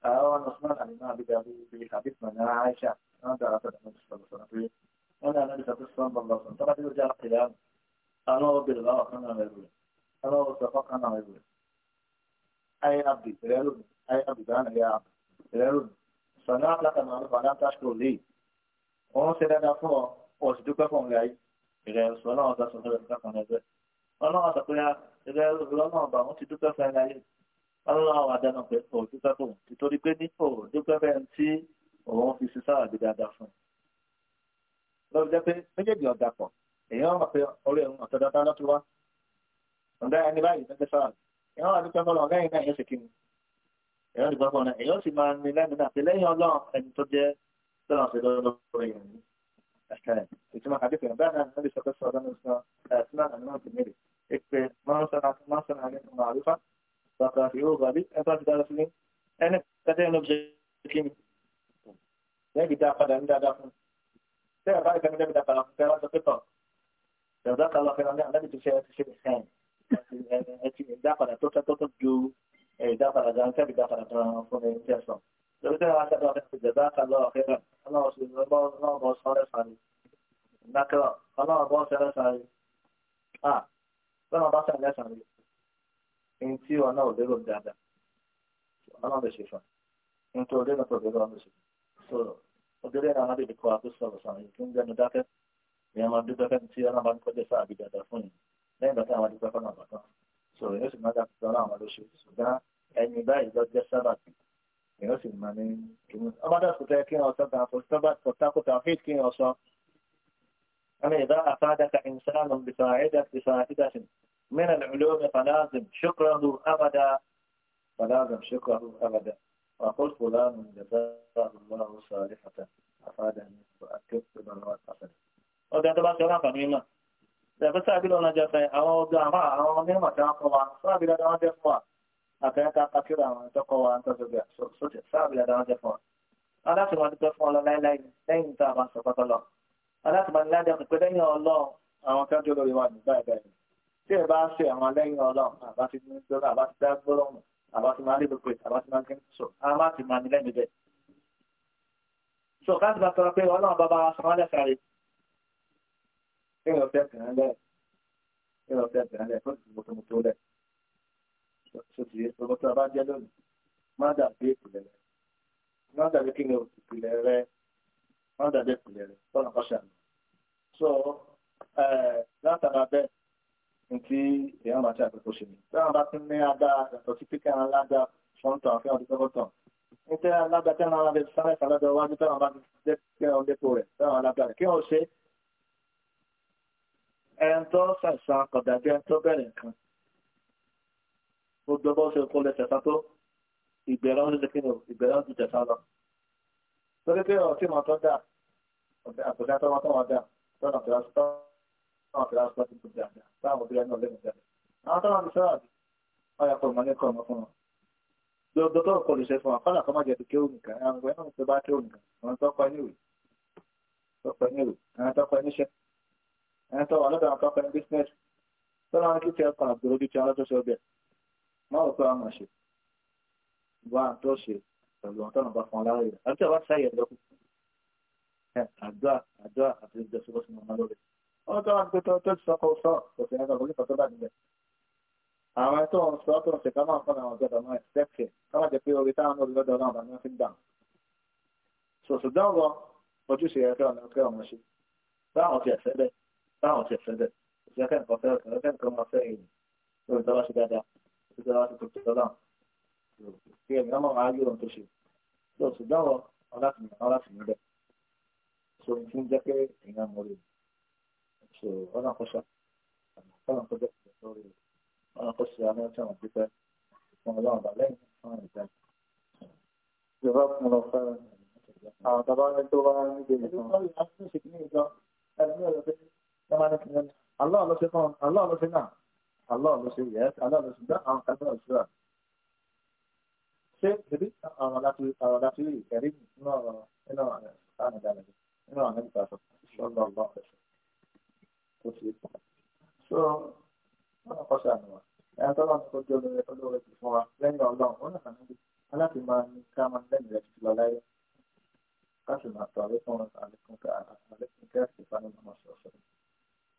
a uno smana, di una vita di capisma, ne ha Aisha, non c'è la fede, non c'è la persona qui. Non è una vita più somma, non lo so. Trovate già la fila, a loro, per loro, non è vero. Kalau usahakan apa itu? Ayah abdi, terlalu, ayah abdi kan, ayah abdi, terlalu. Sana lah kan malu pada tas kuli. Oh, saya dah faham. Oh, sedukah kau ngai? Terlalu, sana ada sana ada kan ada. Kalau ada kuya, terlalu belum ada, oh sedukah saya ngai. Kalau ada nak betul, sedukah tu, itu dikau ni tu, sedukah benci, oh fisik sah tidak ada faham. Lalu jadi, menjadi ada apa? Ia apa? Oleh orang terdapat apa? ọ̀gá ẹni báyìí tẹ́tẹ́ sáà ìyọ́n wà dúpẹ́ fọlọ́ ọ̀gá yìí náà yẹn ṣe kíni ìyọ́n dúpẹ́ fọlọ́ ìyọ́n sì máa ní lẹ́nu náà tẹ́lẹ́yìn ọlọ́run ẹni tó jẹ́ tọ́lá ṣe lọ́dọ̀ yẹn ni ìtumọ̀ àdìsí ọ̀gá náà ní ọdún ṣọ̀tẹ́ sọ̀rọ̀ ní sọ ẹ̀sìn náà ní wọ́n ti mẹ́rẹ̀ èpè mọ́sánà ní ọmọ àlùfà bàtà yóò bàbí ẹ̀fọ́ ti dára sí ní ẹni tẹ́tẹ́ inú bíi kíni lẹ́yìn dá padà ní dáadáa fún tẹ́ẹ̀ bá ìfẹ́ mi lẹ́bi dá padà fún tẹ́ẹ̀ wá sọ pé tọ̀ ṣọ̀dá kalọ́ fẹ́ràn ní àlẹ́bi ti ṣe ẹ ti ṣe ẹ̀hìn ẹ̀dá padà tó tẹ́ tọ́tọ́ ju ẹ̀dá padà gan kẹ́bi dá padà gan fún ẹni tí ẹ sọ. lórí tẹ́lẹ̀ wá sábà fẹ́ ṣe jẹ̀dá kan lọ́wọ́ kẹ́kẹ́ ọlọ́wọ́ sí ọlọ́wọ́ sọ́rẹ́ sáré nàkẹ́rọ̀ ọlọ́wọ́ bọ́ sẹ́rẹ́ sáré à lọ́wọ́ bá sẹ́rẹ́ sáré ẹni tí wọn náà ò lérò dáadáa ọlọ́wọ́ lè ṣe fún ẹni tó lérò tó lérò ọ̀hún ṣe sọ̀rọ̀ ògèrè náà lábẹ́ ìdíkọ̀ àkóso ọ̀sán ìkíńgbẹ́nu dákẹ́ ìyẹn máa dúpẹ́ fẹ́ni tí ọlọ́wọ́ bá ń kọjá sáà bí dáadáa fún yìí lẹ́yìn ìgbà tí àwọn adúgbò ẹ̀kọ́ náà bá tán sọ̀rọ̀ yóò sì máa dá fún ọlọ́run àwọn lóṣù ṣùgbọ́n ẹni báyìí lọ jẹ́ sábàtì èèyàn sì máa ní ìmú ọmọdé kò tẹ́ kí wọ́n sọ tàn fún sábàtì kò tákò tàn fún kí wọ́n sọ. أما إذا أفادك إنسان بفائدة بفائدة من العلوم فلازم شكره أبدا فلازم شكره أبدا وقل فلان جزاه الله صالحة أفادني Daga sabi lọ́nà jẹ́fẹ́ àwọn ọgbà àmà àwọn onímọ̀ tí wọ́n kọ́ wa, sábì lọ́dọ̀ wọn jẹ́ fún wa. Àkẹ́yẹ́ká kakíra àwọn ìtọ́kọ̀ wa ń tọ́jú bí sókè sábì lọ́dọ̀ wọn jẹ́ fún wa. Aláṣẹ wọn dúpẹ́ fún ọlọ láíláí lẹ́yìn tá a máa sọ pátọ́ lọ. Aláṣẹ wọn láíláí dẹ́kun pé lẹ́yìn ọlọ́ àwọn kan tó lórí wa ní báyìí báyìí. Tí ẹ bá ṣe àwọn lẹ́yìn ọlọ́ àbá ti so àbá ti máa ní lẹ́yìn bẹ́ẹ̀. So kí wọ́n fẹ́ kàn án lẹ̀ kí wọ́n fẹ́ kàn án lẹ̀ fún ìdìbò tó mú tó lẹ̀ sotì owó tó a bá jẹ́ lónìí má dàbí ìpìlẹ̀ rẹ má dàbí kí ni ìpìlẹ̀ rẹ má dàbí ìpìlẹ̀ rẹ tọ́nà kọ́ ṣàmì so látara bẹ́ẹ̀ ntí èèyàn bá ti àpèkò ṣe ni táwọn bá ti ní agbára yàtọ̀ sí píkẹ́ àwọn alága fọ́ńtọ̀ àfihàn ọdún tọ́gọ́tọ̀ nítorí alága tí wọn bá ti sáré sáré lọ wájú táwọn bá ti jẹ́ kí wọn rẹ̀ táwọn alága rẹ̀ kí wọn ṣe é ẹn tó ṣàṣà kọ̀dà bí ẹn tó bẹ̀rẹ̀ nǹkan gbogbo bó ṣe kó lè ṣẹ̀ṣà tó ìgbẹ̀rẹ̀ ń lè kíni o ìgbẹ̀rẹ̀ ń ju ṣẹ̀ṣà lọ torí pé ọtí mọ̀ tó dà àkùdá tó wọ́n tó wọ́n dà tọ́nà tó lásìkò tọ́nà tó lásìkò tó tó dà báwọn òbí ẹni ọ̀lẹ́mọ̀ jáde àwọn tó wọ́n ti sọ́ra bí wọ́n yà kọ́ ìmọ̀lẹ́ kọ́ ọmọ fún wọn gbogbo tó kọ̀ lè ṣe fún wọn kọ́nà kọ́ Então, olha bem, toca em business. Pela hora que tinha para duro que tinha lá seu bem. Mal para mas. Vá, tosse. Então, então não vai falar aí. Até vai sair do. É, agora, agora, a gente já se você não mandou. Olha, tá, tá, tá, tá, só com só, você ainda vai para toda a vida. àwọn tó ń sọ tó ń ṣe ká máa fọ́nà àwọn ọ̀gá ọ̀nà ẹ̀sẹ̀kì káwá jẹ́ pé orí táwọn ọ̀gá ọ̀gá ọ̀nà ọ̀nà fi ń dà. sòsò dáwọ̀ ojúṣe ẹ̀fẹ́ ọ̀nà ọ̀gá ọ̀nà ṣe báwọn ti ẹ̀fẹ́ bẹ́ẹ̀ báwọn ṣe fẹ́ bẹ́ẹ̀ òṣìṣẹ́ kẹ́kọ̀ọ́ fẹ́ òṣìṣẹ́ kẹ́kọ̀ọ́ máa fẹ́ èyí lórí tọ́lá ṣe dáadáa tó tọ́lá ṣe tuntun tọ́lá kí ẹ̀mí ọmọ máa yóò tó ṣe lọ ṣùgbọ́n ọláfin so n fún jẹ́ pé so ọ̀nà kọ́ṣà ọ̀nà kọ́ṣà ọ̀nà kọ́ṣà ọ̀nà kọ́ṣà ọ̀nà pípẹ́ fún ọlọ́run bá lẹ́yìn fún ìjà ìjọba fún ọ fẹ́ràn àwọn tàbá ní tó bá wọ́n máa ní kí wọ́n ní aláwọ̀ ló ṣe fún wọn aláwọ̀ ló ṣe náà aláwọ̀ ló ṣe yẹ aláwọ̀ ló ṣe dá àwọn kan náà ṣúra. ṣé ìdí àwọn aláṣẹ àwọn aláṣẹ ẹ̀rí nínú ọ̀rọ̀ nínú àwọn àdàlẹ̀ nínú àwọn ẹ̀rí ṣọ́ọ̀lọ́ ọ̀ṣọ́ kò sí. so wọ́n kọ́ sí àná wa ẹ̀yà tó lọ́nà tó jẹ́ olóore olóore ti fún wa lẹ́yìn ọlọ́run ó nà kàní aláti máa ní ká máa lẹ́yìn rẹ̀ títí lọ láyé ká sì máa tọ́ àlékún àlékún kẹ́ àlékún kẹ́ àti ìfanimọ̀ ọ̀ṣọ́ọ̀ṣọ́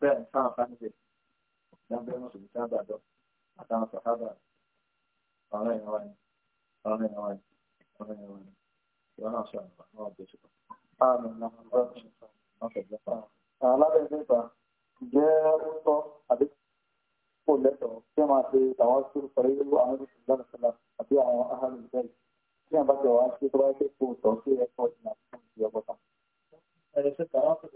bẹ́ẹ̀ táwọn kan ṣe ìjàmbá ẹ̀rọ sùn ìjàmbá àjọ àtàwọn sàkábà ọ̀rọ̀ ìyàwó ni ọ̀rọ̀ ìyàwó ni ọ̀rọ̀ ìyàwó ni ìwọ náà sọ àwọn ọmọ ọ̀gbẹ́ ṣùgbọ́n. báàmì ni àwọn ọmọ ọ̀gbẹ́ ṣùgbọ́n wọn kò gbẹ́ fáwọn. àwọn alábẹ́ ìgbé ìgbà jẹ́ ó tọ́ àbí kò lẹ́tọ̀ọ́ kí wọ́n máa ṣe àwọn tó sọ̀rọ̀ àwọn ìṣẹ̀lẹ̀ ìṣẹ̀lẹ̀ àwọn ahàlù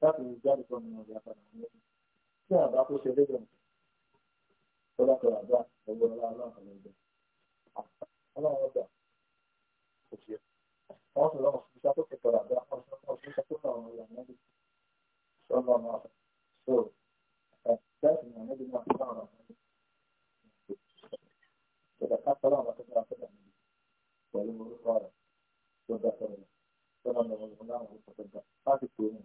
láti lè jáde tó ní ọjà padà ní ọdún tí àbá tó ṣe lẹ́gbẹ̀ẹ́ tó bá tọrọ àbá ẹgbẹ́ ọlá aláǹfààní ẹgbẹ́ ọlọ́run ọgbà kò sí ẹ wọ́n sì lọ́wọ́ sí sátókè tọrọ àbá wọ́n sì lọ́wọ́ sí sátókè àwọn ọ̀rọ̀ àmọ́dé sọ́nà ọmọ àfẹ́ so láti ní àmọ́dé náà fún àwọn àmọ́dé ìjọba ká tọrọ àwọn akẹ́kọ̀ọ́ akẹ́kọ̀ọ́ àmọ́dé pẹ̀lú orúkọ rẹ̀ tó dá tọrọ sọ́nà ọmọ ọmọ náà wọ́n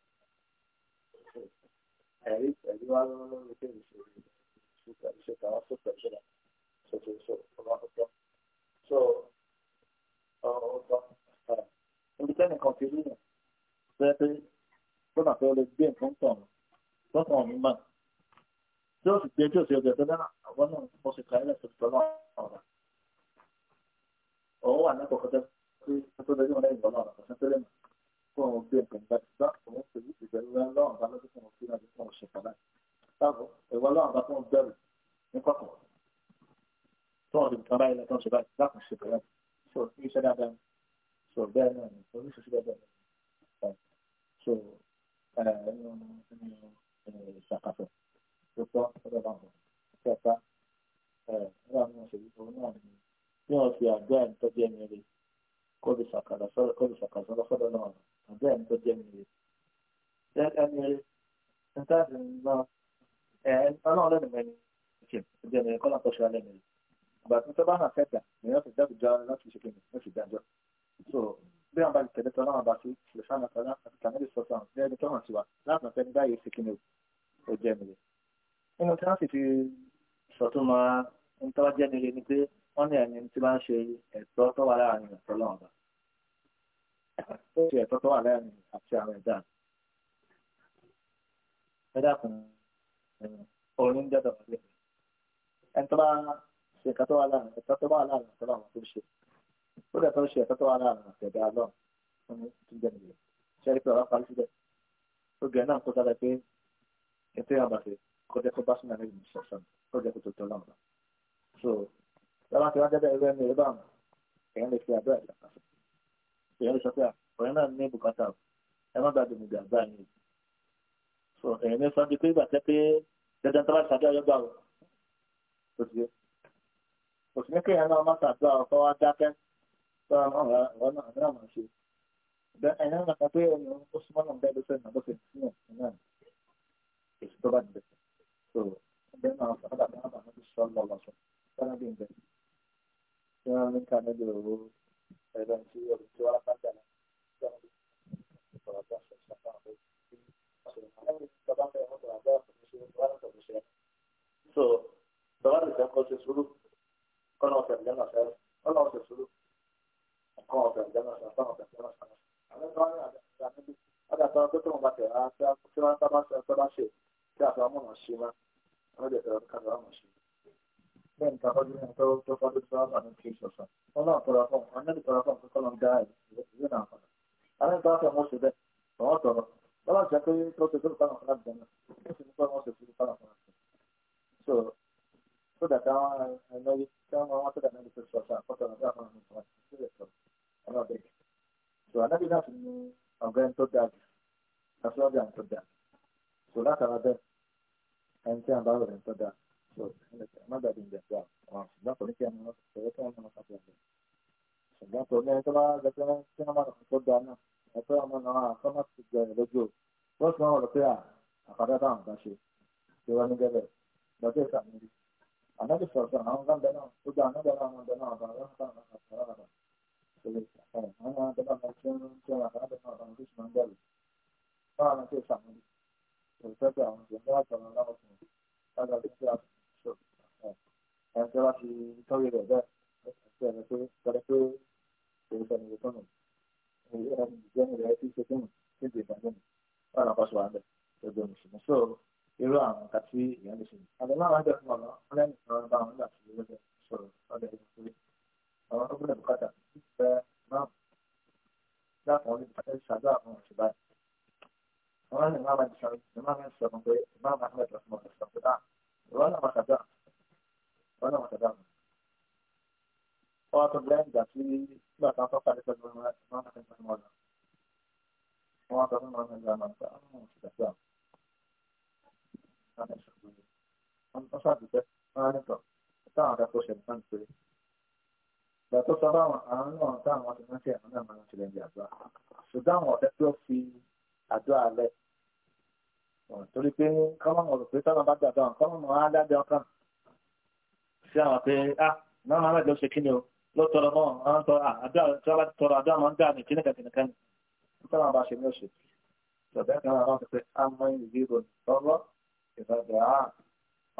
ẹ̀rí pẹ̀lú wa lọ́wọ́ lórí pé ìṣòro ìṣòro ìṣòro àwọn tó pẹ̀lú rẹ̀ ṣòṣò ìṣòro ọba ọ̀tọ̀ so ọ̀tọ̀ níbi tẹ́nì kan ti rí yàn bẹ́ẹ̀ pé lọ́nà tó lè gbé nǹkan tàn lọ́sàn ọ̀hún mà tí ó sì gbé tí ó sì ọjà tó dáná àwọn náà mo sì kà ilẹ̀ tuntun náà ọ̀rọ̀ òun wà ní kọ̀kọ́tẹ́ tó tó dojú wọn lẹ́yìn ọlọ́run kò sí tó lè mọ̀ fún àwọn òbí ẹ̀gbọ́n ìgbà tí báàkì wọn pè é ìbẹ̀rù lọ́wọ́ bá lọ́dún fún òfin àti fún òṣè padà táàbọ̀ ẹ̀wọ́ lọ́wọ́ bá fún bẹ̀rù ní kọ̀kọ̀ tó wọn lè tán báyìí lọ́tọ́ ṣe báyìí báàkì ṣe bẹ̀rẹ̀ so kí iṣẹ́ dáadáa so bẹ́ẹ̀ náà ni oríṣiríṣi dáadáa so ẹnu ìṣàkàtọ̀ tó tọ́ ọ̀dọ̀ bá wọn kẹta ẹ̀ nígbà tí wọ́n ṣe yí kóbi sàkàlà sọ́dọ̀ kóbi sàkàlà sọ́dọ̀ sọ́dọ̀ náà àbí ẹni tó jẹ́ mìíràn. Ṣé ẹni rí nítaàdì náà ẹ ọlọ́run lẹ́nu mẹ́rin kì í jẹ́ mẹ́rin kọ́nà tó ṣe alẹ́ mẹ́rin. Àgbà tó tọ́ bá náà fẹ́ gbà èèyàn ti dábìjọ láti ṣe kìnnì ní ìfìdí So bí wọn bá ti tẹ̀lé tọ́ náà bá ti lè sáà nàkà láti kàmílì sọ́tọ̀ ní ẹni tó hàn sí wa láti nàfẹ́ ní báyìí ṣe kìnnì ó jẹ́ mẹ́rin. Nínú tí wọ́n sì fi sọ̀tún máa ń tọ́ jẹ́ mẹ́rin ni pé wọ́n ní ẹni tí wọ́n ṣe ẹ̀tọ́ tó wà láàrin ẹ̀tọ́ lọ́wọ́ bá ó ṣe ẹ̀tọ́ tó wà láàrin àti àwọn ẹ̀dá ẹ̀dá kan orin jẹ́ dọ̀bà lẹ́yìn ẹni tó bá ṣe ẹ̀ka tó wà láàrin ẹ̀tọ́ tó wà láàrin ẹ̀tọ́ lọ́wọ́ tó ṣe ó dẹ̀ tó ṣe ẹ̀tọ́ tó wà láàrin àti ẹ̀dá lọ́wọ́ tó ń jẹ́ nìyẹn ṣe é pé ọ̀rọ̀ parí síbẹ̀ ó náà kó dára pé ètò ìyàbàṣe kó jẹ́ kó bá sínú so lọ́wọ́ àti wájú ẹ̀rọ ẹ̀mí ẹ̀rọ báwọn èèyàn lè fi àdúrà ìlànà èèyàn lè sọ pé ọ̀rẹ́ náà ní bùkátà ẹ má gbàgbé mi gbàgbá yín so èèyàn ní sọ́ndí pé ìgbà tẹ́ pé dandan tó bá ṣàdé ọyọ́ gbà wọ́n tó ti yé kò sí ní kéèyàn náà má ṣàdúrà ọkọ wa dákẹ́ tó àwọn ọ̀rẹ́ àwọn ṣe ẹ̀yìn náà kàn pé ẹ̀yìn ó súnmọ́ náà bẹ́ẹ̀ ló fẹ́ náà lọ́fẹ̀ẹ́ sí ẹ̀ náà èsì tó bá ti bẹ̀ so ẹgbẹ́ náà sọ́dọ̀ àbáwọn àbáwọn ti sọ́ lọ́wọ́ sọ tí wọ́n ní kánú lè ro ẹ̀rọ tí olùtọ́ alágbàdà náà tí wọ́n ní kọ́ra bá ṣe ṣàpá àwọn ọ̀rọ̀ bàbá mi ọmọ bàbá bá ọ̀rọ̀ ṣe wọ́n bá ọ̀rọ̀ ṣe. so bàbá mi fẹ́ kọ́ ṣe sùúrù kọ́nà ọ̀fẹ́ ìjọba fẹ́ kọ́nà ọ̀fẹ́ Ada kọ́nà ọ̀fẹ́ ìjọba ada. kọ́nà ọ̀fẹ́ ìjọba fẹ́. àwọn ẹgbẹ́ ada ní ada pé tó wọn bá tẹ̀ ara tí wọ́n bá ṣe tí àtàwọn mọ̀nà ṣe máa wọ́n jẹ̀ tẹ̀rọ كان كرجل تفرد السؤال عن الكيس والسلام والله طرفهم أنا بطرفهم كلهم جاهز زنا أنا طرف موسى ده فهو طرف والله شكلي توتي كل قناة قناة جنة موسى مطلع موسى في قناة قناة so so that I I know you come I want to that maybe first shot but I got one so I'm not big so I know that I'm going to that that's what I'm going to that so that's another and then I'm going to that ماذا بالجزاء؟ صدقت لك أنا صدقت أنا خطأ صدقت لك أنا لكن أنا ما أقصد أنا أقول أنا خمس رجل بس ما ولا فيها أقدر أعمل ماشي سوى نجدة بس يعني أنا بس أقول أنا كان دنا صدق أنا دنا أنا دنا أنا دنا أنا دنا أنا دنا أنا دنا أنا دنا أنا دنا فأنا كيف أعمل؟ فأنا كيف أعمل؟ فأنا كيف أعمل؟ àti ọba ti tọ́wé rẹ̀ bẹ́ẹ̀ àti ẹni pé gbọdọ̀ pé èyí sọ nìyẹn tọ́nù èyí ẹni ìjẹ́nu rẹ̀ ti ṣe fún kéde ìdájọ́ mi wọn náà pàṣẹ wà ń bẹ̀ lọ́dọ̀ mùsùlùmí so irú àwọn nǹkan tí ìyẹn lè ṣe ni. àti máa wájú fún ọ̀nà wọn lẹ́yìn ìṣòro bá wọn nígbà tí ó lọ́dẹ sọ̀rọ̀ lọ́dẹ ìṣòro àwọn tó gbọ́dọ̀ bùkátà fẹ́ máa dákun ní ṣàdúrà fún ọ̀sẹ̀ báyìí. àwọn ènìyàn máa máa ń sọ pé máa máa ń sọ pé ah, máa máa ń sọ pé wọn náà tẹ̀lé àwọn. wọ́n á tún bẹ́ẹ̀ ìgbà tí nígbà tí wọ́n tọ́ka ní pẹ̀lú ọmọ náà tẹ̀lé pẹ̀lú ọmọ náà. wọ́n á tọ́ fún ọmọ ìgbà náà pé àwọn ọmọ ti tẹ̀lé àwọn. wọ́n ṣàdùpẹ́ wọ́n á nìkan táwọn akẹ́kọ̀ọ́ ṣẹlẹ̀ sáà ń pè é. ìgbà tó sọ báwọn àwọn náà táwọn ọtí náà ṣe àwọn náà máa ń ṣẹlẹ̀ ní àdúrà. ṣùgbọ́n àwọn ọ̀tẹ́ tó fi àdúrà lẹ̀ torí pé kọ́mọ̀mọ̀ rò pé tọ́lá bá gbàdọ̀ kọ́mọ̀mọ̀ á dájọ́ kan sí àwọn pé ah náà máa lájọ ṣe kí ni o ló tọrọ mọ́ àwọn tọrọ ah, àdúrà tí wọ́n bá ti tọrọ àdúrà máa ń dà ní kíní kàkínìkan ní nígbà máa bá ṣe ní oṣù ṣọ̀bẹ́ kan máa ń pẹ́ àmọ́ ìdìbò lọ́wọ́ ìfọ̀dọ̀ àá ah,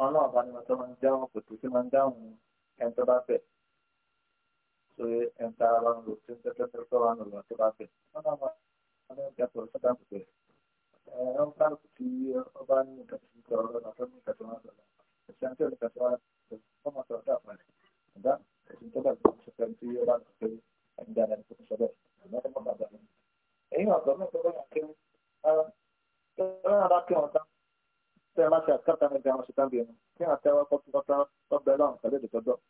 ọlọ́ọ̀bá ni wọ́n tó máa ń dáhùn kò tó máa ń dáhùn ẹni tó bá fẹ́ so ẹni tá a bá ń lò tí ń tẹ́tẹ́ tó tó wà lò tó bá fẹ́ wọ́n náà máa ń lọ esencial de personas como tratar ¿verdad? Es un total de sentido la que ayudar al profesor no es más nada y no todo todo lo que ahora ahora que onda se va a hacer exactamente como se están viendo que hasta va por todo todo belón sale de todo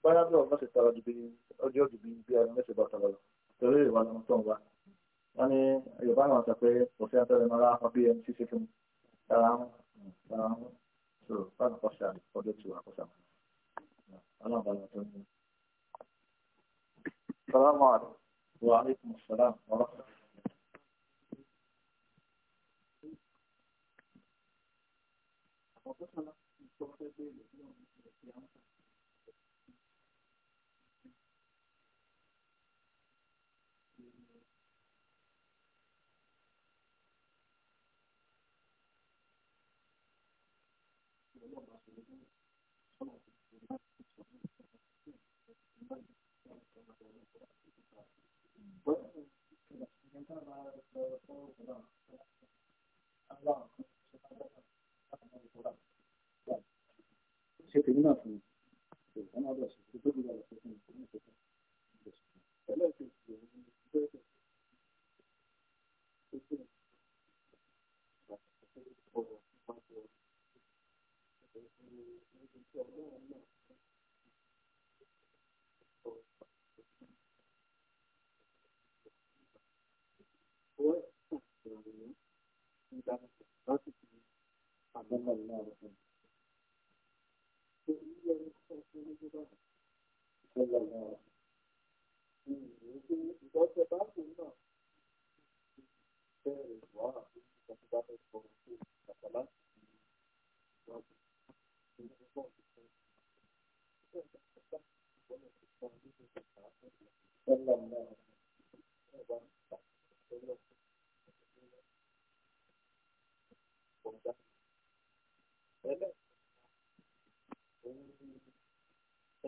para lo no se estaba de bien yo de bien bien no se va a estar pero igual no toma Ani, yo van a saber, o sea, te demará, papi, en sí, sí, sí. Salam, salam so fáwọn kọ́sà ọdún tí wà mana? ọlọ́run bá lọ tó ń bọ̀. Salaamu alaykum. Wa alaykum ṣe tèmi náà dáná sọ láti fi àbọ̀mọ̀ ìlú àwọn ọ̀sán. Torí ẹni tó ń fún ní bá ìṣẹ̀lẹ̀ ìlú àwọn ọ̀sán. Ìgbọ́sẹ̀ báàkì náà bẹ̀rẹ̀ wá àti ìgbàgbọ́ bá fẹ́ Thank you. tẹ́lẹ̀ òun ni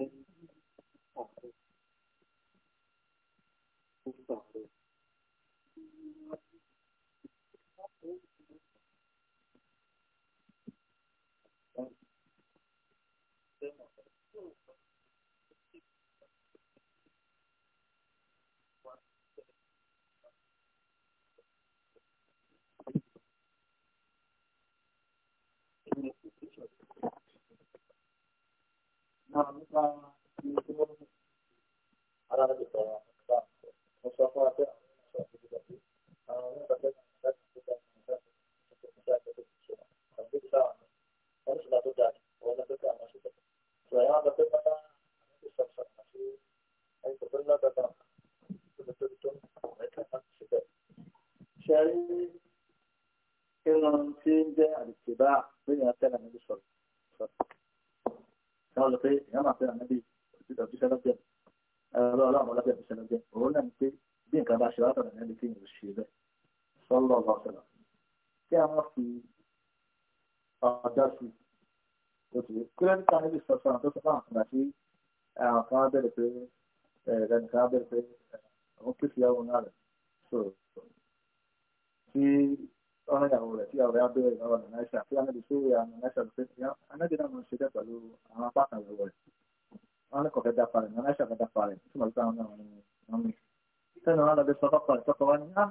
ẹni tí ó fààrọ̀ ó fààrọ̀. nípa iye tí wọ́n ní aláàbò sọ̀rọ̀ àkọ́kọ́ mo sọ fún wa pé àwọn ọmọ sọ̀rọ̀ tó dìgbà pé àwọn ọmọ ìgbà tẹ́lẹ̀ láti tó dá àwọn ìgbà tó tó dá tó tó tó àgbẹ̀ tó dáa ní wọ́n sì látó dáa wọ́n látó dáa wọ́n sì tẹ̀. sọ yẹn wọ́n sọ pé bàbá àti sọ̀rọ̀ àti ẹ̀kọ́ tó ńlá bàbá tó tó tó tó ẹ̀ka láti ṣe bẹ́ẹ̀. ṣe rí irun tí ń jẹ́ àdìsí bá lóyún àtẹ́lẹ̀ níbi sọ̀rọ̀ sọ̀rọ̀ káwọn lọ pé èèyàn máa fẹ́ ànábì òṣìṣẹ́ òṣìṣẹ́ lọ́jọ́ ẹ̀rọ ọlọ́run ọlọ́jọ́ òṣìṣẹ́ lọ́jọ́ òun náà ni pé bí nǹkan bá ṣe wá tọ̀nà ẹni kí ni ò ṣe bẹ́ẹ̀ sọ́lọ́ ọ̀gá ọ̀sẹ̀lọ̀ kí a máa fi ọjọ́ sí oṣù kírẹ́ńtà níbi sọ̀tọ̀ àwọn tó sọ fún àwọn àti eh, àwọn kan bẹ̀rẹ̀ pé eh, ẹ̀ẹ́dẹ́nì kan bẹ̀rẹ̀ pé àwọn eh, kìsìyàwó ọ̀rọ̀ ìyàwó rẹ̀ tí ọ̀rẹ́ abẹ́rẹ́ lọ́wọ́ nàìjíríà tí wọ́n ti ṣe àwọn nàìjíríà lọ́sẹ̀ tí anájẹ́ náà ń ṣe dẹ́ pẹ̀lú àwọn apá kan lọ́wọ́ rẹ̀ wọ́n ní kọ̀fẹ́ dá parẹ̀ nàìjíríà kan dá parẹ̀ tí màlúù ni ah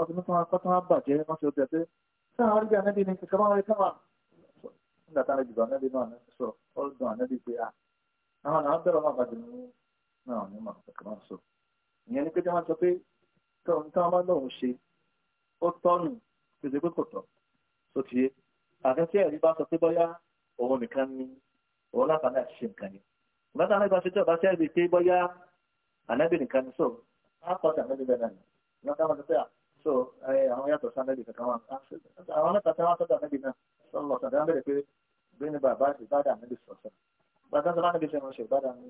ọtí mi kàn kọ́ tí wọ́n bàjẹ́ wọ́n ti ọbẹ̀ pé sáà wọ́n rí bí anábì ní kankan wọ́n rí káwa. nígbà táwọn ah àwọn àwọn bẹ̀rẹ̀ wọn àgbàdo náà ní màá ni pé tí wọ́n sọ pé tí wọ́n bá lọ́hùn pèsè pé kò tọ̀ tó ti yé àti tí ẹ̀rí bá sọ pé bóyá òun nìkan ni òun láǹfààní àti ṣe nǹkan ni ìgbàdá àwọn ìbáṣe tí ọba ṣe rí pé bóyá ànábì nìkan ni so á kọ́ sí ànábì bẹ́ẹ̀ náà ìgbàdá àwọn ìbáṣe so àwọn yàtọ̀ sí ànábì kankan wọn àwọn mẹ́ta tí wọ́n sọ́dọ̀ ànábì náà sọ́dọ̀ lọ́sàn dáná bẹ̀rẹ̀ pé bí ni bàbá ṣe bá dà ànábì sọ̀sọ̀ ìgbàdá sọ́dọ̀ ànábì ṣe ránṣẹ́ ìbá dà ànábì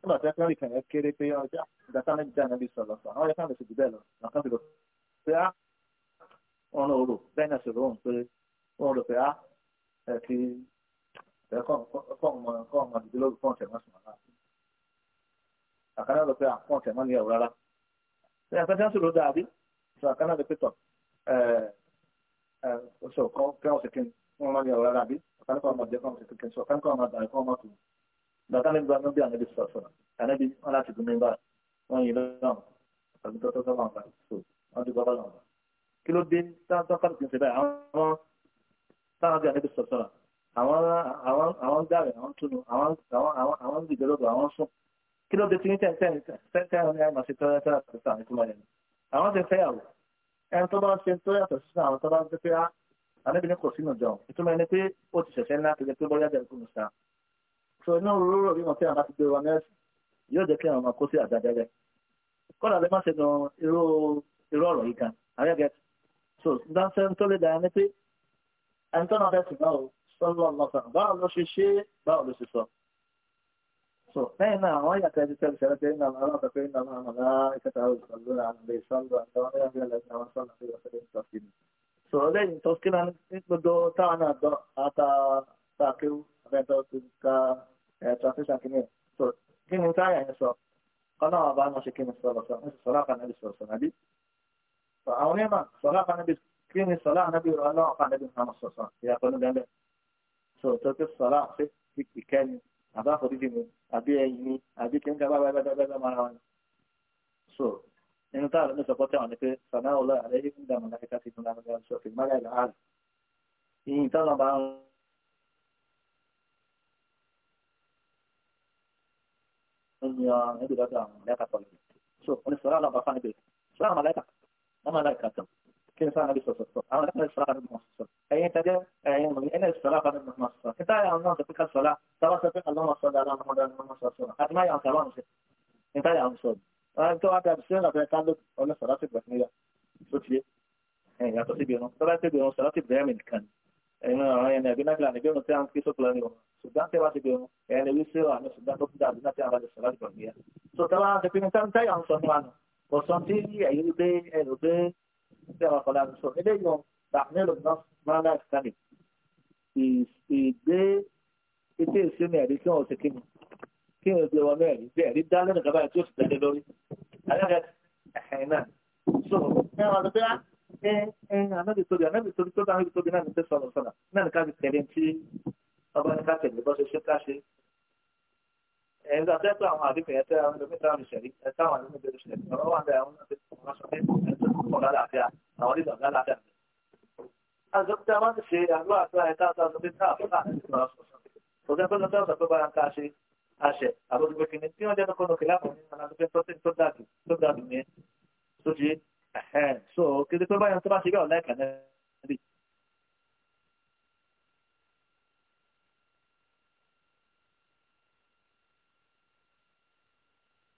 nígbà tí wọ́n rí kàn yẹn kéré pé ọjà ìgbàdá ànábì dà ànábì sọ̀rọ̀ sọ̀rọ̀ àwọn yẹn wọn náà rò bẹ́ẹ̀ náà sì rò wọn pé wọn rò pé á ah, ẹ ti ẹ kọ́ ọmọ kọ́ ọmọ àdìgbò lórí fọ́ọ̀n tẹ̀mọ́ sùn àná àkànnà rò pé àfọ́ọ̀n ah, tẹ̀mọ́ ni ẹ̀rọ rárá ṣé ẹ̀fẹ́ tẹ́ńsì ló dáa bí sọ àkànnà rò pé tọ̀ ẹ̀ ẹ̀ sọ kọ́ kí wọ́n sì kí wọ́n máa ní ẹ̀rọ rárá bí àkànnà kọ́ ọmọ àdìgbò kọ́ ọmọ sì kí sọ àkànnà kọ́ ọmọ àdìgbò kọ́ ọmọ tù bàtà ní gbàgbọ́n bí àná bí sọ sọ̀rọ̀ àná bí wọn láti gún mi bá wọn yìí lọ́wọ́ àgbẹ̀tọ́ tó sọ́wọ́n àgbà tó wọn ti gbọ́ bá lọ́wọ́ kí ló dé táwọn kọ́ni kìí ṣe báyìí àwọn táwọn bí àdébí sọ̀sọ̀rọ̀ àwọn àwọn àwọn gbàrẹ̀ àwọn túnú àwọn àwọn àwọn àwọn gbìdẹ́lógún àwọn sùn kí ló dé tí ní tẹ̀ tẹ̀ tẹ̀ tẹ̀ ní àmà ṣe tọ́lá tẹ́lá tó sàn nípa ẹ̀ àwọn ti fẹ́ yàwó ẹni tó bá ṣe tó yàtọ̀ sí àwọn tó bá ń pẹ́ àdébí ní kò sínú jọ ìtumọ̀ ẹni pé ó ti ṣẹ̀ṣẹ̀ ńlá kẹjẹ pé bọ́yá jẹ́ ìkùnú sáà so inú rúrò bí wọn fẹ́ àwọn àtijọ́ wọn nẹ́ẹ̀sì yóò jẹ́ kí àwọn ọmọ kó sí àdájẹ́rẹ́ kọ́dà lè má ṣe gan irú ọ̀rọ̀ yìí kan àrẹ́gẹ́tì so dáńsẹ́ ń tọ́lé ni, ní pé ẹni tọ́nà ọ̀dẹ́sì báwo sọ́lọ́ ọlọ́sàn báwo ló ṣe ṣe báwo ló ṣe sọ so lẹ́yìn náà àwọn yàtọ̀ ẹni tẹ́lẹ̀ ṣẹlẹ̀ pé nínú àwọn ọ̀dọ̀ pé nínú àwọn ọ̀dọ̀ ìkẹta olùsọ̀lọ́ àwọn ọ̀dọ̀ ìsọ̀lọ́ àwọn ọ̀dọ̀ ìyàgbé ẹlẹ́sìn àwọn sọ̀lọ́ sí ọ̀sẹ̀ ìtọ́sí ni so lẹ́yìn tó kí náà ní gbogbo táwọn náà dọ́ ata takéwú abẹ́tọ́ ti ka transition ni. so kí ni táyà yẹn sọ ọlọ́run ọba náà ṣe kí ni sọ̀rọ̀ sọ̀rọ̀ sọ̀rọ̀ àwọn onímọ̀ sọ̀rọ̀ àfànàbí kí ni sọ̀rọ̀ àfànàbí ọlọ́run àfànàbí nǹkan sọ̀sọ̀ ìyàtọ̀ ní bẹ́ẹ̀ so tó ti sọ̀rọ̀ àti ìkẹ́ni àbá àforíjì ni àbí ẹyin ni àbí kí n ká bábá bẹ́ẹ̀ bẹ́ẹ̀ mara wọn. so nínú táwọn ọ̀nà sọ̀pọ̀tì àwọn ni pé sọ̀nà ọ̀la àlẹ́ yìí ń dà mọ̀ láti káfí fúnra rẹ̀ sọ fi mọ́lá ìlà àrùn. ìyìn táwọn bá ń yan ẹgbẹ̀rún So, mọ̀lẹ́kà tọ̀lẹ̀ so oníṣòro àlọ́ àbáfáà níbẹ̀ sọ àwọn mọ̀lẹ́kà مملكته كيف أنا بسوسة أنا أنا الصلاة أنا بمصر أي تجا أي من أنا الصلاة أنا بمصر كنت أنا أنا تفك الصلاة ترى تفك اللهم صل على محمد وعلى ما صلى الله عليه وسلم أنا أنا كلام كنت أنا أنا أنا تو أتى بسنا بيتكلم ولا صلاة بسنية سوتي أي يا تسي بيرون صلاة بيرون صلاة بيرون كان أنا أنا بينا كلا نبينا تيان كيسو كلامي سودان تبا تبيرون أنا بيسوا أنا سودان تبدا بينا تيان بعد الصلاة بسنية سو ترى تبينا تيان تيان صلاة kọ̀sán tí ẹ̀yin gbé ẹ̀rọ gbé sẹ́wọ̀n kọ́lá ń sọ eléyìí tàbílẹ̀ lọ́nà mọ́lá ìsìkàlẹ̀ ìgbé etí ìsinmi ẹ̀rí kí wọ́n ṣe kí ni kí wọ́n gbé wọn mẹ́rin bí ẹ̀rí dá lẹ́nu kaba tí ó sì tẹ́lẹ̀ lórí alẹ́ ẹ̀hìn náà so ẹ wọn lọ bí wá ah, ẹ ẹ anábì tóbi anábì tóbi tóbi anábì tóbi náà ní tẹ sọ̀rọ̀ sọ̀rọ̀ náà ní ká fi tẹ̀lé ti ọba ní ká ẹ̀yìn tó àtẹ́tọ̀ àwọn àdìpẹ̀ ẹ̀ tẹ́ àwọn ẹlòmítà ọ̀rùn ìṣẹ̀lẹ̀ ẹ̀ tẹ́ àwọn ẹlòmítà ọ̀rùn ìṣẹ̀lẹ̀ ọ̀rọ̀ wà bẹ́ẹ̀ àwọn ọ̀rọ̀ sọ pé ẹ̀ tó pọ̀ lálàáfíà àwọn onígbà lálàáfíà. àjọpítà máa ń ṣe àdúrà àti àyẹ̀tà àti àjọpítà àfúnà àti ìgbà ọ̀sọ̀ọ̀sọ̀ òṣèlú tó lọ́sọ̀ọ̀sọ̀ tó bára ń ká ṣe àṣẹ àbójúgbé kìíní tí wọ́n jẹ́ nǹkan òkè lápòmí alágbègbè tó tó dàbí tó dàbí ní sójú so kí ni pé báyọ̀ tó bá ṣe bẹ́ẹ̀ ọ̀la ìkànnì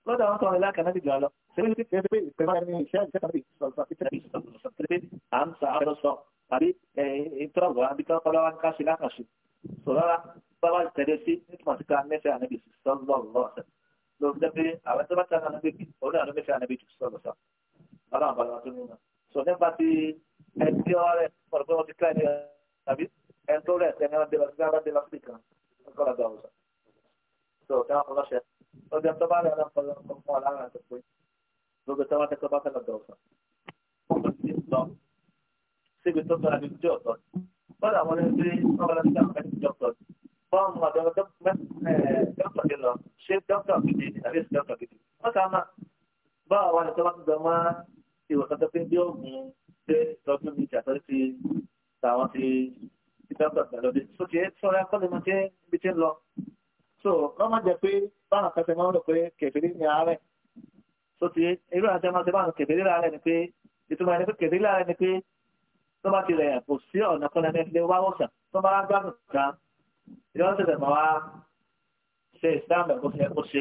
lọ́dọ̀ àwọn tọ́wọ́n ilá kanáà dìgbà lọ sẹ́yìn tí kẹ́ẹ́ pé ìpè máa ní iṣẹ́ ìṣẹ́ tàbí ìṣọ̀tọ̀ ìṣẹ́ ìṣọ̀tọ̀ pé à ń sa àrẹ sọ àbí ìtọ́gọ̀ àbí tọ́lọ́wọ́ ká ṣe lákàṣe sọ̀rọ̀ra báwa tẹ̀lé sí nítorí àti ká mẹ́fẹ́ ànábì sọ́lọ́ lọ́sẹ̀ ló fi dẹ́pẹ́ àwọn tó bá ta ànábì orí àwọn mẹ́fẹ́ ànábì jù sọ́lọ́ sọ ọlọ́run bá wọn tó nínú sọ nípa ti ẹtí ọ̀rẹ́ ọ̀rọ̀ pé wọ́n ti ká ẹni àbí ẹni tó rẹ̀ ẹni ọ̀dẹ́ lọ sí abájẹ́ lọ sí ìkan ọ̀rọ̀ àgbà ọ̀sán. sọ táwọn ọlọ́ṣẹ́ Porque esto vale la palabra después. Lo que estaba te copa la droga. Sí, que esto para mi yo. Para amor en sí, no para mi yo. Yo Vamos a ver, yo para que lo. Sí, yo para que sí, a ver, yo para que sí. No cama. Va, bueno, te vas a tomar y vos te pintió de los iniciadores y estaban así. Y tanto, pero de eso que es, ahora cuando me tiene, me tiene so wọ́n máa jẹ pé báwọn kan ṣe máa ń rò pé kẹfìrí ni ààrẹ So ti irú àti ọmọ ṣe báwọn kẹfìrí láàrẹ ni pé ìtumọ̀ ẹni pé kẹfìrí láàrẹ ni pé tó bá tilẹ̀ kò sí ọ̀nà kan ẹni ilé wá wọ̀sán tó bá gbàgbọ́ kan yóò ṣẹlẹ̀ mọ́ wá ṣe ìsìlámù ẹ̀kọ́ ṣe ẹ̀kọ́ ṣe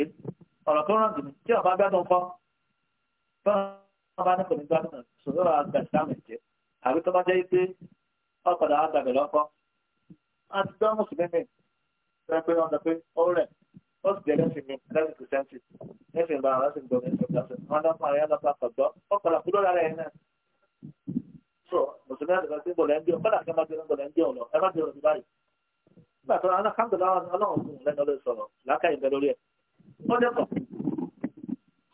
ọ̀rọ̀ tó rán jùlọ tí ọba gbádùn kọ́ tó ọba ní kò ní gbádùn ṣòro àgbà ìsìlámù ẹ̀jẹ̀ àbí tó bá jẹ́ pẹ́pẹ́ wọn sọ pé ó rẹ̀ ó sì jẹ́lẹ́ sí mi lẹ́sìn kìrìsẹ́ńtì lẹ́sìn ìbára lẹ́sìn gbọ̀ngàn ìṣọ̀gbàṣẹ́ wọn náà fún àyẹ̀lọ́ pàpà gbọ́ ọ̀pọ̀lọpọ̀ kúló lára ẹ̀ náà. so mùsùlùmí àti bàtí bọ̀lẹ̀ ń bí ọ̀ kọ́dà kí ẹ má ti bọ̀lẹ̀ ń bí ọ̀ lọ ẹ má ti rọ̀ sí báyìí. nígbà tó ọ̀nà kámdọ̀lá ọlọ́run fún un lẹ́nu lórí sọ̀rọ̀ láká ìbẹ̀ lórí ẹ̀. ó jẹ́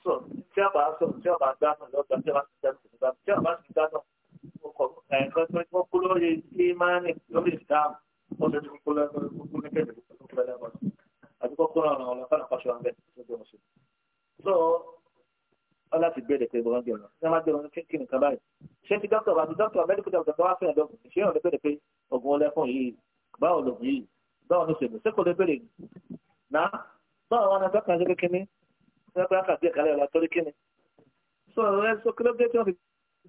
so tí a bá sọ tí a bá gbá náà lọ́gbà tí a bá ti gbá náà tí a bá ti gbá náà mo kọ̀ ẹ̀ẹ́kan tí wọ́n kú lórí ìdáàmú ó ti kú lórí kú ní kẹ́kẹ́ ولا برد àdúgbò kọ́ra ọ̀ràn ọ̀ràn fún àpàṣọ àwọn bẹ́ẹ̀ lọ́jọ́ ọ̀ṣun. so wọ́n láti béèrè pé wọ́n bẹ̀rẹ̀ ṣé wọ́n bẹ̀rẹ̀ ṣé kí nìkan báyìí ṣé ti dókítà àti dókítà mẹ́díkù dókítà tó wá fún ẹ̀dọ́ ṣé wọ́n lè béèrè pé oògùn ọlẹ́fún yìí báwo lògùn yìí báwo ló ṣègùn ṣé kò lè béèrè náà báwo wọn adọ́kà ṣe pé kíní ṣé pé àkàtì ẹ̀kálẹ̀ ọ̀la torí kíní. so ẹ sọ kí ló dé tí wọ́n fi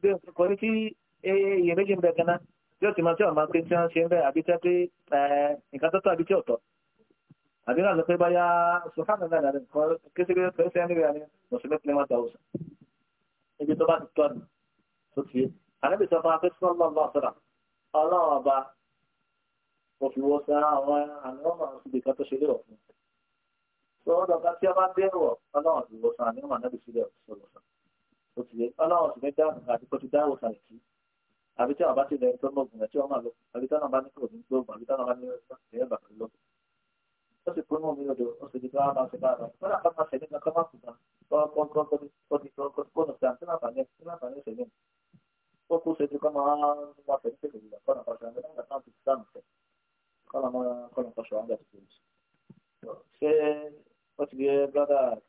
gbé kò ní kí iyèméjì ń bẹ ganá tí ó ti máa tí wọ́n máa pé tí wọ́n ṣe ń bẹ àbí tẹ́ pé nǹkan tó tó àbí àbí náà sọ pé báyá sùhánà náà nàní kéṣeré pẹ̀lú ẹni rẹ̀ ni mùsùlùmí pínlẹ̀ wọn tàwọn sàn ibi tó bá ti tọ́nu tó ti yé ànábì sọ fún wa pé sọ́nà lọ́wọ́ sọ́nà ọlọ́run ọba kò fi wọ́n sá àwọn àníwọ̀n síbi kan tó ṣe lérò fún sọ́wọ́n ọba tí a bá dẹ́rọ̀ ọlọ́run ti wọ́n sàn àníwọ̀n ànábì sílẹ̀ sọ̀rọ̀ sàn tó ti yé ọlọ́run sì mẹ́ta àti kó ti dáwọ̀ sàn ìtì àbí tí àwọn bá ti lẹ́yìn tó mọ̀ gùn àti ọmọ Entonces fuimos un minuto, no se llevaba más semana. No la cama se venga, cama puta. Con, con, con, con, con, con, con, con, o sea, se la panea, se la panea, se venga. Poco se llevó más, más feliz que la cama para llegar a la cama distante. Con la mano, con la pasó anda tu cruz. Se, pues bien, brada.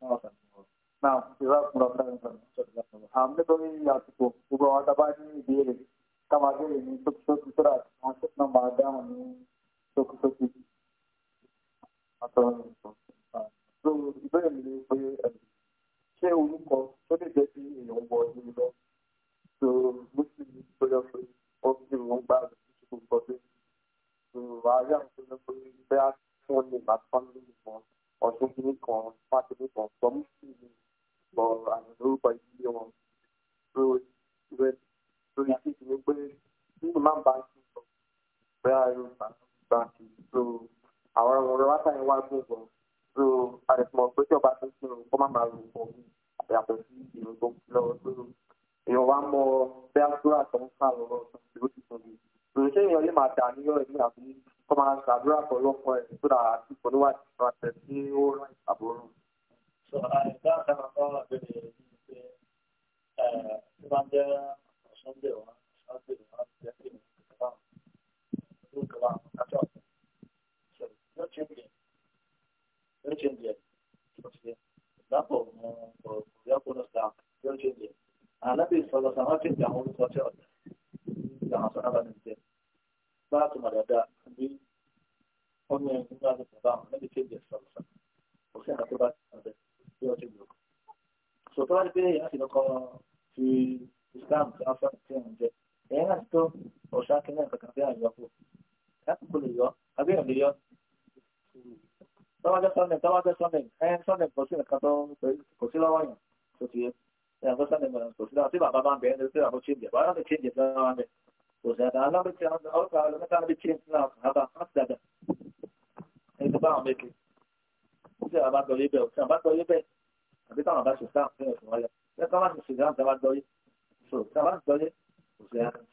No, no, no. Now, we have more time for that. हमने तो ये आपको पूरा आटा पानी दिए थे तब आगे इन सब सब तरह आंसर ना मार्ग में sókè sókè àtọ̀rọ̀ nìkan. so ìbéèrè ni pé ṣé orúkọ tó lè jẹ́ kí èèyàn wọ inú lọ so bó tó lọ pé bóyá kí kìíní kan fásitì kan sọ mú sí ìlú bọ̀ àmì lórúkọ ìdílé wọn so ìbéèrè lórí títí ni pé nínú máa ń bá ń sọ bóyá irú ìgbà náà banki so àwọn ọmọ wákà yẹn wá gùn gan so àdẹ̀sùn ọ̀pẹ́ tí ọba tó sùn kó má máa rò pọ̀ yàtọ̀ sí ìrò tó ń lọ so èèyàn wá mọ bẹ́ẹ̀ àdúrà tó ń kà lọ́wọ́ tí ó ti sùn mi tòun ṣé èèyàn lè máa dà ní ọ̀rẹ́ ní àbí kó máa ṣàdúrà pọ̀ lọ́kọ̀ ẹ̀ tó dà àti pọ̀ ló wà ní ìfàṣẹ tí ó rà àbúrò. so àìsàn àtàwọn ọmọ àbẹ̀rẹ̀ yìí ṣe ẹ̀ tí wọ́n jẹ́ ọ̀ṣọ́ńdẹ̀ wọn ọ̀ṣọ́ńdẹ̀ wọn jẹ́ kí ọ̀pọ̀lọpọ̀ àwọn tí ń gbà àwọn orúkọ tí ọ̀dà ń gbà àwọn sọ̀rọ̀ bá ní jẹ bá a tó mọ̀ dáadáa àbí ọmọ ẹni nígbà tó sọ̀rọ̀ àwọn ẹni kéjì ẹ̀sọ̀ ọ̀sán kò sí àtúntò bá ti sọ̀rọ̀ bí wọ́n ti gbòòrò. sọ̀tọ́ wá ní pé èèyàn ti lọ́kọ́ fi Islam tí wọ́n fẹ́ ti ń jẹ èèyàn láti tó ọ̀ṣà kínní kankan bí àyọ̀ kù lákòókò lè yọ àbí ẹ̀ tí bàbá bá ń bẹ ẹni tí bàbá ṣe ń bẹ bàbá náà ṣe ń bẹ sára wọn bẹ kò sí àdá aláwọ tí àwọn ọkọ àwọn mẹ́ta bí ṣe ń sin àwọn àbá wọn ti dàgbà ẹni tó bá wọn mẹkẹ tí bàbá gbọ́ yé bẹ òkè àbá gbọ́ yé bẹ àbí táwọn bá ṣe sáà fún ẹsùn wọlé lẹkọọ má ṣe ṣe dáhùn tí a bá gbọ́ yé so tí a bá gbọ́ yé kò sí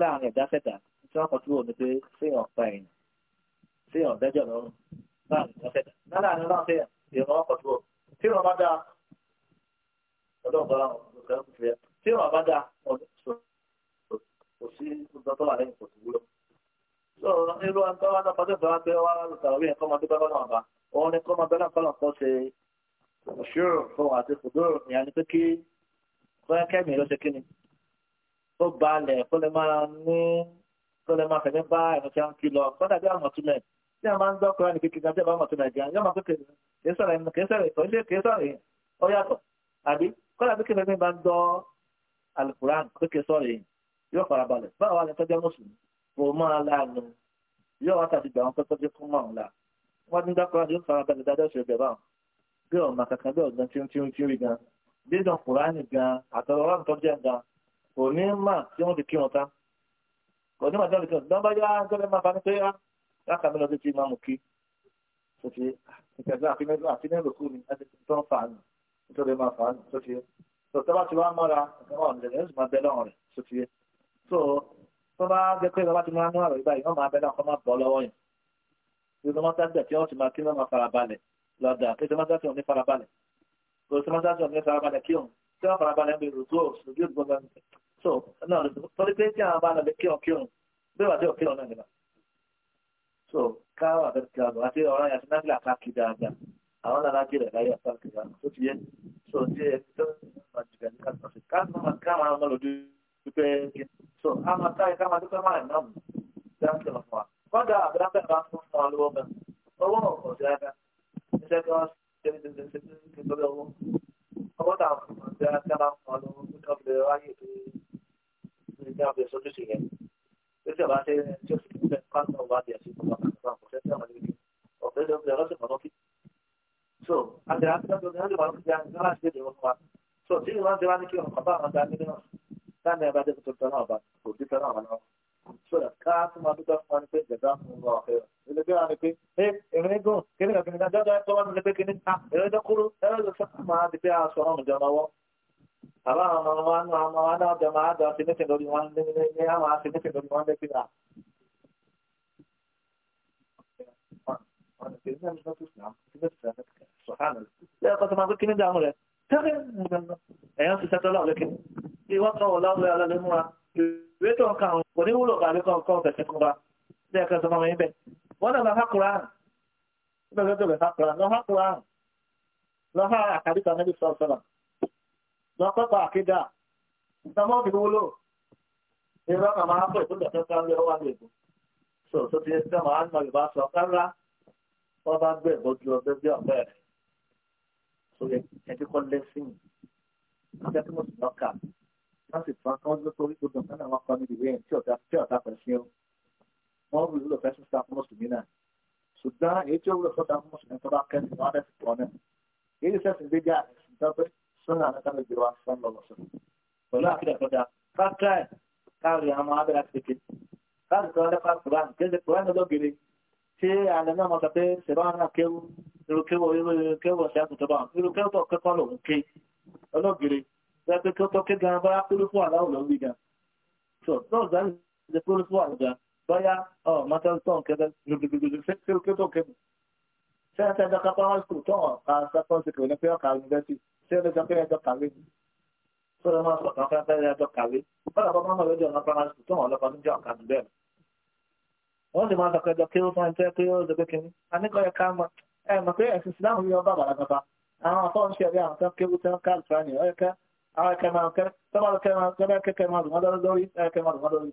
láàrin ẹ̀dá fẹ́ta tí wọ́n kàn dúró ní pé séèyàn pa ẹ̀yìn séèyàn dẹ́jọ́ lọ́rùn láàrin ẹ̀dá fẹ́ta láàrin ọlọ́run fẹ́yà èèyàn wọ́n kàn dúró tí wọ́n bá dáa ọlọ́run bá ọ̀sán fẹ́ tí wọ́n bá dáa ọ̀sán kò sí ọ̀sán tó wà lẹ́yìn kò sí wúlò. sọ irú ọ̀sán wa náà pàṣẹ bàbá pé wà lùtàwí ẹ̀kọ́ ọmọdé bá bá ni kọ́ ọmọdé náà kọ́lọ̀ kọ́ ṣe òṣùrù fún àti kùdúrù ìyànní pé kí balẹ̀ kó lè máa ní kó lè máa fẹ̀mí bá ẹ̀rọ tí a ń kí lọ kó dàbí àwọn ọ̀túnmẹ̀ tí a máa ń gbọ́ kúránì kékeré àti àwọn ọ̀túnmẹ̀ jẹ́ yóò máa kékeré kìí sọ̀rọ̀ ẹ̀mí kìí sọ̀rọ̀ ìtọ́ ilé kìí sọ̀rọ̀ yìí ó yàtọ̀ àbí kó dàbí kékeré mi bá ń gbọ́ alukuran kékeré sọ̀rọ̀ yìí yóò fara balẹ̀ báwo wà ní tọ́jú mùsùlùmí kò máa láàánú yóò wá tàbí gbà wọn pé tọ́jú fún máa ń la wọ́n ti ń dákúrá yóò fara balẹ̀ dáadáa ṣe bẹ̀ báwọn bí ọ̀ma gan àtọ̀rọ̀ ọ̀rọ̀ tó jẹ́ gan kò ní mà tí wọ́n fi kí wọn ta kò tí wọ́n fi kí wọn ta dánbájá gẹ́gẹ́ máa fa ní pé láka ah, mi lọ sí máa mú kí sọtì ìtẹ̀sí àfinẹ́lò àfinẹ́lò kú ni ẹni tó ń fa àná nítorí máa fa àná sọtì sọtì bá ti wá mọ́ra ẹ̀wọ̀n ọ̀nìyàn ẹ̀sùn máa bẹ lọ́wọ́ rẹ̀ sọtì so tó bá jẹ́ pé bàbá ti máa mú àrò ìgbà wọ́n máa bẹ náà máa bọ́ lọ́wọ́ yìí tí o máa sáà tí wọ́n ti máa kí wọ́n tí wọ́n fara balẹ̀ ń bẹ rògbò òṣèlú gbọ́dọ̀ ní. so náà torí pé tí àwọn bá lọ bẹ kírun kírun bí wàá tí ò náà nígbà. so káwà bẹ́ẹ̀ ti àgbà àti ọ̀rọ̀ yàtí náà kà kí dáadáa àwọn náà lájẹ̀ rẹ̀ láyé ọ̀sán kìlá tó ti yẹ so tí ẹ tó máa jìgà ní kásìkò káwọn ọmọ lòdì pípẹ́ so àwọn táyì káwọn adúpẹ́ máa ń náà dáńtì lọ fún wa kọ́dà àbúráfẹ́ bá fún fún wa lówó bẹ́ẹ̀ kọ́mọ́tà ọ̀dẹ́ agbára kan ló ń tọ́jú ráyè tó ń gbé abẹ́ sójú sí yẹn tó ti ọ̀bá ṣe tí ó fi kú bẹ́ẹ̀ pásítọ̀ ọ̀bá bẹ̀ẹ́ sí ọ̀bá kan kò sẹ́sẹ́ àwọn ilé ọ̀fẹ́ ló ń bẹ̀rẹ̀ lọ́sẹ̀ kan lọ́kì. so àti àtúntò ní ọdún wọn fi àgbà láti dé ìwọ̀n wa so tí ìwọ̀n ti wá ní kí ọkọ̀ bá àwọn dání náà sáni abájẹ́ tuntun tán náà bá kò dé tán náà wọn náà so ká tún máa dúpẹ́ fún wọn pé ìjẹ̀dá fún wọn ọ̀fẹ́ rẹ̀ pé wà ní pé ẹ ìrìn gùn kíní kan kíní kan jọjọ tó wà nílé pé kíní kan ìrìn tó kúrú ẹ lọ sọ fún máa di pé aṣọ ọ̀hún jọ lọ́wọ́ àbá àwọn ọmọ wa náà ọmọ wa náà jọ máa jọ sí nífẹ̀ẹ́ lórí wọn ní ní àwọn aṣọ nífẹ̀ẹ́ lórí wọn lẹ́kí náà. lẹ́ẹ̀kọ́ sọ ma pé kíní dáhùn rẹ̀ tẹ́lẹ̀ ẹ̀yàn ti sẹ́tọ́ láwọn lẹ́kí ìwọ́n kan wọ̀ láwọn ẹ̀yà lẹ́mú wa ìwé tó ń kà wọn kò ní wúlò kàwé kan kọ́ fẹ̀sẹ̀ kọ́ wa lẹ́ẹ̀kọ́ sọ ma wọ́n yín bẹ́ẹ̀ wọ́n náà lọ ha Quran wọ́n náà lọ́jọ́ lọ ha Quran lọ ha Quran lọ ha àkàdìkà níbi sọ̀sọ̀là lọ kọ́kọ́ àkídà ìtàmọ́ òbí wúlò ìrọ̀ àwọn máa pẹ̀ tó lọ́jọ́ sọ́ra lé ọwọ́ àgbègbè so tó ti ẹsẹ̀ máa ń nà ìbá sọ kára wọ́n bá gbẹ̀ bọ́jú ọbẹ̀ bí ọ̀bẹ rẹ̀ so ẹ̀dí kọ́ lẹ́sìn ọjọ́ tí mo sì lọ́kà láti tún akọ́ńdé torí gbogbo nǹkan àwọn akọ́ni ìwé ẹ̀ tí ọ̀tá pẹ̀sìn o wọ́n wúlò fẹ́sùn sáà fún mùsùlùmí náà ṣùgbọ́n èyí tí ó wúlò fún sáà fún mùsùlùmí tó bá kẹ́sì wọn rẹ̀ pọ̀ náà èyí sẹ́sìn gbé já ẹ̀sìn tó pé sọ́nà àtàkà lè jẹ́wọ́ sọ́n lọ́wọ́ sọ́n pẹ̀lú àkìlẹ̀ tó dáa káàkiri káàrí àwọn abẹ́rẹ́ kéke káàrí kan lẹ́pà kúrán kéde kúrán ló gèrè ṣé àlẹ́ náà mọ̀ sọ pé ṣèbá náà kéwú irúkéwò irúkéwò ṣe àtúntò gan bá kúrú fún àláwò lòún gan so those are the oh, bọ́yá ọ mọ́tẹ́lítọ́n kẹfẹ́ gbogbogbò ṣé kí tó kẹfẹ́ ṣé ẹ ṣẹjọ ká primary school tó hàn ká secondary school ní pé ọkà university ṣé ẹ ṣẹjọ pé ẹjọ kàwé ni ṣé ẹ máa sọ kàn fẹ́ fẹ́ ẹjọ kàwé bọ́lá bọ́ mọ́mọ́ lójú ọ̀nà primary school tó hàn lọ́kọ̀ níjọ́ ọ̀kà jù bẹ́ẹ̀ wọ́n sì máa sọ pé ẹjọ kí ó fún ẹjọ pé ó ṣe pé kínní àníkọ́ ẹ ká mọ ẹ mọ̀ pé ẹ̀sìn síláàmù yọ bàbà lágbàbà àwọn afọ́n ṣe ẹ̀rí àwọn kan kéwú tán káàlù fúlàní ọ̀ẹ́kẹ́ àwọn ẹ̀kẹ́ máa kẹ́ tọ́ba kẹ́ máa kẹ́ máa lù wọ́n lórí ẹ̀kẹ́ máa lù wọ́n lórí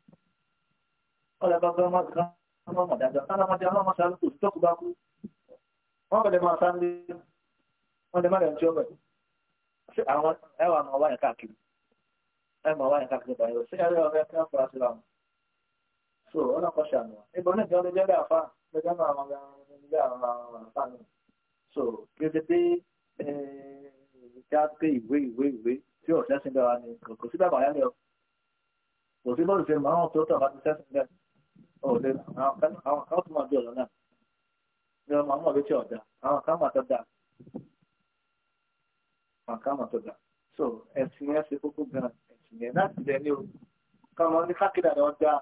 ọ̀là bàbá ọmọ kan ọmọ dàgbà alámọdé alámọdé alùpùpù tó kù bá kú wọn kọlẹ máa sáré wọn lè má lè ń tí ọmọ yìí ṣé àwọn ẹwà máa wáyà káàkiri ẹ máa wáyà káàkiri báyìí ṣé ẹ lọ rẹ kí wọn fura sí wa mọ so ọ̀nà kan ṣàmì wa ibò ní ìjọba ìjọba àfa lọ́jọ́ náà àwọn ilé àwọn àfa mi so gẹ́gẹ́ bí ìjà pé ìwé ìwé ìwé tí ò sẹ́sìn bẹ́ẹ̀ wa ni kò sí bàbá yálẹ̀ o kò sí bọ́ọ̀lù ṣe máa ń tó tọ̀ bá ti sẹ́sìn bẹ́ẹ̀. Oh, ọ̀lẹ́ àwọn kan tún máa bí ọ̀rọ̀ náà ní ọmọ àwọn ọ̀rẹ́ tí ọ̀dà àwọn kan máa tọ́jà àwọn kan so ẹ̀sìn yẹn ṣe kókó gan ẹ̀sìn yẹn láti bẹ̀ ní o káwọn ọmọ ní kákìdá lọ dá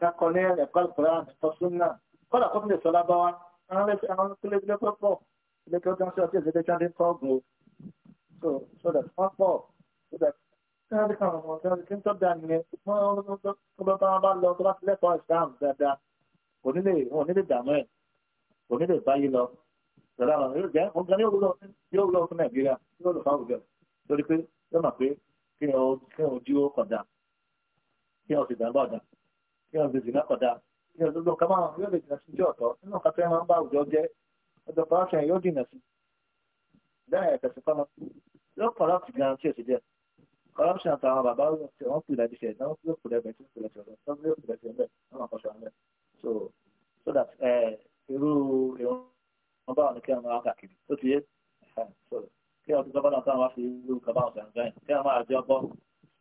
kákọ ní ẹ̀kọ́ àlùkòrá ẹ̀kọ́ súnà kọ́dà kó fìlẹ̀ sọlá bá wa àwọn so so that wọ́n pọ̀ ní wọ́n ti kàn wọ́n ṣe kí n tó da nìyẹn wọ́n tó bá bá lọ tó bá ti lẹ́kọ̀ọ́ Islam dáadáa kò ní lè wọn ní lè dààmú ẹ̀ kò ní lè báyìí lọ sọ̀rọ̀ àwọn yóò jẹ́ òun gan yóò wúlò fún Nàìjíríà yóò lò fún àwùjọ torí pé yóò mọ̀ pé kí wọ́n dúró kọ̀dà kí wọ́n sì dàgbà ọ̀dà kí wọ́n sì dìgbà kọ̀dà kí wọ́n gbogbo kama yóò lè jìnà sí sí ọ̀tọ̀ nínú nǹkan tẹ́ máa ń bá àwùjọ jẹ́ ọjọ́ corruption yóò jìnà sí bẹ́ẹ̀ ẹ̀kẹ́sì fọ́nà yóò corrupt gan tí ò sì jẹ́ corruption àtàwọn bàbá wọn kù láti ṣe ẹ̀dá wọn kúrò kúrò ẹgbẹ̀ tí wọ́n kúrò ẹgbẹ̀ tí wọ́n kúrò ẹgbẹ̀ tí wọ́n kúrò so so that irú irun wọn bá wọn ní kí wọn máa kàkiri so kí wọn ti gbọ́ náà táwọn wá fi irú kaba ọ̀sẹ̀ àgbáyé kí wọn máa jẹ́ ọgbọ́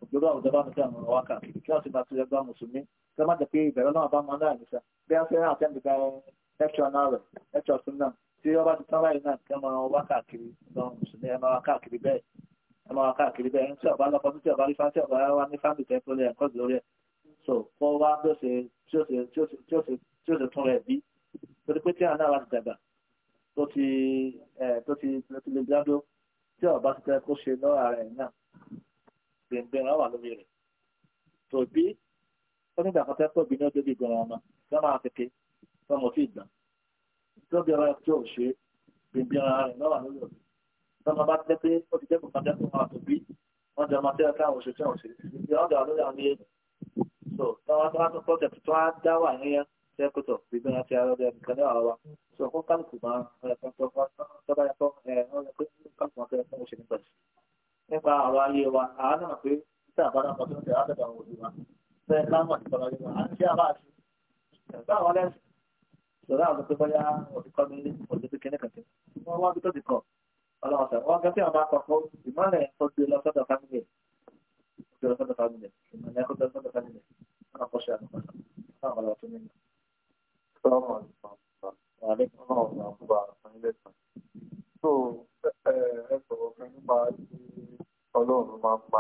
òjòrò àwùjọ bá ní kí wọn wá kàkiri kí wọn ti máa tilẹ̀ gbọ́ mùsùlùmí kí wọn má jẹ́ pé ìbẹ̀rẹ̀ náà bá máa náà nìṣá bí wọn fẹ́ àtẹ́ǹdì bá lecture náà rẹ̀ lecture tún náà tí wọn bá ẹ máa káàkiri bẹ́ẹ̀ tí ọba lọ́kọ tí ọba rí fáńtì ọba wa ní fáńtì tẹ́ tó lé ẹ̀kọ́ lórí ẹ̀ so kó wá bí ó ṣe tí ó ṣe tí ó ṣe tí ó ṣe tún rẹ̀ bí torí pé tí àná wa ti dàgbà tó ti ẹ̀ tó ti tó ti lè gbádùn tí ọba ti tẹ́ kó ṣe lọ́wọ́ ara ẹ̀ náà gbẹ̀ngbẹ̀rún wà lórí rẹ̀ tó bí ó nígbà kan tẹ́ pọ̀ bí ní ó débi gan ọmọ tí wọ́n máa kéke tí wọ́n mọ̀ sí ìgbà tí lọ́nà bá tẹ́ pé ó ti jẹ́kùn kan jẹ́kùn àwọn àtòbí wọ́n jẹ́ ọmọdé ọ̀ká àwọn òṣèṣẹ́ òṣèṣẹ́ ìdí ọ̀dọ̀ àlóyà ní èdè so táwọn tó wá tó pọ̀ tẹ̀tù tó wá dá wà ní yẹn tẹ́ kótó gbígbẹ́ yẹn ti ara ọdẹ nìkan ní ọ̀rọ̀ wa so fún kálukú máa ẹ̀ tó bá yẹ fún ẹ̀ ọ́n yẹ pé kálukú máa fẹ́ fún òṣèlú pẹ̀lú nípa ọ̀rọ̀ ayé wa àwọn náà pé títà bá náà pàtó tẹ̀ látọ̀dọ̀ àwọn òbí wa bẹ́ẹ̀ láwọn ti sọ̀rọ̀ yìí à ń ṣe àbá àti ẹ̀gbọ́n àwọn lẹ́sìn sọ̀rọ̀ àwọn tó bá yá òbí kọ́ mi ní òṣèlú kékeré kan sí wọ́n wá bí tó ti kọ̀ ọlọ́run sọ wọn gẹ́gẹ́ ọba àkọ́kọ́ ìmọ̀lẹ̀ ọdún lọ́sọ̀dọ̀ fámìlì ọdún lọ́sọ̀dọ̀ fámìlì ìmọ̀lẹ̀ ọdún lọ́sọ̀dọ̀ fámìlì ọ̀nà kọ́ṣẹ́ àgbà náà ọ̀nà ọ̀tún nínú. So ẹ sọ̀rọ̀ fún nípa tí ọlọ́run máa ń pa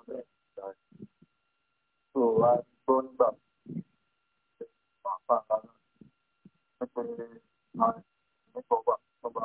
ọ̀rẹ́ ìgbà yìí. So a gbọ́ nígbà tí wọ́n pa àbá náà nípa ọgbà ọgbà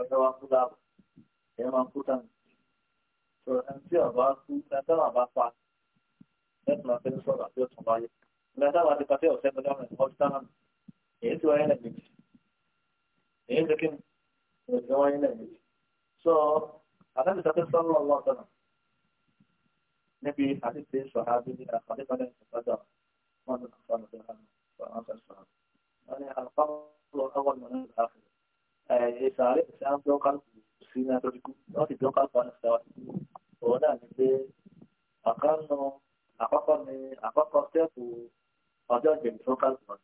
ọ̀dọ̀ wa kú dáàbò ẹ máa kú dáàbò sọ̀rọ̀ ẹni tí ọba kú ẹni tí ọba pa ẹ̀sùn máa fẹ́ sọ̀rọ̀ àti ọ̀tún báyé ẹni tí ọba ti pàṣẹ ọ̀sẹ̀ pẹ̀lú ọ̀rẹ́ ọ̀tún náà èyí ti wáyé lẹ́ẹ̀mejì èyí ti kí ni èyí ti wáyé lẹ́ẹ̀mejì sọ àtàkì sọ́kẹ́ sọ́rọ̀ ọlọ́ọ̀tọ̀ náà níbi àdìsí sọ̀hábí ní àkàdébálẹ̀ ìfọ̀dà wọn ni àfọ̀nà tó hàn wọn ni àfọ̀nà esa área que se han tocado sin la no se toca con esta ahora de acá no apapa me apapa usted tu ọjọ́ ìgbẹ̀mí focal point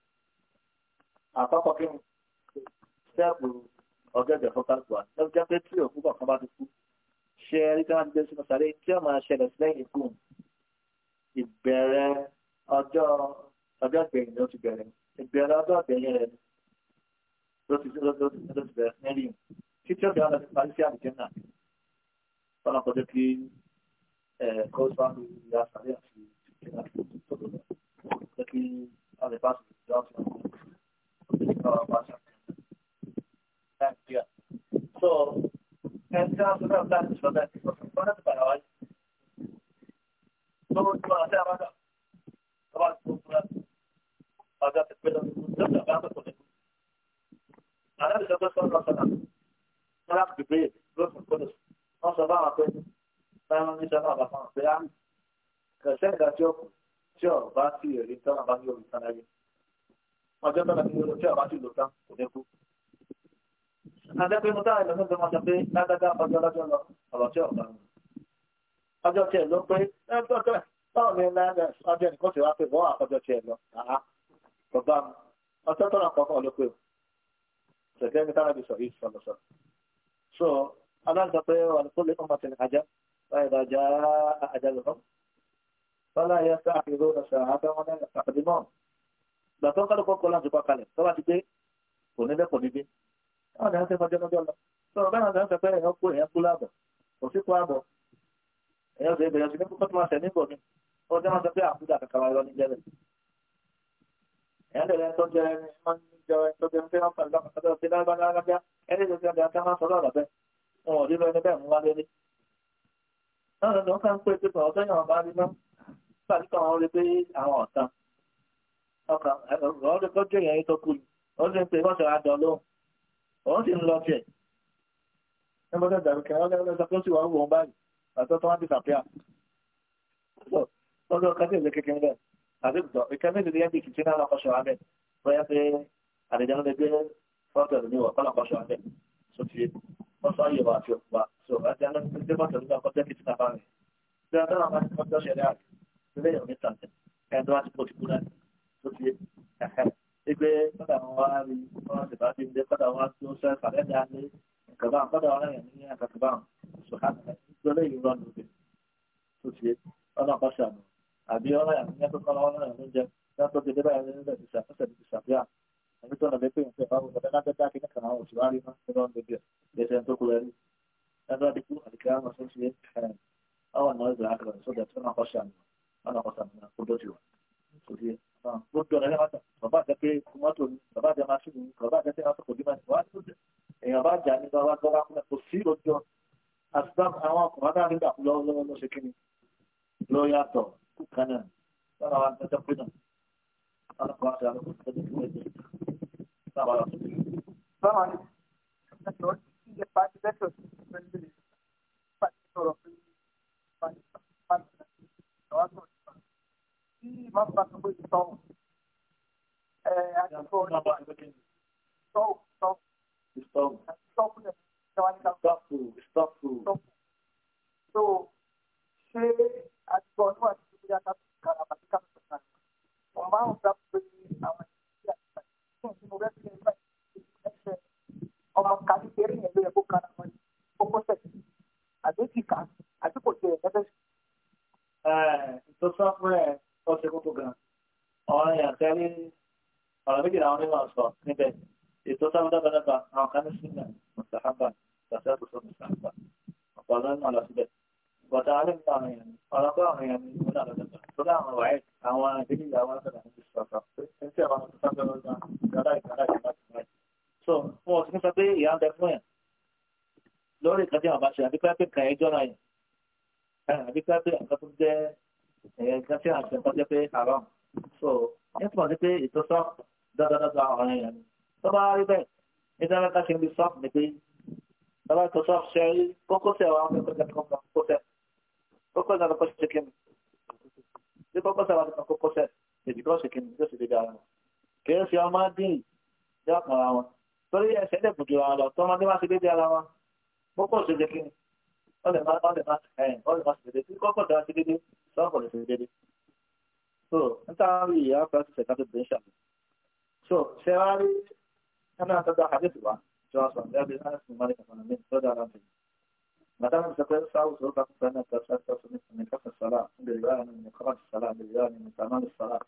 àpapọ̀ kí n sẹ́ẹ̀pù ọjọ́ ìgbẹ̀ focal point ló jẹ́ pé tí òkú kọ̀ọ̀kan bá ti kú ṣe rí tí wọ́n ti gbé sínú sáré tí wọ́n máa ṣẹlẹ̀ sílẹ̀yìn ikú ọjọ́ ọjọ́ ìgbẹ̀yìn ló ti bẹ̀rẹ̀ ìbẹ̀rẹ̀ ọjọ́ ìgbẹ̀yìn rẹ̀ ni ló ti bẹ̀rẹ̀ sí rí títí ọ̀dọ̀ ọ̀dọ̀ ti parí sí àbújá náà fọlá kọjá kí kọ́sùpá ló ya sàlẹ̀ àti ìjìnlẹ̀ àti ìjọba lọ kọjá kí alẹ́bá sì jọ àti àwọn ọmọdé káwá bá ṣàkóso nàìjíríà. sọ ẹnìkan àti ọ̀dọ̀ àti àti ìṣọ̀dá ti sọ fún ọ̀dọ̀ ti bàrà wáyé. lọ́wọ́ tí wọ́n àti àbájá lọ́wọ́ àti tó fúnra ọ̀dọ̀ àti pẹ́lú ọ̀dọ̀ àbájá kọ̀ọ̀dọ̀ ààrẹ ìjọba sọ́nà sọ́nà sọ́nà bìbẹ́ lọ́sùn kọ́nà wọ́n sọ báwọn pé báwọn ní sọ́nà bàbá wọn pé àmì kẹsẹ́ ìgbà tí ó tí ó bá sì rí tọ́nà bá ní orí tán láyé wọn jẹ́ tọ́nà nínú tí ó bá sì lò tán kò ní kú. àdẹ́pẹ́ mo táwọn ìlọ́sìn tó wọn sọ pé lágbájá ọjọ́ lọ́jọ́ lọ ọ̀rọ̀ tí ọ̀gá mi. ọjọ́ tiẹ̀ ló pé ẹ tọ́tọ́ báwọn ní lágbájá ọjọ́ ẹnì kan ti wá pé wọ́n àkọ́jọ́ tiẹ̀ lọ sẹ̀kẹ́ mi tára bí sọ̀rọ̀ yìí sọ̀rọ̀ so alága pé alùpùpù ọmọ tẹ̀lé macam aja, dájá ajá aja fọlá yẹ ká àfihàn ọ̀nà sọ̀rọ̀ abẹ́ wọn náà kàkàdé mọ́ gbà tó ń kálukọ́ kọ́ kọ́ láti pa kalẹ̀ tó bá ti dé kò ní lẹ́kọ̀ọ́ níbí àwọn èèyàn ti fọjọ́ lọ́jọ́ lọ sọ̀rọ̀ bẹ́ẹ̀ náà sọ̀rọ̀ pé èèyàn kú èèyàn kú láàbọ̀ kò sí kú àbọ̀ èèyàn sì bẹ̀rẹ̀ sí ní kókó tó máa sẹ̀ níbọ̀ mi ó ẹ̀yẹ́dẹ̀ rẹ̀ tó jẹ́ ẹni máa ń jẹ ẹni tó jẹ́ pé wọ́n pẹ̀lú àwọn ọ̀dọ́ ti lágbá lágbá ẹni tó jẹ́ ẹni tó máa sọ̀rọ̀ ọ̀rọ̀ bẹ́ẹ̀ wọn ò nílò ẹni bẹ́ẹ̀ mú wá lélẹ̀. náà lọ́dọ̀ wọn fẹ́ ń pè pé pọ̀ ọ̀tọ́ yàn bá rí mọ́ pàdé kan wọn rí pé àwọn ọ̀tàn ọkàn ọ̀rọ̀ tó jẹ́ ìyẹn tó kù ó sì ń pè wọ́n sọ̀rọ̀ àdọ̀ lóhùn òun sì ń lọ tiẹ̀. ní mo tẹ́ dàrú kẹ́rẹ́ ọlẹ́rẹ́ sọ pé ó sì wà wù wọn báyìí àtọ́tọ́ wọn ti sàpẹ́à. lọ́dọ̀ kan sì هتفضل الكلام اللي بيجي كتير على قشر عمل فيا على جنب بين فترة دي وقال قشر عمل سوتي مصايب عشوف بقى سو أنا كنت ما تقول قد كنت تفهم ده أنا ما كنت شريعة ده يوم يطلع كان ده عشان بقول كنا سوتي إيه كذا هو فاضي بعدين ده كذا هو سوسة فلان يعني كذا كذا أنا يعني كذا سبحان الله ده لا يوران سوتي أنا قشر عمل àbí ọ̀rọ̀ àmì ní ẹ̀kọ́ lọ́wọ́ náà ló ń jẹ ní ọ̀tọ́ ti débà ẹni nígbà ìṣà ọ̀sẹ̀ ti ṣàbíà ẹni tó nàbẹ́ pé nǹkan ìbáwò ọ̀dẹ́ náà dẹ́gbẹ́ akíní kan àwọn òṣùwárí náà ń lọ níbi ẹsẹ̀ tó kú lẹ́rí ẹgbẹ́ àdìkú àdìkú àwọn ọ̀sẹ̀ ṣe àwọn ọ̀nà ìgbà àgbà sọ́jà tó náà kọ́ṣà ní wọn náà kọ́ṣà ní ọdọ́ ti wà kò sí gbogbo ọ̀rẹ́ náà bàbá àjẹ pé mọ́tò ni bàbá àjẹ máa ṣì ní bàbá àjẹ tí wọ́n sọ̀kò dí máa ní wọ́n á tún èèyàn bá jà nígbà wá gbọ́dá kúnlẹ̀ kò sí lójọ́ àti àwọn ọkùnrin adárígbà lọ́wọ́lọ́wọ́ ló ṣe kí ni ló yàtọ̀ kan náà lọ́nà wa tọ́jọ́ pé náà lọ́nà kan ṣe àwọn ọkùnrin tọ́jú fún ẹ̀jẹ̀ sábà lọ. báwa ni ẹ̀sọ́ ti ṣe pàṣẹ lẹ́tọ̀ sí ìpínlẹ̀ pàṣẹ sọ̀rọ̀ pé pàṣẹ pàṣẹ ìjọba sọ̀rọ̀ nípa tí ìmọ̀ bá sọ pé ìtọ́wò ẹ̀ àjọpọ̀ ìtọ́wò ìtọ́wò stop. Stop. Stop. Stop. So, ṣé àtìkọ́ ọdún àti ya ka kàrà àti ká tó kàrà wọn máa ń gbà pé àwọn ìdílé àti ìgbà tí wọn ti mú rẹ́sì ní ìgbà ẹsẹ̀ Eh, kàdí kéré yẹn ló yẹ kó kàrà wọn kókó sẹ̀tì àdéjì ká àti kò tiẹ̀ lẹ́fẹ̀. ìtòsọ́ fún ẹ ó ṣe kókó gan ọ̀rọ̀ yẹn àtẹ́rí ọ̀rọ̀ méjì làwọn onímọ̀ sọ níbẹ̀ ìtòsọ́ fún dábàdábà àwọn وتعلمنا يعني فرقنا يعني طلعنا وعيد أو جديد أو مثلا إن شاء الله تفضل كذلك كذلك so mo ti sọ pé ìyá ń bẹ fún yẹn lórí ìkan tí àwọn bá ṣe àbí pé kàn ẹ́ jọ́ra yẹn àbí pé àkàn tó jẹ́ ẹ̀ẹ́kan tí àwọn àṣẹkọ́ jẹ́ pé haram so ní tí mo ti pé ètò sọ́ọ̀p dáadáa ọ̀rẹ́ yẹn tó bá rí bẹ́ẹ̀ ní tí wọ́n ni pé tó bá tó sọ́ọ̀p ṣe kókósẹ̀ wa kọ́kọ́ sábà kọ́ ṣe kí ni ṣé kọ́kọ́ sábà tó kọ́kọ́ ṣe èdè kọ́ ṣe kí ni yóò ṣe dédé ara wọn kì í ṣe ọmọ dín yá kan ara wọn torí ẹsẹ̀ dẹ̀ bùdù ara lọ tó ọmọdé má ṣe dédé ara wọn kọ́kọ́ ṣe ṣe kí ni wọ́n lè má wọ́n lè má ẹ̀ wọ́n lè má ṣe dédé kọ́kọ́ so n ta rí ìyá pẹ́ẹ́sì ṣẹ̀ká tó bẹ̀rẹ̀ ṣàlù so ṣe wá rí ẹ̀ná àtọ́jú àkàdé مدام ذكر ساو زوجة سنة تسعة سنة من كف الصلاة بالبيان من إقامة الصلاة بالبيان من تمام الصلاة.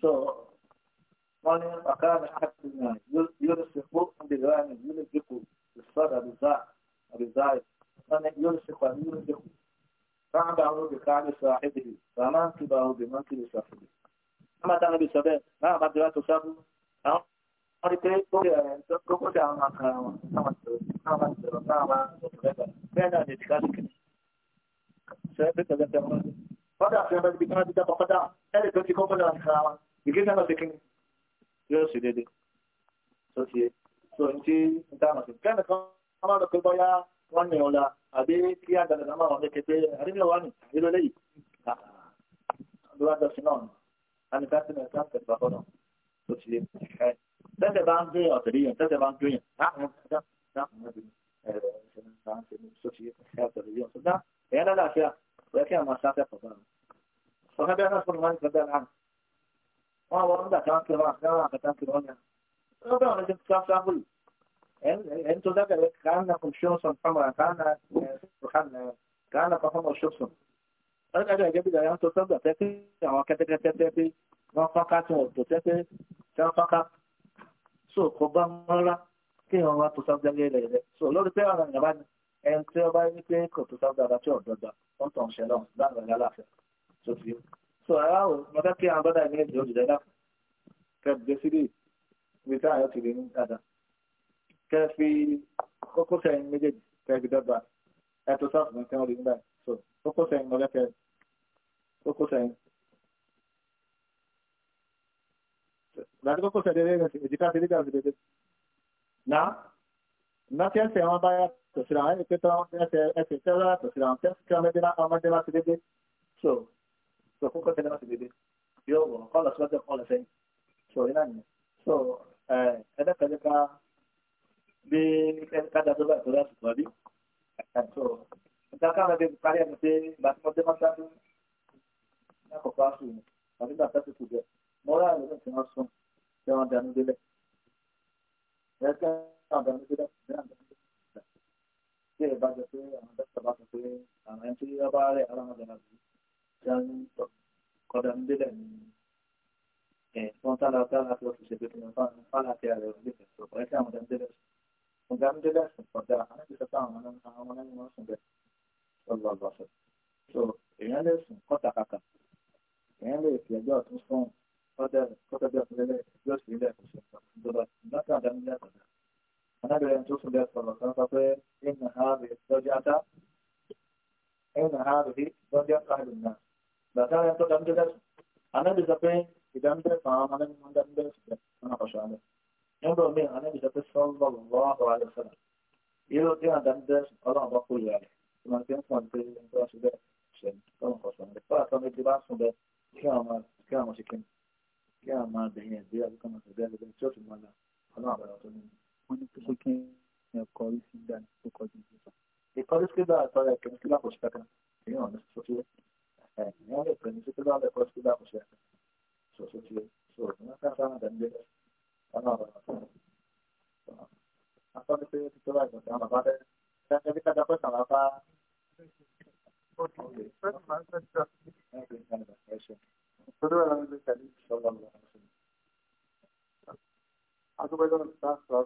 So من فكان أحد الناس يرسخ بالبيان يلزق الصلاة بالزاء بالزاء من يرسخ يلزق كعبه بكعب صاحبه ومنكبه بمنكب صاحبه. أما تنبي سبب ما بدرات سبب wọ́n rí pé lórí ẹ̀rọ gómìnà àwọn akara wọn náà sọ̀rọ̀ náà máa sọ̀rọ̀ náà máa sọ̀rọ̀ lẹ́gbà bẹ́ẹ̀ náà lè ti ká lókè sọ̀rọ̀ pé tẹ̀lé tẹ̀lé wọn. wọ́n dà fún ẹgbẹ́ kan dídá kọ́kọ́ dá ẹ̀rọ tó ti gómìnà àwọn akara wọn ìgbésẹ̀ náà ti kí ni yóò sì dédé tó ti yé tó ń tí ń dáhùn sí. kẹ́ni kan wọ́n máa lọ pé bọ́yá wọ́n ní ọ̀la àbí kí àgbàlagbà máa wọ̀ lékè pé àdínlẹ̀ wà ní ìlú lẹ́yìn. àdúrà dọ̀sí náà ni àmì ká tẹ́tẹ̀ bá ń gbé ọ̀tẹ̀ lé yẹn tẹ́tẹ̀ bá ń gbé yẹn láwọn ọ̀dá láwọn ọ̀dá ẹ̀rọ ìṣẹ̀lẹ̀ náà ń ṣe ní sọ́ọ̀ṣì ọ̀tẹ̀ lé yẹn ṣùgbọ́n ẹ̀yẹ́ lálàáfíà ọ̀yẹ́ kí àwọn aṣáfẹ́ pọ̀ bá wọn. ọ̀gá bí wọn fún wọn nípa bẹ́ẹ̀ lánàá wọn wọ nígbà tí wọn kiri wọn àti wọn àkàtà kiri wọn yẹn wọn bẹ́ẹ̀ wọn ti tún sáfúlù ẹ̀ń tó dábẹ̀rẹ̀ kàánà kò ṣọ́ọ̀sùn fámọ̀rà kàánà kàánà kò fámọ̀ ṣọ́ọ̀sùn. wọn ní kájọ ìjẹ́bí tó sọ́gbà tẹ́tẹ́ àwọn kẹ́tẹ́kẹ́tẹ́ wọ́n fọ́nká tí wọ́n tó tẹ́tẹ́ tí wọ́n fọ́nká so kò bá rárá kí wọn wá tó sáfúdà lẹ́lẹ̀ rẹ̀ so lórí pé ọ̀rọ̀ ìyàbá ni ẹni tí ọba ní pé kò tó sáfúdà rà tí ọ̀dọ́gba wọ́n tàn ṣẹ lọ́wọ́ láàrin ọ̀gá láàfẹ́ tó ti yẹ so ara ò mọ fẹ́ kí abọ́dà ní èdè òjìdá dákun kẹ gbé sílé ibi tí àyọ̀ ti lè ní dáadáa kẹ fi kókó sẹ́yìn méjèèjì kẹ fi dọ́gba ẹ tó sáfù mi wọ́n lè ní báyìí so kókó sẹ́yìn mọ́lẹ́kẹ́ kókó sẹ́yìn láti kọ́kọ́ sẹ̀dẹ̀rẹ̀ èjìká sí nígbà ìdẹ̀dẹ̀ náà láti ẹsẹ̀ wọn bá yàtọ̀ síra wọn ẹ̀kẹ́ tó ẹsẹ̀ ẹsẹ̀ tẹ́ yàtọ̀ síra wọn tẹ́sí kí ọmọdé ọmọdé láti dédé so so kọ́kọ́ sẹ̀dẹ̀ láti dédé yóò wọ̀ kọ́lọ̀ sọ́jọ́ kọ́lọ̀ sẹ́yìn so iná ni. so ẹ̀ẹ́dẹ́kẹ́dẹ́ká bí ẹ̀ẹ́dẹ́kẹ́dẹ́ tó bá ìtọ́jú àsìkò ọdí so ìdáká rẹ̀ bí parí ẹni pé ìgbà tí mo dé mọ́ṣáájú ní àkọ́kọ́ àṣù mi àti ìgbà tẹ́sí kù jẹ mo rà ẹ̀rọ tí wọ́n sùn Jangan wọ́n dẹnu délẹ̀ ẹ̀ka wọ́n dẹnu délẹ̀ ṣé wọ́n dẹnu délẹ̀ ṣé ìbá jẹ pé àwọn dókítà bá sọ pé àwọn ẹni tí wọ́n bá rẹ̀ aláwọ̀ dẹnu délẹ̀ ṣé wọ́n kọ́ dẹnu délẹ̀ ní ẹ̀ wọ́n tára tára tó ti ṣe pé kí wọ́n fáwọn àti àrẹ̀ òun lè fẹ̀ sọ̀rọ̀ ẹ̀ka àwọn dẹnu délẹ̀ wọ́n dẹnu délẹ̀ sùn kọjá àwọn ẹni tí wọ́n ní wọ́n sùn bẹ́ẹ̀ sọ̀rọ̀ àgbàṣọ so èèyàn lè sùn kọ́tàkàkà èèyàn lè fi ẹjọ́ ọ̀tún sọ̀rọ̀ Father, Father, just let it just be there for some so that nothing can be done. Another and two from there for us. Another prayer in the heart is Dojata. In the heart is Dojata Hadina. That's how I have to come to that. Another is a pain. He done this, Mom, and then done this. Anapashana. Number me, another is a person of Allah or Allah. You don't done this, Allah of Allah. You must get one prayer and go to that. Shem, come on, Hoshana. The first time it demands from that. Come on, come on, she came kí a máa bẹ̀yìn ẹ̀gbẹ́ àbúkà máa sọ̀rọ̀ ẹ̀gbẹ́ ṣọ́ọ̀ṣì wọn la ọlọ́run àbàlà tó ní. wọ́n ní pé kí ẹ kọrí sí dání tó kọjú sí sọ. ìkọrí sí dáa sọ ẹ̀kẹ́ ní sílá kò ṣe kankan èyí wọn ní sọ́sí ẹ̀ ẹ̀yìn lè pè ní sí sílá lẹ́kọ́ sí sílá kò ṣe kankan sọ́sí ti sọ ìwọ́n ká sáà dání lé kò sí àwọn bàbá bẹ́ẹ̀ ṣáṣẹ́ bí kájà pẹ́ sàrà bá. صلى الله عليه وسلم